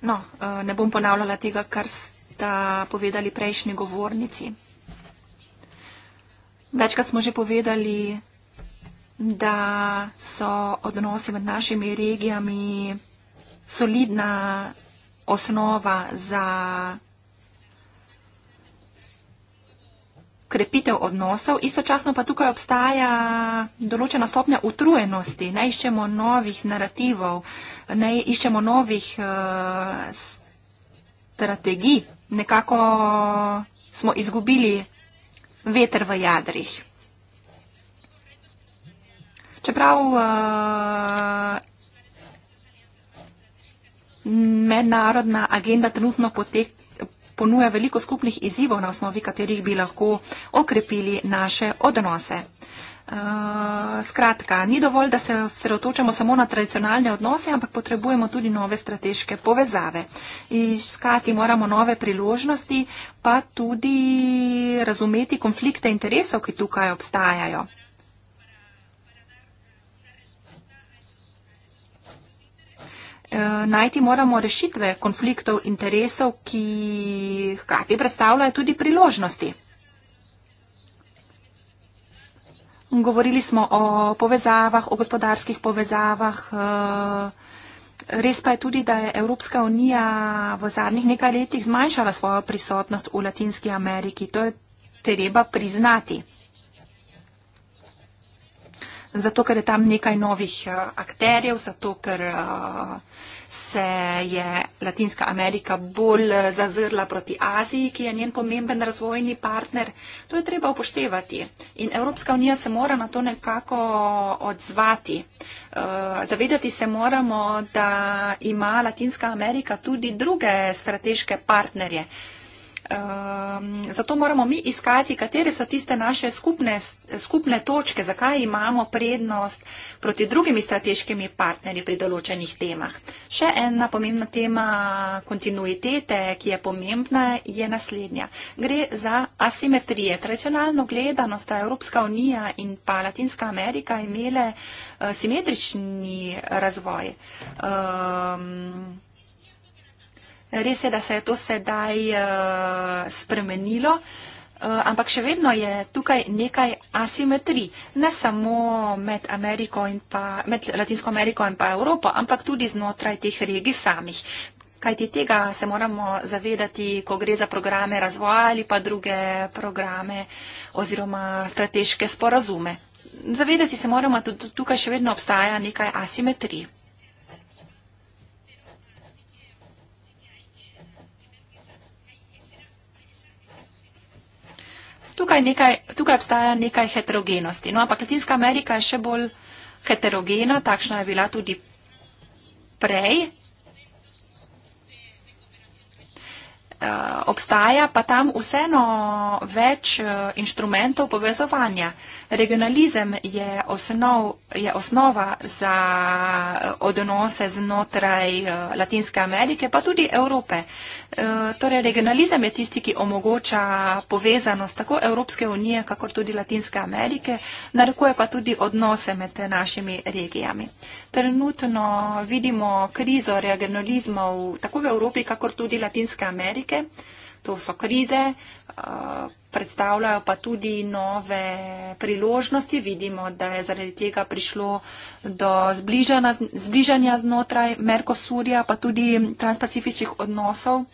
No, eh, ne bom ponavljala tega, kar sta povedali prejšnji govornici. Večkrat smo že povedali, da so odnosi med našimi regijami solidna osnova za krepitev odnosov, istočasno pa tukaj obstaja določena stopnja utrujenosti. Ne iščemo novih narativov, ne iščemo novih uh, strategij. Nekako smo izgubili veter v jadrih. Čeprav uh, mednarodna agenda trenutno poteka, ponuja veliko skupnih izzivov, na osnovi katerih bi lahko okrepili naše odnose. Eh, skratka, ni dovolj, da se osredotočamo samo na tradicionalne odnose, ampak potrebujemo tudi nove strateške povezave. Iskati moramo nove priložnosti, pa tudi razumeti konflikte interesov, ki tukaj obstajajo. Eh, najti moramo rešitve konfliktov interesov, ki hkrati predstavljajo tudi priložnosti. Govorili smo o povezavah, o gospodarskih povezavah. Eh, res pa je tudi, da je Evropska unija v zadnjih nekaj letih zmanjšala svojo prisotnost v Latinski Ameriki. To je treba priznati zato ker je tam nekaj novih eh, akterjev, zato ker eh, se je Latinska Amerika bolj eh, zazrla proti Aziji, ki je njen pomemben razvojni partner. To je treba upoštevati in Evropska unija se mora na to nekako odzvati. Zavedati se moramo, da ima Latinska Amerika tudi druge strateške partnerje um, zato moramo mi iskati, katere so tiste naše skupne, skupne točke, zakaj imamo prednost proti drugimi strateškimi partnerji pri določenih temah. Še ena pomembna tema kontinuitete, ki je pomembna, je naslednja. Gre za asimetrije. Tradicionalno gledano sta Evropska unija in pa Latinska Amerika imele uh, simetrični razvoj. Um, Res je, da se je to sedaj uh, spremenilo, uh, ampak še vedno je tukaj nekaj asimetrij, ne samo med, in pa, med Latinsko Ameriko in pa Evropo, ampak tudi znotraj teh regij samih. Kajti tega se moramo zavedati, ko gre za programe razvoja ali pa druge programe oziroma strateške sporazume. Zavedati se moramo, da tukaj še vedno obstaja nekaj asimetrij. tukaj, nekaj, tukaj obstaja nekaj heterogenosti. No, ampak Latinska Amerika je še bolj heterogena, takšna je bila tudi prej, Eh, obstaja pa tam vseeno več eh, inštrumentov povezovanja. Regionalizem je, osnov, je osnova za eh, odnose znotraj Latinske Amerike, pa tudi Evrope. Torej, regionalizem je tisti, ki omogoča povezanost tako Evropske unije, kakor tudi Latinske Amerike, narekuje pa tudi odnose med našimi regijami. Trenutno vidimo krizo regionalizma v, tako v Evropi, kakor tudi Latinske Amerike. To so krize, eh, predstavljajo pa tudi nove priložnosti. Vidimo, da je zaradi tega prišlo do zbližanja, zbližanja znotraj Merkosurja, pa tudi transpacifičnih odnosov.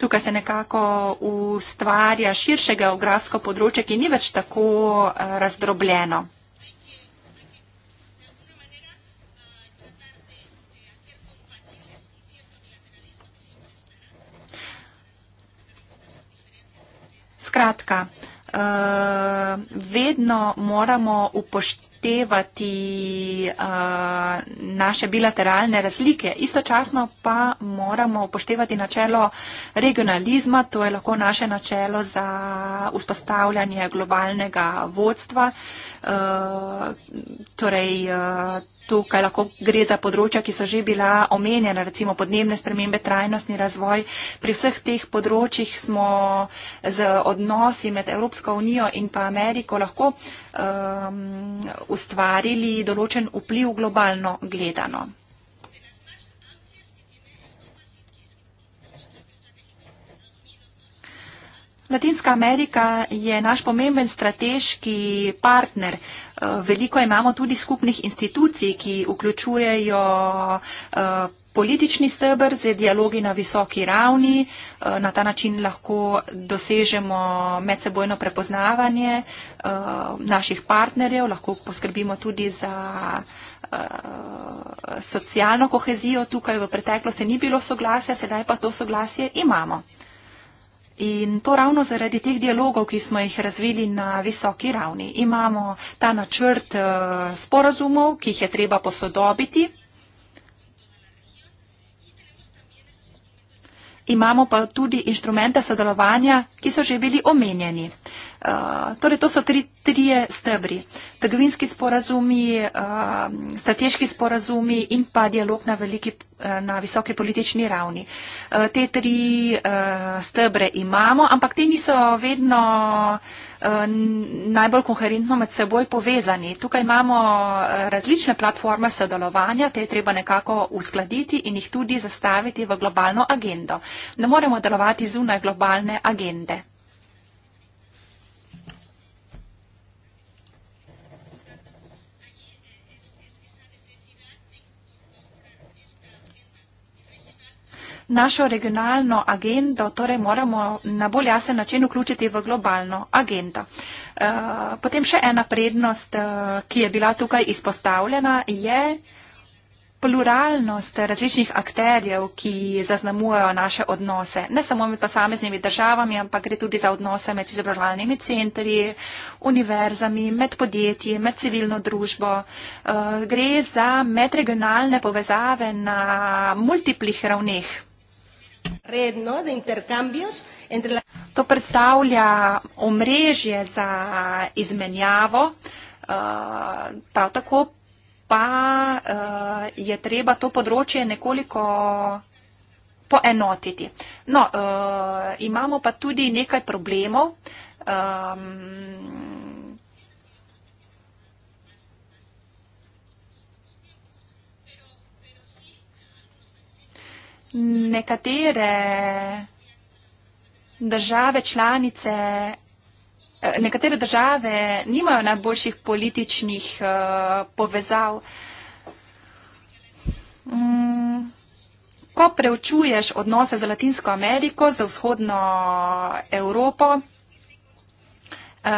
Tukaj se nekako ustvarja širše geografsko področje, ki ni več tako eh, razdrobljeno. skratka, uh, vedno moramo upoštevati uh, naše bilateralne razlike. Istočasno pa moramo upoštevati načelo regionalizma, to je lahko naše načelo za vzpostavljanje globalnega vodstva. Uh, torej, uh, tukaj lahko gre za področja, ki so že bila omenjena, recimo podnebne spremembe, trajnostni razvoj. Pri vseh teh področjih smo z odnosi med Evropsko unijo in pa Ameriko lahko um, ustvarili določen vpliv globalno gledano. Latinska Amerika je naš pomemben strateški partner. Eh, veliko imamo tudi skupnih institucij, ki vključujejo eh, politični stebr z dialogi na visoki ravni. Eh, na ta način lahko dosežemo medsebojno prepoznavanje naših partnerjev, lahko poskrbimo tudi za socialno kohezijo. Tukaj v preteklosti ni bilo soglasja, sedaj pa to soglasje imamo. In to ravno zaradi teh dialogov, ki smo jih razvili na visoki ravni. Imamo ta načrt eh, sporazumov, ki jih je treba posodobiti. imamo pa tudi inštrumente sodelovanja, ki so že bili omenjeni. Uh, torej, to so tri, trije stebri. Trgovinski sporazumi, uh, strateški sporazumi in pa dialog na, veliki, uh, na visoke politični ravni. Uh, te tri uh, stebre imamo, ampak te niso vedno. Uh, Eh, najbolj koherentno med seboj povezani. Tukaj imamo eh, različne platforme sodelovanja, te je treba nekako uskladiti in jih tudi zastaviti v globalno agendo. Ne moremo delovati zunaj globalne agende. našo regionalno agendo, torej moramo na bolj jasen način vključiti v globalno agendo. Eh, potem še ena prednost, eh, ki je bila tukaj izpostavljena, je pluralnost različnih akterjev, ki zaznamujejo naše odnose. Ne samo med posameznimi državami, ampak gre tudi za odnose med izobraževalnimi centri, univerzami, med podjetji, med civilno družbo. Eh, gre za medregionalne povezave na multiplih ravneh red no, de intercambios entre la... To predstavlja omrežje za izmenjavo, uh, prav tako pa uh, je treba to področje nekoliko poenotiti. No, uh, imamo pa tudi nekaj problemov. Um, nekatere države članice, eh, nekatere države nimajo najboljših političnih uh, povezav. Um, ko preučuješ odnose z Latinsko Ameriko, z vzhodno Evropo, uh,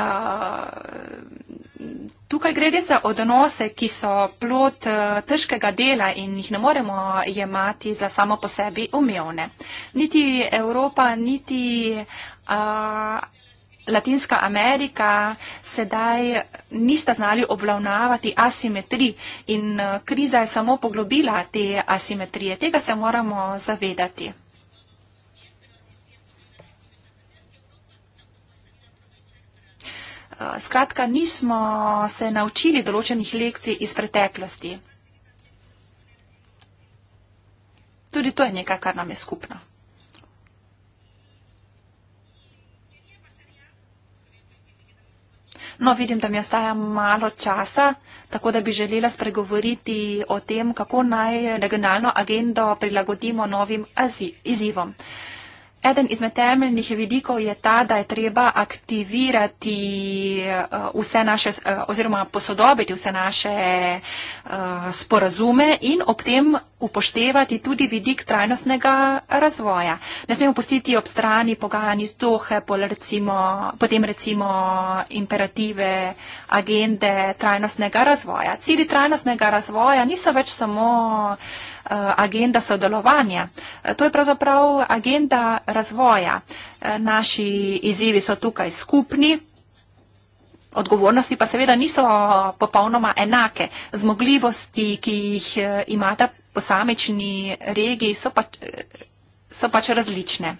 tukaj gre res za odnose, ki so plot eh, težkega dela in jih ne moremo jemati za samo po sebi umevne. Niti Evropa, niti a, Latinska Amerika sedaj nista znali obravnavati asimetrij in eh, kriza je samo poglobila te asimetrije. Tega se moramo zavedati. Eh, skratka, nismo se naučili določenih lekcij iz preteklosti. Tudi to je nekaj, kar nam je skupno. No, vidim, da mi ostaja malo časa, tako da bi želela spregovoriti o tem, kako naj regionalno agendo prilagodimo novim izzivom. Uh, Eden izmed temeljnih vidikov je ta, da je treba aktivirati eh, vse naše eh, oziroma posodobiti vse naše eh, sporazume in ob tem upoštevati tudi vidik trajnostnega razvoja. Ne smemo pustiti ob strani pogajanji z dohe, pol recimo, potem recimo imperative, agende trajnostnega razvoja. Cili trajnostnega razvoja niso več samo uh, Eh, agenda sodelovanja. Eh, to je pravzaprav agenda razvoja. Eh, naši izzivi so tukaj skupni, odgovornosti pa seveda niso popolnoma enake. Zmogljivosti, ki jih imata posamični regiji, so pač, so pač različne.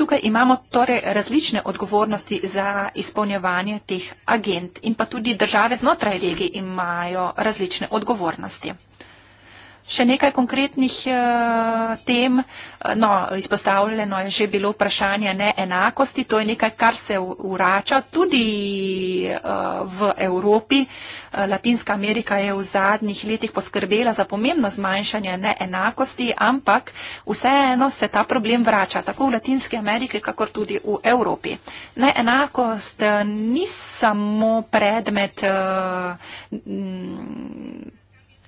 Tukaj imamo torej različne odgovornosti za izpolnjevanje teh agent in pa tudi države znotraj regije imajo različne odgovornosti. Še nekaj konkretnih uh, tem. No, izpostavljeno je že bilo vprašanje neenakosti. To je nekaj, kar se urača tudi uh, v Evropi. Uh, Latinska Amerika je v zadnjih letih poskrbela za pomembno zmanjšanje neenakosti, ampak vseeno se ta problem vrača tako v Latinske Amerike, kakor tudi v Evropi. Neenakost ni samo predmet. Uh, m,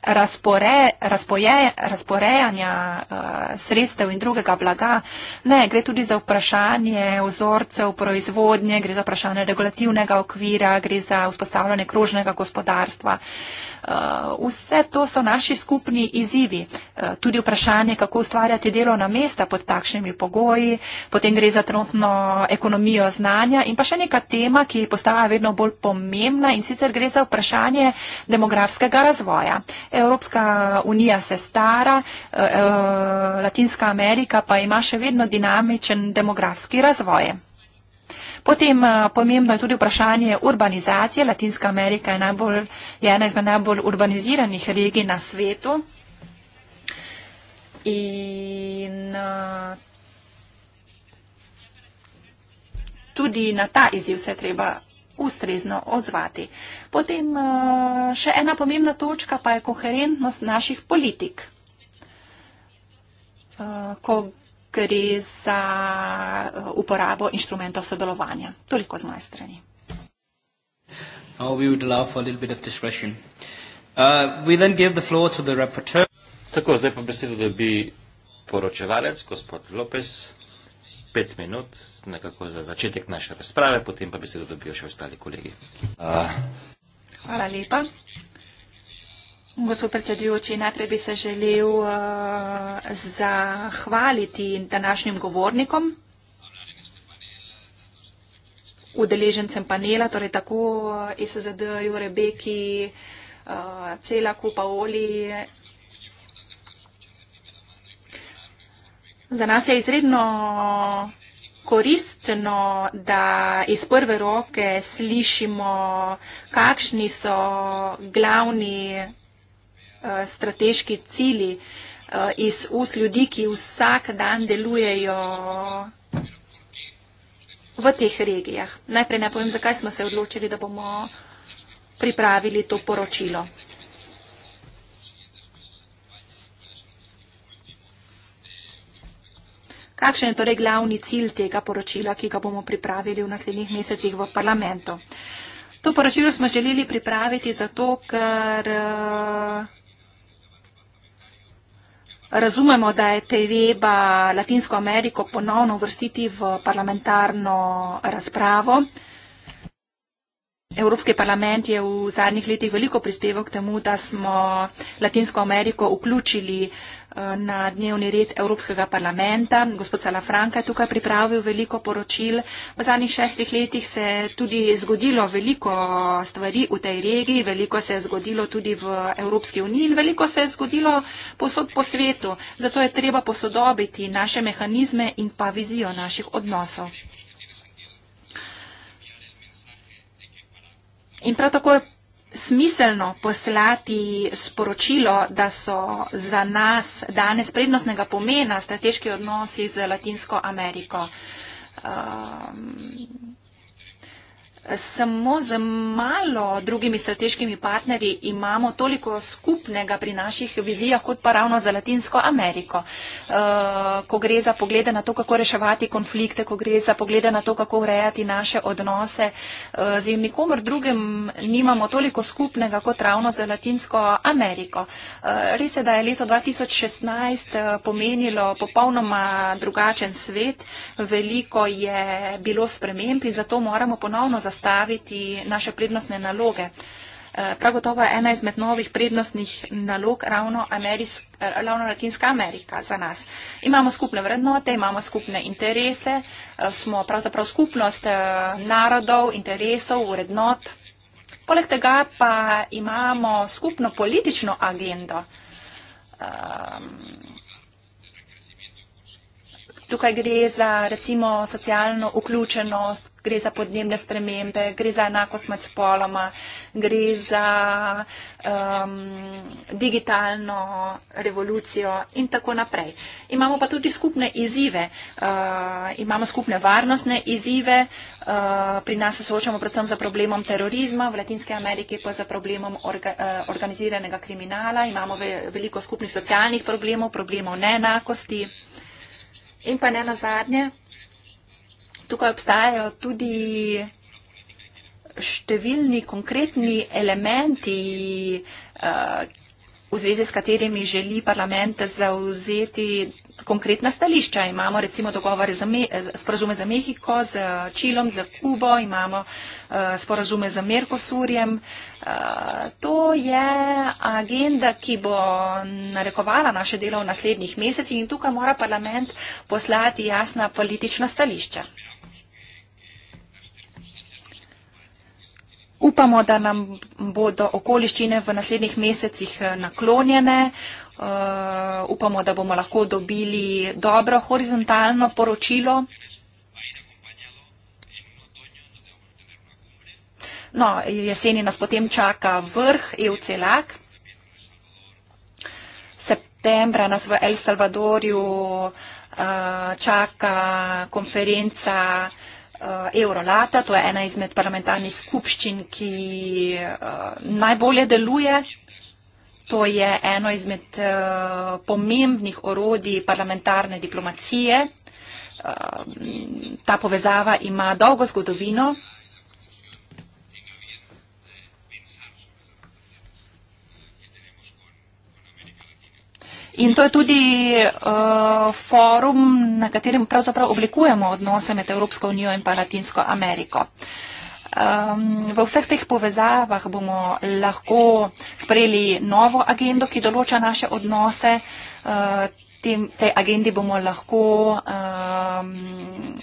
razpore, razpoje, razporejanja uh, sredstev in drugega blaga. Ne, gre tudi za vprašanje ozorcev proizvodnje, gre za vprašanje regulativnega okvira, gre za vzpostavljanje krožnega gospodarstva. Uh, Eh, vse to so naši skupni izzivi. Eh, tudi vprašanje, kako ustvarjati delovna mesta pod takšnimi pogoji, potem gre za trenutno ekonomijo znanja in pa še neka tema, ki postaja vedno bolj pomembna in sicer gre za vprašanje demografskega razvoja. Evropska unija se stara, eh, Latinska Amerika pa ima še vedno dinamičen demografski razvoj. Potem eh, pomembno je tudi vprašanje urbanizacije. Latinska Amerika je, najbolj, je ena izmed najbolj urbaniziranih regij na svetu. In eh, tudi na ta izziv se treba ustrezno odzvati. Potem eh, še ena pomembna točka pa je koherentnost naših politik. Ko gre za eh, uporabo inštrumentov sodelovanja. Toliko z moje strani. Uh, Tako, zdaj pa besedo, da bi poročevalec, gospod Lopes, pet minut, nekako za začetek naše razprave, potem pa besedo dobijo še ostali kolegi. Uh. Hvala lepa. Gospod predsedujoči, najprej bi se želel uh, zahvaliti današnjim govornikom, udeležencem panela, torej tako uh, SZD, Jurebeki, uh, cela kupa oli. Za nas je izredno koristno, da iz prve roke slišimo, kakšni so glavni Eh, strateški cili eh, iz ust ljudi, ki vsak dan delujejo v teh regijah. Najprej ne povem, zakaj smo se odločili, da bomo pripravili to poročilo. Kakšen je torej glavni cilj tega poročila, ki ga bomo pripravili v naslednjih mesecih v parlamentu? To poročilo smo želeli pripraviti zato, ker uh, Razumemo, da je treba Latinsko Ameriko ponovno uvrstiti v parlamentarno razpravo. Evropski parlament je v zadnjih letih veliko prispeval k temu, da smo Latinsko Ameriko vključili uh, na dnevni red Evropskega parlamenta. Gospod Salafranka je tukaj pripravil veliko poročil. V zadnjih šestih letih se je tudi zgodilo veliko stvari v tej regiji, veliko se je zgodilo tudi v Evropski uniji in veliko se je zgodilo posod po svetu. Zato je treba posodobiti naše mehanizme in pa vizijo naših odnosov. In prav tako je smiselno poslati sporočilo, da so za nas danes prednostnega pomena strateški odnosi z Latinsko Ameriko. Um, samo z malo drugimi strateškimi partnerji imamo toliko skupnega pri naših vizijah, kot pa ravno za Latinsko Ameriko. Eh, ko gre za poglede na to, kako reševati konflikte, ko gre za poglede na to, kako urejati naše odnose, eh, z nikomor drugim nimamo toliko skupnega, kot ravno za Latinsko Ameriko. Eh, res je, da je leto 2016 pomenilo popolnoma drugačen svet, veliko je bilo sprememb in zato moramo ponovno zastaviti postaviti naše prednostne naloge. Eh, prav gotovo je ena izmed novih prednostnih nalog ravno, eh, ravno Latinska Amerika za nas. Imamo skupne vrednote, imamo skupne interese, eh, smo pravzaprav skupnost narodov, interesov, vrednot. Poleg tega pa imamo skupno politično agendo. Ehm, Tukaj gre za recimo socialno vključenost, gre za podnebne spremembe, gre za enakost med spoloma, gre za um, digitalno revolucijo in tako naprej. Imamo pa tudi skupne izzive. Uh, imamo skupne varnostne izzive. Uh, pri nas se soočamo predvsem za problemom terorizma, v Latinske Ameriki pa za problemom orga, uh, organiziranega kriminala. Imamo ve, veliko skupnih socialnih problemov, problemov neenakosti. In pa ne nazadnje, tukaj obstajajo tudi številni konkretni elementi, eh, v zvezi s katerimi želi parlament zauzeti konkretna stališča. Imamo recimo dogovore za eh, sporazume za Mehiko, z eh, Čilom, za Kubo, imamo eh, sporazume za Merkosurjem. To je agenda, ki bo narekovala naše delo v naslednjih mesecih in tukaj mora parlament poslati jasna politična stališča. Upamo, da nam bodo okoliščine v naslednjih mesecih naklonjene. Uh, uh, upamo, da bomo lahko dobili dobro horizontalno poročilo. No, jeseni nas potem čaka vrh EU-CELAK. Septembra nas v El Salvadorju uh, čaka konferenca uh, Eurolata. To je ena izmed parlamentarnih skupščin, ki uh, najbolje deluje. To je eno izmed uh, pomembnih orodij parlamentarne diplomacije. Uh, ta povezava ima dolgo zgodovino. In to je tudi uh, forum, na katerem pravzaprav oblikujemo odnose med Evropsko unijo in pa Latinsko Ameriko. Uh, Um, v vseh teh povezavah bomo lahko sprejeli novo agendo, ki določa naše odnose. Uh, Tem, te agendi bomo lahko um,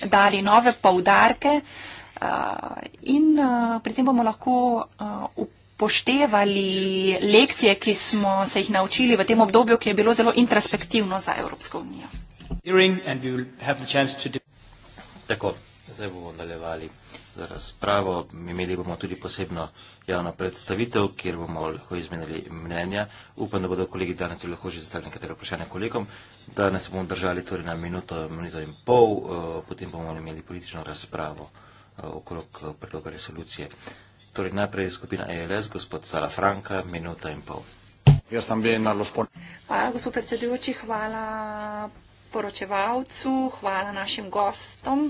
dali nove povdarke uh, eh, in uh, pri tem bomo lahko uh, upoštevali lekcije, ki smo se jih naučili v tem obdobju, ki je bilo zelo introspektivno za Evropsko unijo. Tako, zdaj bomo nadaljevali. Uh, za razpravo. Imeli bomo tudi posebno javno predstavitev, kjer bomo lahko izmenili mnenja. Upam, da bodo kolegi danes tudi lahko že zastavili nekatere vprašanja kolegom. Danes se bomo držali torej na minuto, minuto in pol, eh, potem bomo imeli politično razpravo eh, okrog eh, predloga resolucije. Torej najprej skupina ALS, e gospod Sala Franka, minuta in pol. Jaz sem bil na Lospon. Hvala, gospod predsedujoči, hvala poročevalcu, hvala našim gostom.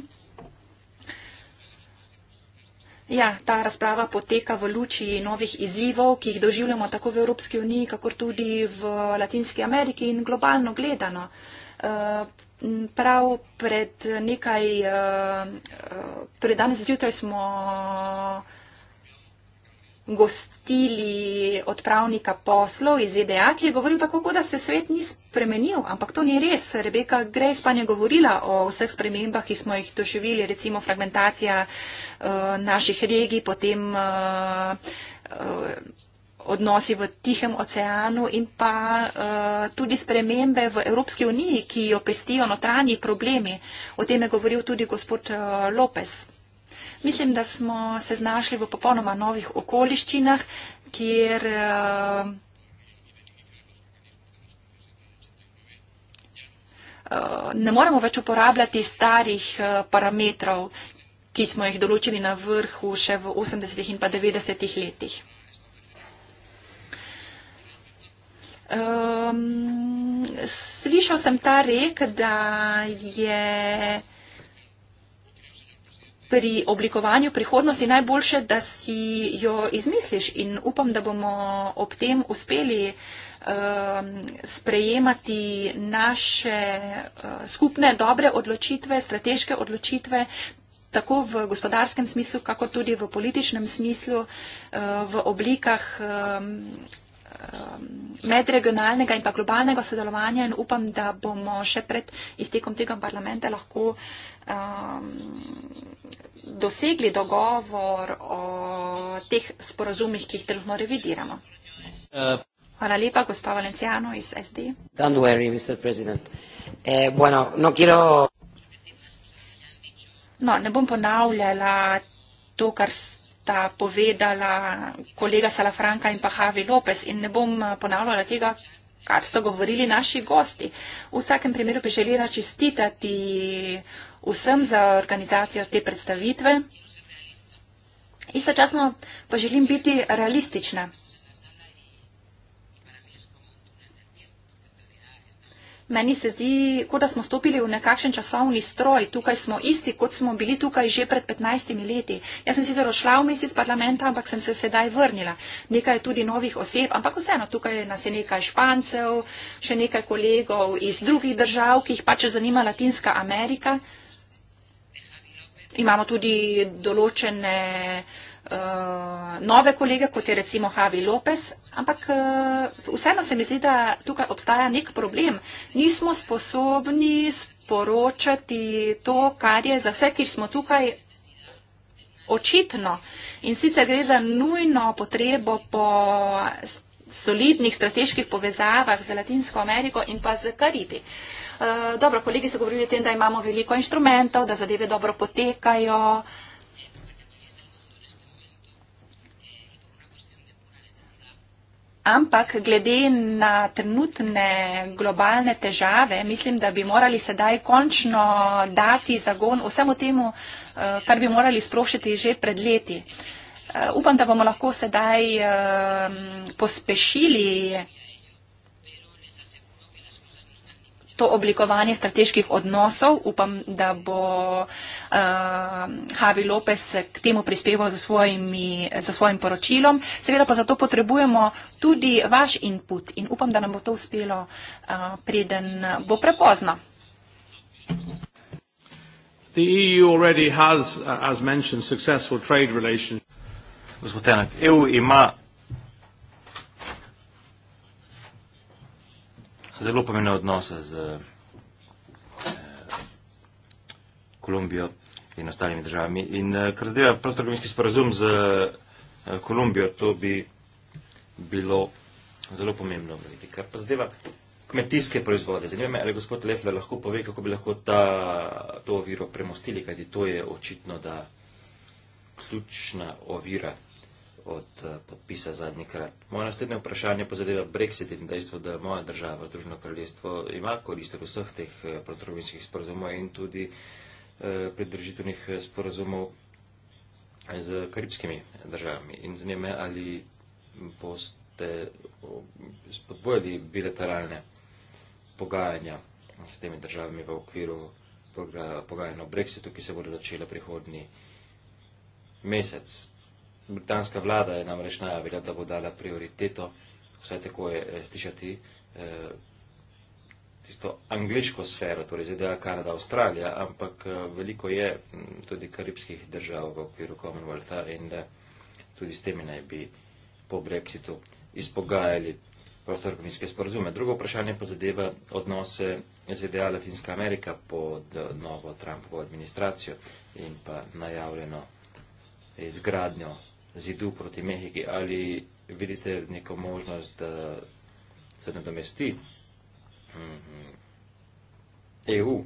Ja, ta razprava poteka v luči novih izzivov, ki jih doživljamo tako v Evropski uniji, kakor tudi v Latinski Ameriki in globalno gledano. Eh, prav pred nekaj, pred eh, eh, torej danes zjutraj smo gostili odpravnika poslov iz ZDA, ki je govoril tako, kot da se svet ni spremenil. Ampak to ni res. Rebeka Grejs pa je govorila o vseh spremembah, ki smo jih doživeli, recimo fragmentacija uh, naših regij, potem uh, uh, odnosi v Tihem oceanu in pa uh, tudi spremembe v Evropski uniji, ki jo pestijo notranji problemi. O tem je govoril tudi gospod uh, Lopez. Mislim, da smo se znašli v popolnoma novih okoliščinah, kjer eh, ne moremo več uporabljati starih eh, parametrov, ki smo jih določili na vrhu še v 80-ih in pa 90-ih letih. Um, slišal sem ta rek, da je pri oblikovanju prihodnosti najboljše, da si jo izmisliš in upam, da bomo ob tem uspeli ehm, sprejemati naše eh, skupne dobre odločitve, strateške odločitve, tako v gospodarskem smislu, kako tudi v političnem smislu, eh, v oblikah ehm, Um, medregionalnega in pa globalnega sodelovanja in upam, da bomo še pred iztekom tega parlamenta lahko um, dosegli dogovor o teh sporazumih, ki jih trenutno revidiramo. Uh. Hvala lepa, gospa Valenciano iz SD. Don't worry, Mr. President. Eh, bueno, no, quiero... no, ne bom ponavljala to, kar ste sta povedala kolega Salafranka in pa Havi Lopes in ne bom eh, ponavljala tega, kar so govorili naši gosti. V vsakem primeru bi želela čestitati vsem za organizacijo te predstavitve. Istočasno pa želim biti realistična. Meni se zdi, kot da smo stopili v nekakšen časovni stroj. Tukaj smo isti, kot smo bili tukaj že pred 15 leti. Jaz sem sicer odšla v misli z parlamenta, ampak sem se sedaj vrnila. Nekaj je tudi novih oseb, ampak vseeno, tukaj nas je nekaj špancev, še nekaj kolegov iz drugih držav, ki jih pač zanima Latinska Amerika. Imamo tudi določene uh, nove kolege, kot je recimo Javi Lopes, Ampak eh, vseeno se mi zdi, da tukaj obstaja nek problem. Nismo sposobni sporočati to, kar je za vse, ki smo tukaj očitno. In sicer gre za nujno potrebo po solidnih strateških povezavah z Latinsko Ameriko in pa z Karibi. Eh, dobro, kolegi so govorili o tem, da imamo veliko inštrumentov, da zadeve dobro potekajo. ampak glede na trenutne globalne težave, mislim, da bi morali sedaj končno dati zagon vsemu temu, eh, kar bi morali sprošiti že pred leti. Eh, upam, da bomo lahko sedaj eh, pospešili to oblikovanje strateških odnosov. Upam, da bo uh, Javi Lopes k temu prispeval za, svojimi, za svojim poročilom. Seveda pa zato potrebujemo tudi vaš input in upam, da nam bo to uspelo, uh, preden bo prepozno. E uh, Gospod Enak, EU ima zelo pomembne odnose z eh, Kolumbijo in ostalimi državami. In eh, kar zadeva prostorgovinski sporazum z eh, Kolumbijo, to bi bilo zelo pomembno vrediti. Kar pa zadeva kmetijske proizvode. Zanima me, ali gospod Lefler lahko pove, kako bi lahko ta, to oviro premostili, kajti to je očitno, da ključna ovira od eh, podpisa zadnji krat. Moje naslednje vprašanje pa zadeva Brexit in dejstvo, da moja država, Združeno kraljestvo, ima korist od vseh teh eh, protrovinskih sporozumov in tudi eh, pridržitvenih sporozumov z karibskimi državami. In zanime, ali boste spodbojali bilateralne pogajanja s temi državami v okviru pogajanja o Brexitu, ki se bodo začela prihodnji mesec. Britanska vlada je namreč najavila, da bo dala prioriteto, vsaj tako je eh, slišati, eh, tisto angliško sfero, torej ZDA, Kanada, Avstralija, ampak eh, veliko je mm, tudi karibskih držav v okviru Commonwealtha in da tudi s temi naj bi po Brexitu izpogajali prostorkovinske sporozume. Drugo vprašanje pa zadeva odnose ZDA Latinska Amerika pod novo Trumpovo administracijo in pa najavljeno izgradnjo zidu proti Mehiki, ali vidite neko možnost, da se nadomesti mhm, EU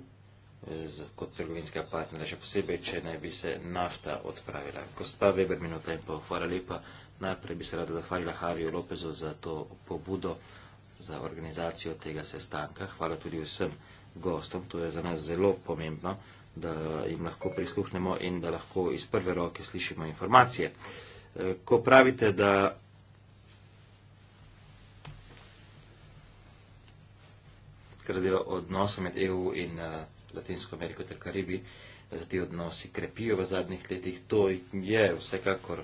kot trgovinskega partnera, še posebej, če naj bi se nafta odpravila. Gospa Weber, minuta in pol, hvala lepa. Najprej bi se rada zahvalila Harju Lopezu za to pobudo, za organizacijo tega sestanka. Hvala tudi vsem gostom, to je za nas zelo pomembno, da jim lahko prisluhnemo in da lahko iz prve roke slišimo informacije. Eh, ko pravite, da kradilo odnosa med EU in uh, Latinsko Ameriko ter Karibi, eh, da se ti odnosi krepijo v zadnjih letih, to je vsekakor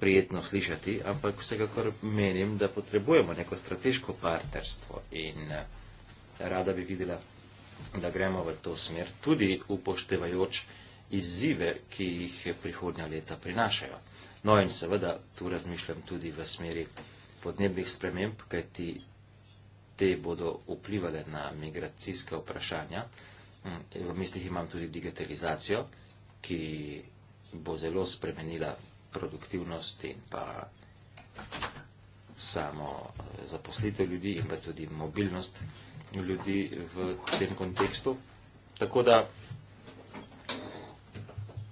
prijetno slišati, ampak vsekakor menim, da potrebujemo neko strateško partnerstvo in uh, rada bi videla, da gremo v to smer, tudi upoštevajoč uh, izzive, ki jih prihodnja leta prinašajo. No in seveda tu razmišljam tudi v smeri podnebnih sprememb, kajti te bodo vplivali na migracijske vprašanja. Mm, v mislih imam tudi digitalizacijo, ki bo zelo spremenila produktivnost in pa samo eh, zaposlitev ljudi in pa tudi mobilnost ljudi v tem kontekstu. Tako da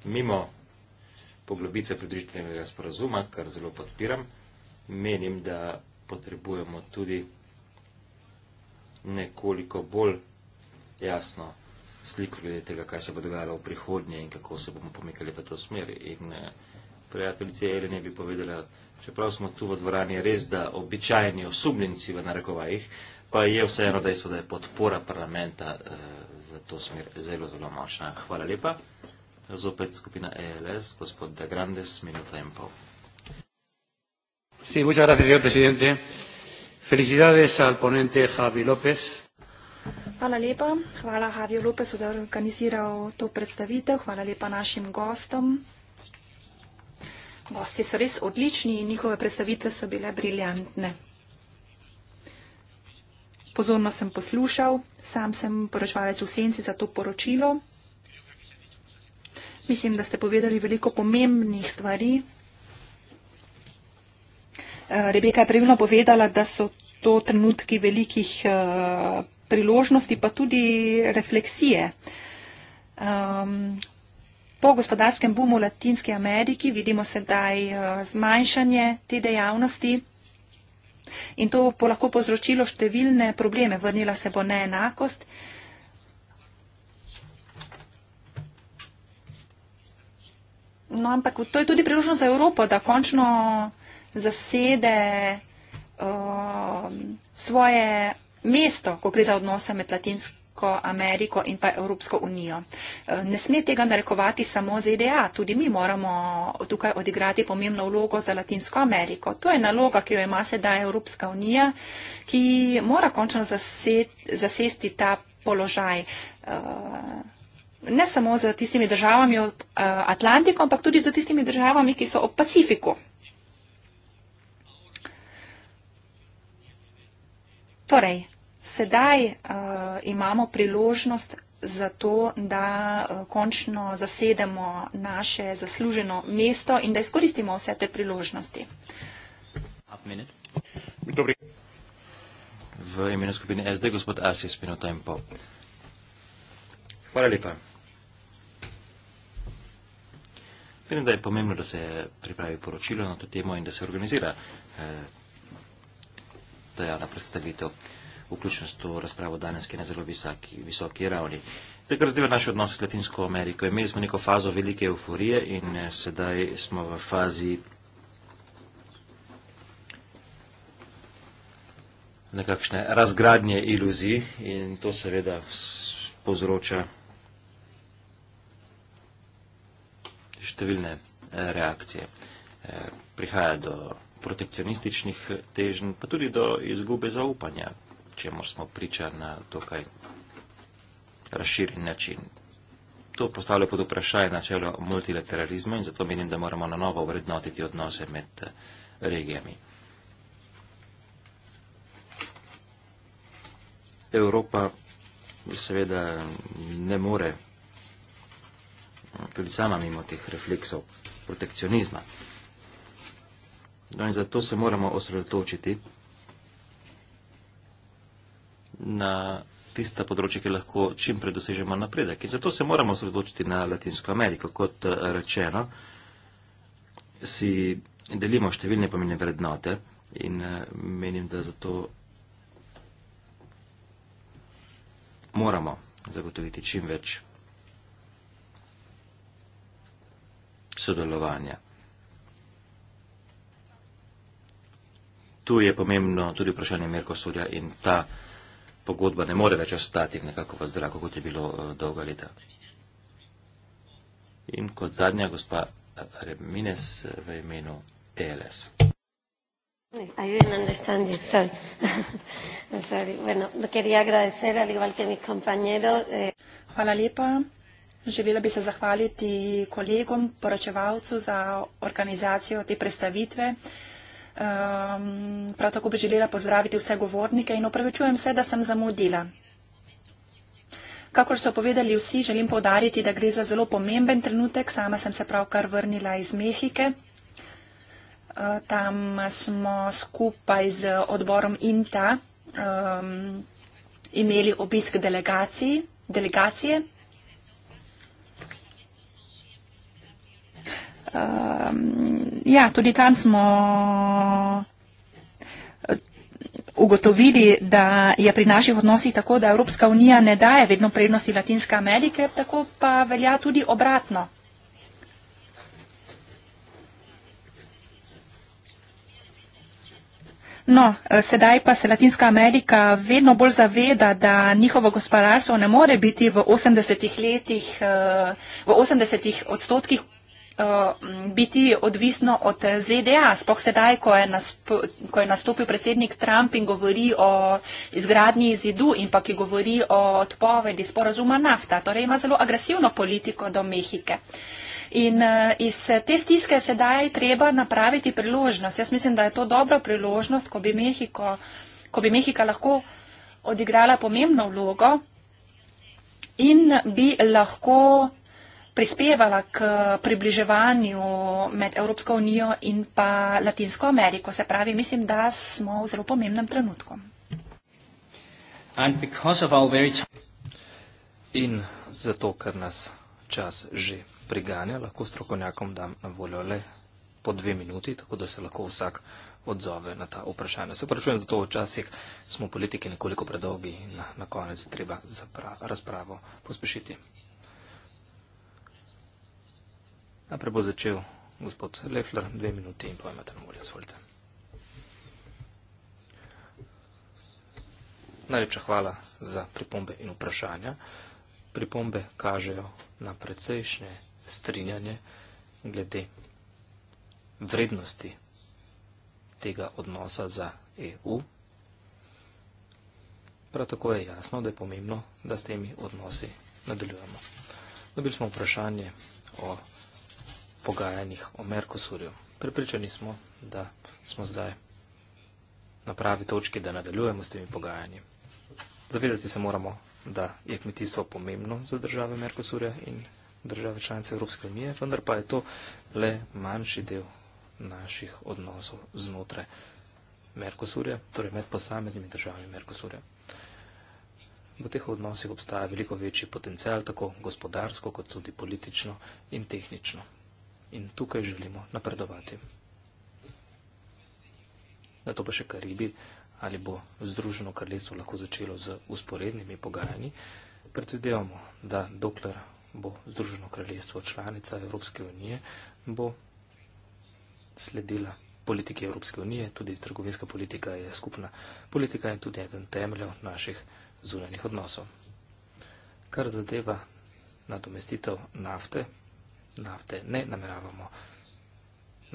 mimo poglobitve pridružitvenega sporazuma, kar zelo podpiram, menim, da potrebujemo tudi nekoliko bolj jasno sliko glede tega, kaj se bo dogajalo v prihodnje in kako se bomo pomikali v to smer. In eh, prijateljice Elene bi povedala, čeprav smo tu v dvorani res, da običajni osumljenci v narekovajih, pa je vseeno dejstvo, da je podpora parlamenta eh, v to smer zelo, zelo močna. Hvala lepa zopet skupina ELS, gospod De Grandes, minuta in pol. Sí, muchas gracias, señor presidente. Felicidades al ponente Javi López. Hvala lepa. Hvala Javi López, da je organiziral to predstavitev. Hvala lepa našim gostom. Gosti so res odlični in njihove predstavitve so bile briljantne. Pozorno sem poslušal, sam sem poročevalec v senci za to poročilo. Mislim, da ste povedali veliko pomembnih stvari. Eh, Rebeka je pravilno povedala, da so to trenutki velikih eh, priložnosti, pa tudi refleksije. Ehm, po gospodarskem bumu v Latinski Ameriki vidimo sedaj eh, zmanjšanje te dejavnosti in to bo lahko povzročilo številne probleme. Vrnila se bo neenakost No, ampak to je tudi priložnost za Evropo, da končno zasede uh, svoje mesto, ko gre za odnose med Latinsko Ameriko in pa Evropsko unijo. Uh, ne sme tega narekovati samo ZDA, tudi mi moramo tukaj odigrati pomembno vlogo za Latinsko Ameriko. To je naloga, ki jo ima sedaj Evropska unija, ki mora končno zased, zasesti ta položaj. Uh, ne samo z tistimi državami od eh, Atlantika, ampak tudi z tistimi državami, ki so ob Pacifiku. Torej, sedaj uh, imamo priložnost za to, da uh, končno zasedemo naše zasluženo mesto in da izkoristimo vse te priložnosti. V imenu skupine SD gospod Asis Pinotempo. Hvala lepa. Mislim, da je pomembno, da se pripravi poročilo na to temo in da se organizira eh, ta javna predstavitev, vključno s to razpravo danes, ki je na zelo visaki, visoki ravni. Zdaj, kar zadeva naš odnos z Latinsko Ameriko, imeli smo neko fazo velike euforije in eh, sedaj smo v fazi nekakšne razgradnje iluzij in to seveda povzroča. številne eh, reakcije. Eh, prihaja do protekcionističnih težn, pa tudi do izgube zaupanja, čemu smo priča na dokaj razširjen način. To postavlja pod vprašanje načelo multilateralizma in zato menim, da moramo na novo vrednotiti odnose med eh, regijami. Evropa seveda ne more tudi sama mimo teh refleksov protekcionizma. No in zato se moramo osredotočiti na tista področja, ki lahko čim pred dosežemo napredek. In zato se moramo osredotočiti na Latinsko Ameriko. Kot eh, rečeno, si delimo številne pomembne vrednote in eh, menim, da zato moramo zagotoviti čim več sodelovanja. Tu je pomembno tudi vprašanje Merkosurja in ta pogodba ne more več ostati nekako v zraku, kot je bilo eh, dolga leta. In kot zadnja, gospa Remines eh, v imenu ELS. I didn't understand you, sorry. I'm sorry. Bueno, quería agradecer, al igual que mis compañeros. Eh... Hvala lepa, Želela bi se zahvaliti kolegom, poročevalcu za organizacijo te predstavitve. Um, prav tako bi želela pozdraviti vse govornike in opravičujem se, da sem zamudila. Kakor so povedali vsi, želim povdariti, da gre za zelo pomemben trenutek. Sama sem se pravkar vrnila iz Mehike. E, tam smo skupaj z odborom INTA um, imeli obisk delegacije. Uh, ja, tudi tam smo eh, ugotovili, da je pri naših odnosih tako, da Evropska unija ne daje vedno prednosti Latinske Amerike, tako pa velja tudi obratno. No, eh, sedaj pa se Latinska Amerika vedno bolj zaveda, da njihovo gospodarstvo ne more biti v 80, letih, eh, v 80 odstotkih Eh, biti odvisno od eh, ZDA. Spoh sedaj, ko je, ko je nastopil predsednik Trump in govori o izgradnji zidu in pa ki govori o odpovedi sporazuma nafta. Torej ima zelo agresivno politiko do Mehike. In eh, iz te stiske sedaj treba napraviti priložnost. Jaz mislim, da je to dobra priložnost, ko bi, Mehiko, ko bi Mehika lahko odigrala pomembno vlogo in bi lahko prispevala k približevanju med Evropsko unijo in pa Latinsko Ameriko. Se pravi, mislim, da smo v zelo pomembnem trenutku. In zato, ker nas čas že priganja, lahko strokovnjakom dam na voljo le po dve minuti, tako da se lahko vsak odzove na ta vprašanja. Se vprašujem, zato včasih smo politiki nekoliko predolgi in na, na konec treba razpravo pospešiti. Najprej bo začel gospod Lefler, dve minuti in pojma te namorja, svolite. Najlepša hvala za pripombe in vprašanja. Pripombe kažejo na precejšnje strinjanje glede vrednosti tega odnosa za EU. Prav tako je jasno, da je pomembno, da s temi odnosi nadaljujemo. Dobili smo vprašanje o pogajanjih o Merkosurju. Pripričani smo, da smo zdaj na pravi točki, da nadaljujemo s temi pogajanji. Zavedati se moramo, da je kmetijstvo pomembno za države Merkosurja in države članice Evropske unije, vendar pa je to le manjši del naših odnosov znotraj Merkosurja, torej med posameznimi državami Merkosurja. V teh odnosih obstaja veliko večji potencial, tako gospodarsko, kot tudi politično in tehnično in tukaj želimo napredovati. Na to pa še Karibi, ali bo Združeno kraljestvo lahko začelo z usporednimi pogajanji. Predvidevamo, da dokler bo Združeno kraljestvo članica Evropske unije, bo sledila politiki Evropske unije, tudi trgovinska politika je skupna politika in tudi eden temeljev naših zunanjih odnosov. Kar zadeva nadomestitev nafte, nafte ne nameravamo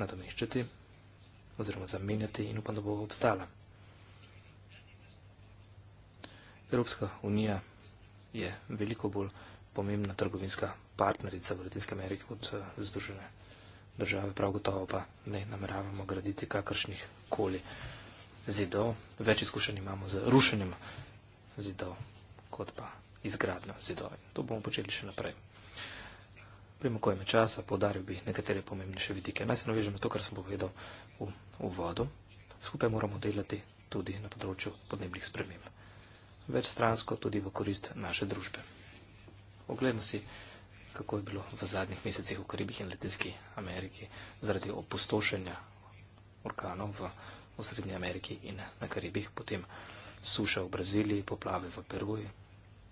nadomeščati oziroma zamenjati in upam, da bo obstala. Evropska unija je veliko bolj pomembna trgovinska partnerica v Latinske Amerike kot eh, Združene države, prav gotovo pa ne nameravamo graditi kakršnih koli zidov. Več izkušenj imamo z rušenjem zidov kot pa izgradnjo zidov. To bomo počeli še naprej. Primo, ime časa, podaril bi nekatere pomembnejše vidike. Naj se navežem na to, kar sem povedal v uvodu. Skupaj moramo delati tudi na področju podnebnih sprememb. Več stransko tudi v korist naše družbe. Oglejmo si, kako je bilo v zadnjih mesecih v Karibih in Latinski Ameriki zaradi opustošenja orkanov v Osrednji Ameriki in na Karibih, potem suša v Braziliji, poplave v Peruji.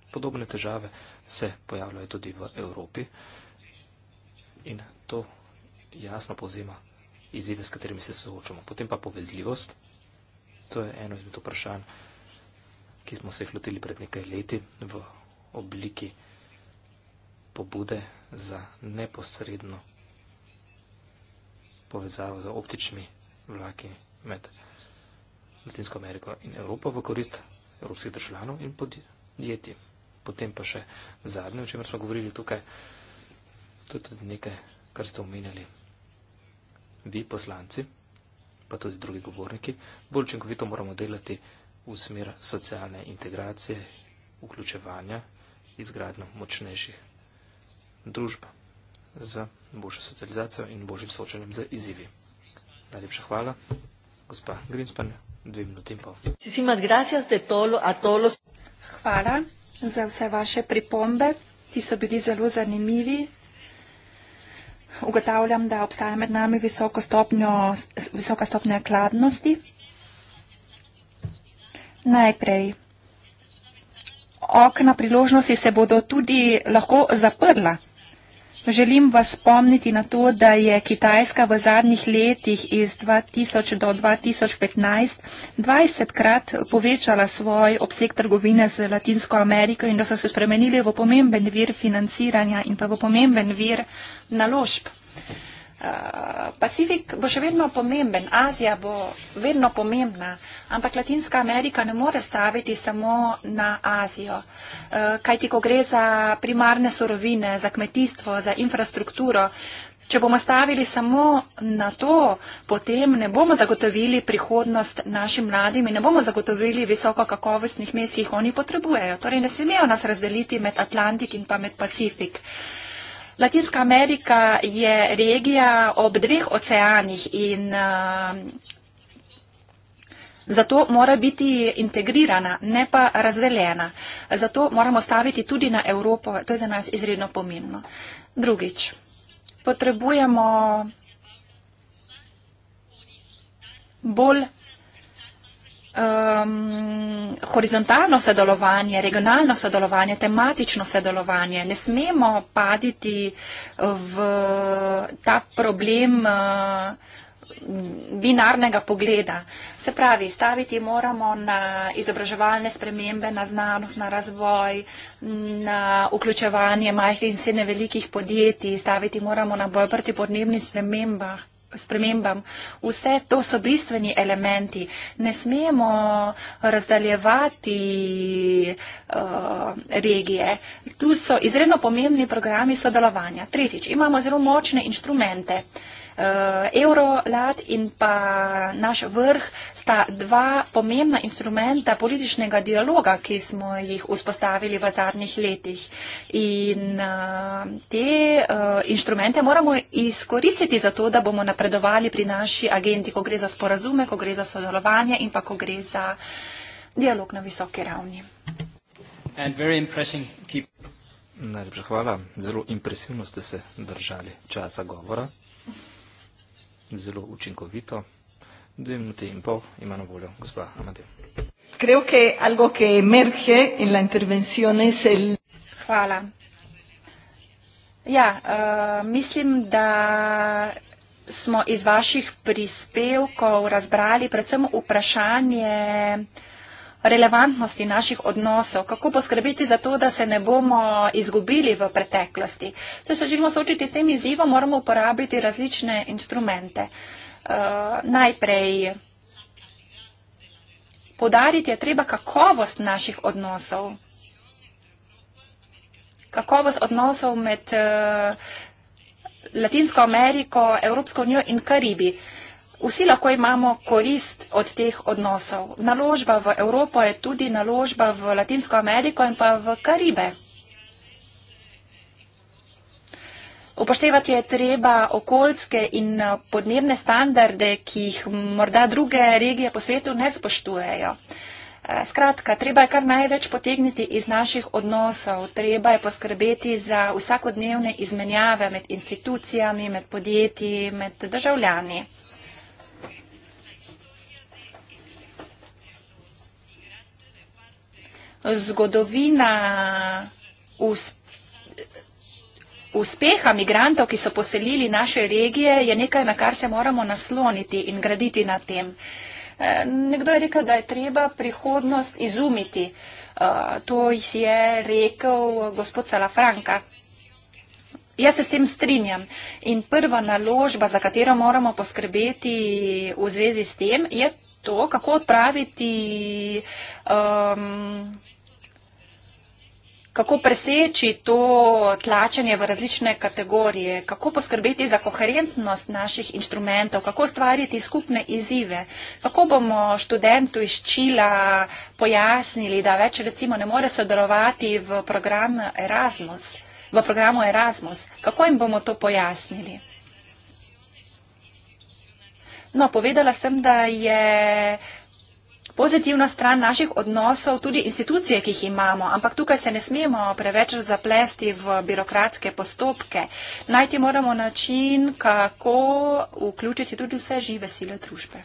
Podobne težave se pojavljajo tudi v Evropi in to jasno povzema izzive, s katerimi se soočamo. Potem pa povezljivost. To je eno izmed vprašanj, ki smo se jih lotili pred nekaj leti v obliki pobude za neposredno povezavo z optičnimi vlaki med Latinsko Ameriko in Evropo v korist evropskih državljanov in podjetij. Potem pa še zadnje, o čemer smo govorili tukaj, To je tudi nekaj, kar ste omenjali vi, poslanci, pa tudi drugi govorniki. Bolj učinkovito moramo delati v smer socialne integracije, vključevanja, izgradnjo močnejših družb z boljšo socializacijo in boljšim soočanjem z izzivi. Najlepša hvala. Gospa Grinspan, dve minuti in pol. Hvala za vse vaše pripombe. Ti so bili zelo zanimivi, ugotavljam, da obstaja med nami stopnjo, visoka stopnja kladnosti. Najprej. Okna priložnosti se bodo tudi lahko zaprla. Želim vas spomniti na to, da je Kitajska v zadnjih letih iz 2000 do 2015 20 krat povečala svoj obseg trgovine z Latinsko Ameriko in da so se spremenili v pomemben vir financiranja in pa v pomemben vir naložb. Eh, Pacifik bo še vedno pomemben, Azija bo vedno pomembna, ampak Latinska Amerika ne more staviti samo na Azijo. Eh, kajti, ko gre za primarne sorovine, za kmetijstvo, za infrastrukturo, če bomo stavili samo na to, potem ne bomo zagotovili prihodnost našim mladim in ne bomo zagotovili visoko kakovostnih mest, ki jih oni potrebujejo. Torej, ne smejo nas razdeliti med Atlantik in pa med Pacifik. Latinska Amerika je regija ob dveh oceanih in eh, Zato mora biti integrirana, ne pa razdeljena. Zato moramo staviti tudi na Evropo, to je za nas izredno pomembno. Drugič, potrebujemo bolj um, horizontalno sodelovanje, regionalno sodelovanje, tematično sodelovanje. Ne smemo paditi eh, v ta problem uh, binarnega pogleda. Se pravi, staviti moramo na izobraževalne spremembe, na znanost, na razvoj, na vključevanje majhnih in srednje velikih podjetij, staviti moramo na boj proti podnebnim spremembam spremembam. Vse to so bistveni elementi. Ne smemo razdaljevati uh, regije. Tu so izredno pomembni programi sodelovanja. Tretjič, imamo zelo močne inštrumente. Uh, Eh, Eurolat in pa naš vrh sta dva pomembna instrumenta političnega dialoga, ki smo jih vzpostavili v zadnjih letih. In eh, te eh, inštrumente moramo izkoristiti za to, da bomo napredovali pri naši agenti, ko gre za sporazume, ko gre za sodelovanje in pa ko gre za dialog na visoki ravni. Najlepša hvala. Zelo impresivno ste se držali časa govora zelo učinkovito. Dve minuti in pol ima na voljo gospa Amadeo. Creo que algo que emerge en la intervención es el. Hvala. Ja, uh, mislim, da smo iz vaših prispevkov razbrali predvsem vprašanje uh, relevantnosti naših odnosov, kako poskrbeti za to, da se ne bomo izgubili v preteklosti. Če se želimo soočiti s tem izzivom, moramo uporabiti različne instrumente. Uh, najprej podariti je treba kakovost naših odnosov. Kakovost odnosov med uh, Latinsko Ameriko, Evropsko unijo in Karibijo. Vsi lahko imamo korist od teh odnosov. Naložba v Evropo je tudi naložba v Latinsko Ameriko in pa v Karibe. Upoštevati je treba okoljske in eh, podnebne standarde, ki jih morda druge regije po svetu ne spoštujejo. Eh, skratka, treba je kar največ potegniti iz naših odnosov, treba je poskrbeti za vsakodnevne izmenjave med institucijami, med podjetji, med državljani. zgodovina uspeha migrantov, ki so poselili naše regije, je nekaj, na kar se moramo nasloniti in graditi na tem. Eh, nekdo je rekel, da je treba prihodnost izumiti. Eh, to jih je rekel gospod Salafranka. Jaz se s tem strinjam. In prva naložba, za katero moramo poskrbeti v zvezi s tem, je to, kako odpraviti um, Kako preseči to tlačenje v različne kategorije, kako poskrbeti za koherentnost naših inštrumentov, kako ustvariti skupne izzive, kako bomo študentu iz Čila pojasnili, da več recimo ne more sodelovati v, program Erasmus, v programu Erasmus, kako jim bomo to pojasnili. No, povedala sem, da je pozitivna stran naših odnosov, tudi institucije, ki jih imamo, ampak tukaj se ne smemo preveč zaplesti v birokratske postopke. Najti moramo način, kako vključiti tudi vse žive sile družbe.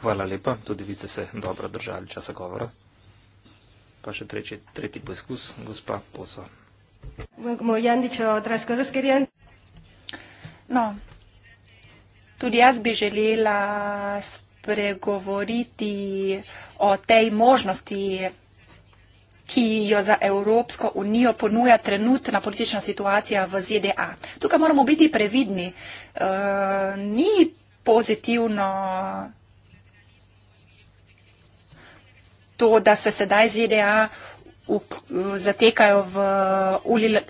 Hvala lepa, tudi vi ste se dobro držali časa govora. Pa še treči, tretji poskus, gospa Poso. No, tudi jaz bi želela spregovoriti o tej možnosti, ki jo za Evropsko unijo ponuja trenutna politična situacija v ZDA. Tukaj moramo biti previdni. E, ni pozitivno to, da se sedaj ZDA up, zatekajo v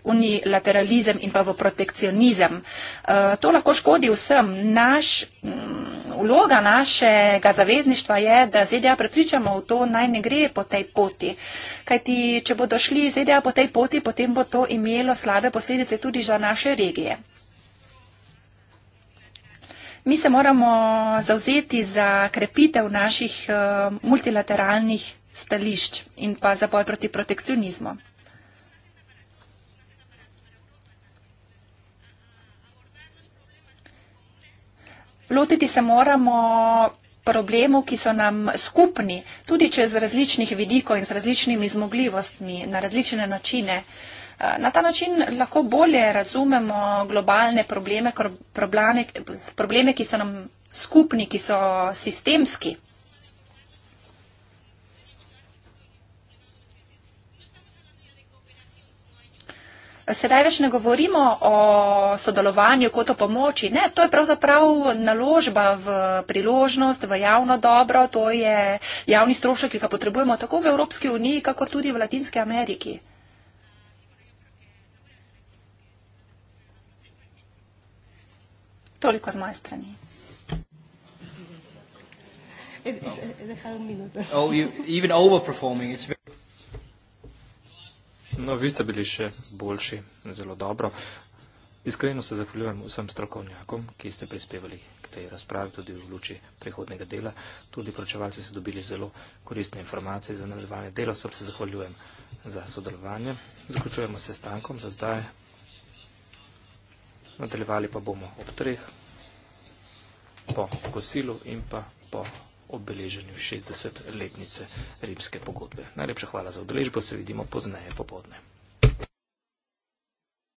unilateralizem in pa v protekcionizem. Eh, to lahko škodi vsem. Naš, mm, vloga našega zavezništva je, da ZDA prepričamo v to, naj ne gre po tej poti. Kajti, če bodo šli ZDA po tej poti, potem bo to imelo slabe posledice tudi za naše regije. Mi se moramo zauzeti za krepitev naših eh, multilateralnih stališč in pa za boj proti protekcionizmu. Lotiti se moramo problemov, ki so nam skupni, tudi če z različnih vidikov in z različnimi zmogljivostmi na različne načine. Eh, na ta način lahko bolje razumemo globalne probleme, probleme, ki so nam skupni, ki so sistemski. sedaj več ne govorimo o sodelovanju kot o pomoči. Ne, to je pravzaprav naložba v priložnost, v javno dobro, to je javni strošek, ki ga potrebujemo tako v Evropski uniji, kakor tudi v Latinske Ameriki. Toliko z moje strani. No. Oh, you, even overperforming, it's very... No, vi ste bili še boljši, zelo dobro. Iskreno se zahvaljujem vsem strokovnjakom, ki ste prispevali k tej razpravi tudi v luči prihodnega dela. Tudi pročevalci so dobili zelo koristne informacije za nadaljevanje dela. Vsem se zahvaljujem za sodelovanje. Zaključujemo se stankom za zdaj. Nadaljevali pa bomo ob treh po kosilu in pa po obeleženju 60-letnice rimske pogodbe. Najlepša hvala za udeležbo, se vidimo pozneje popodne.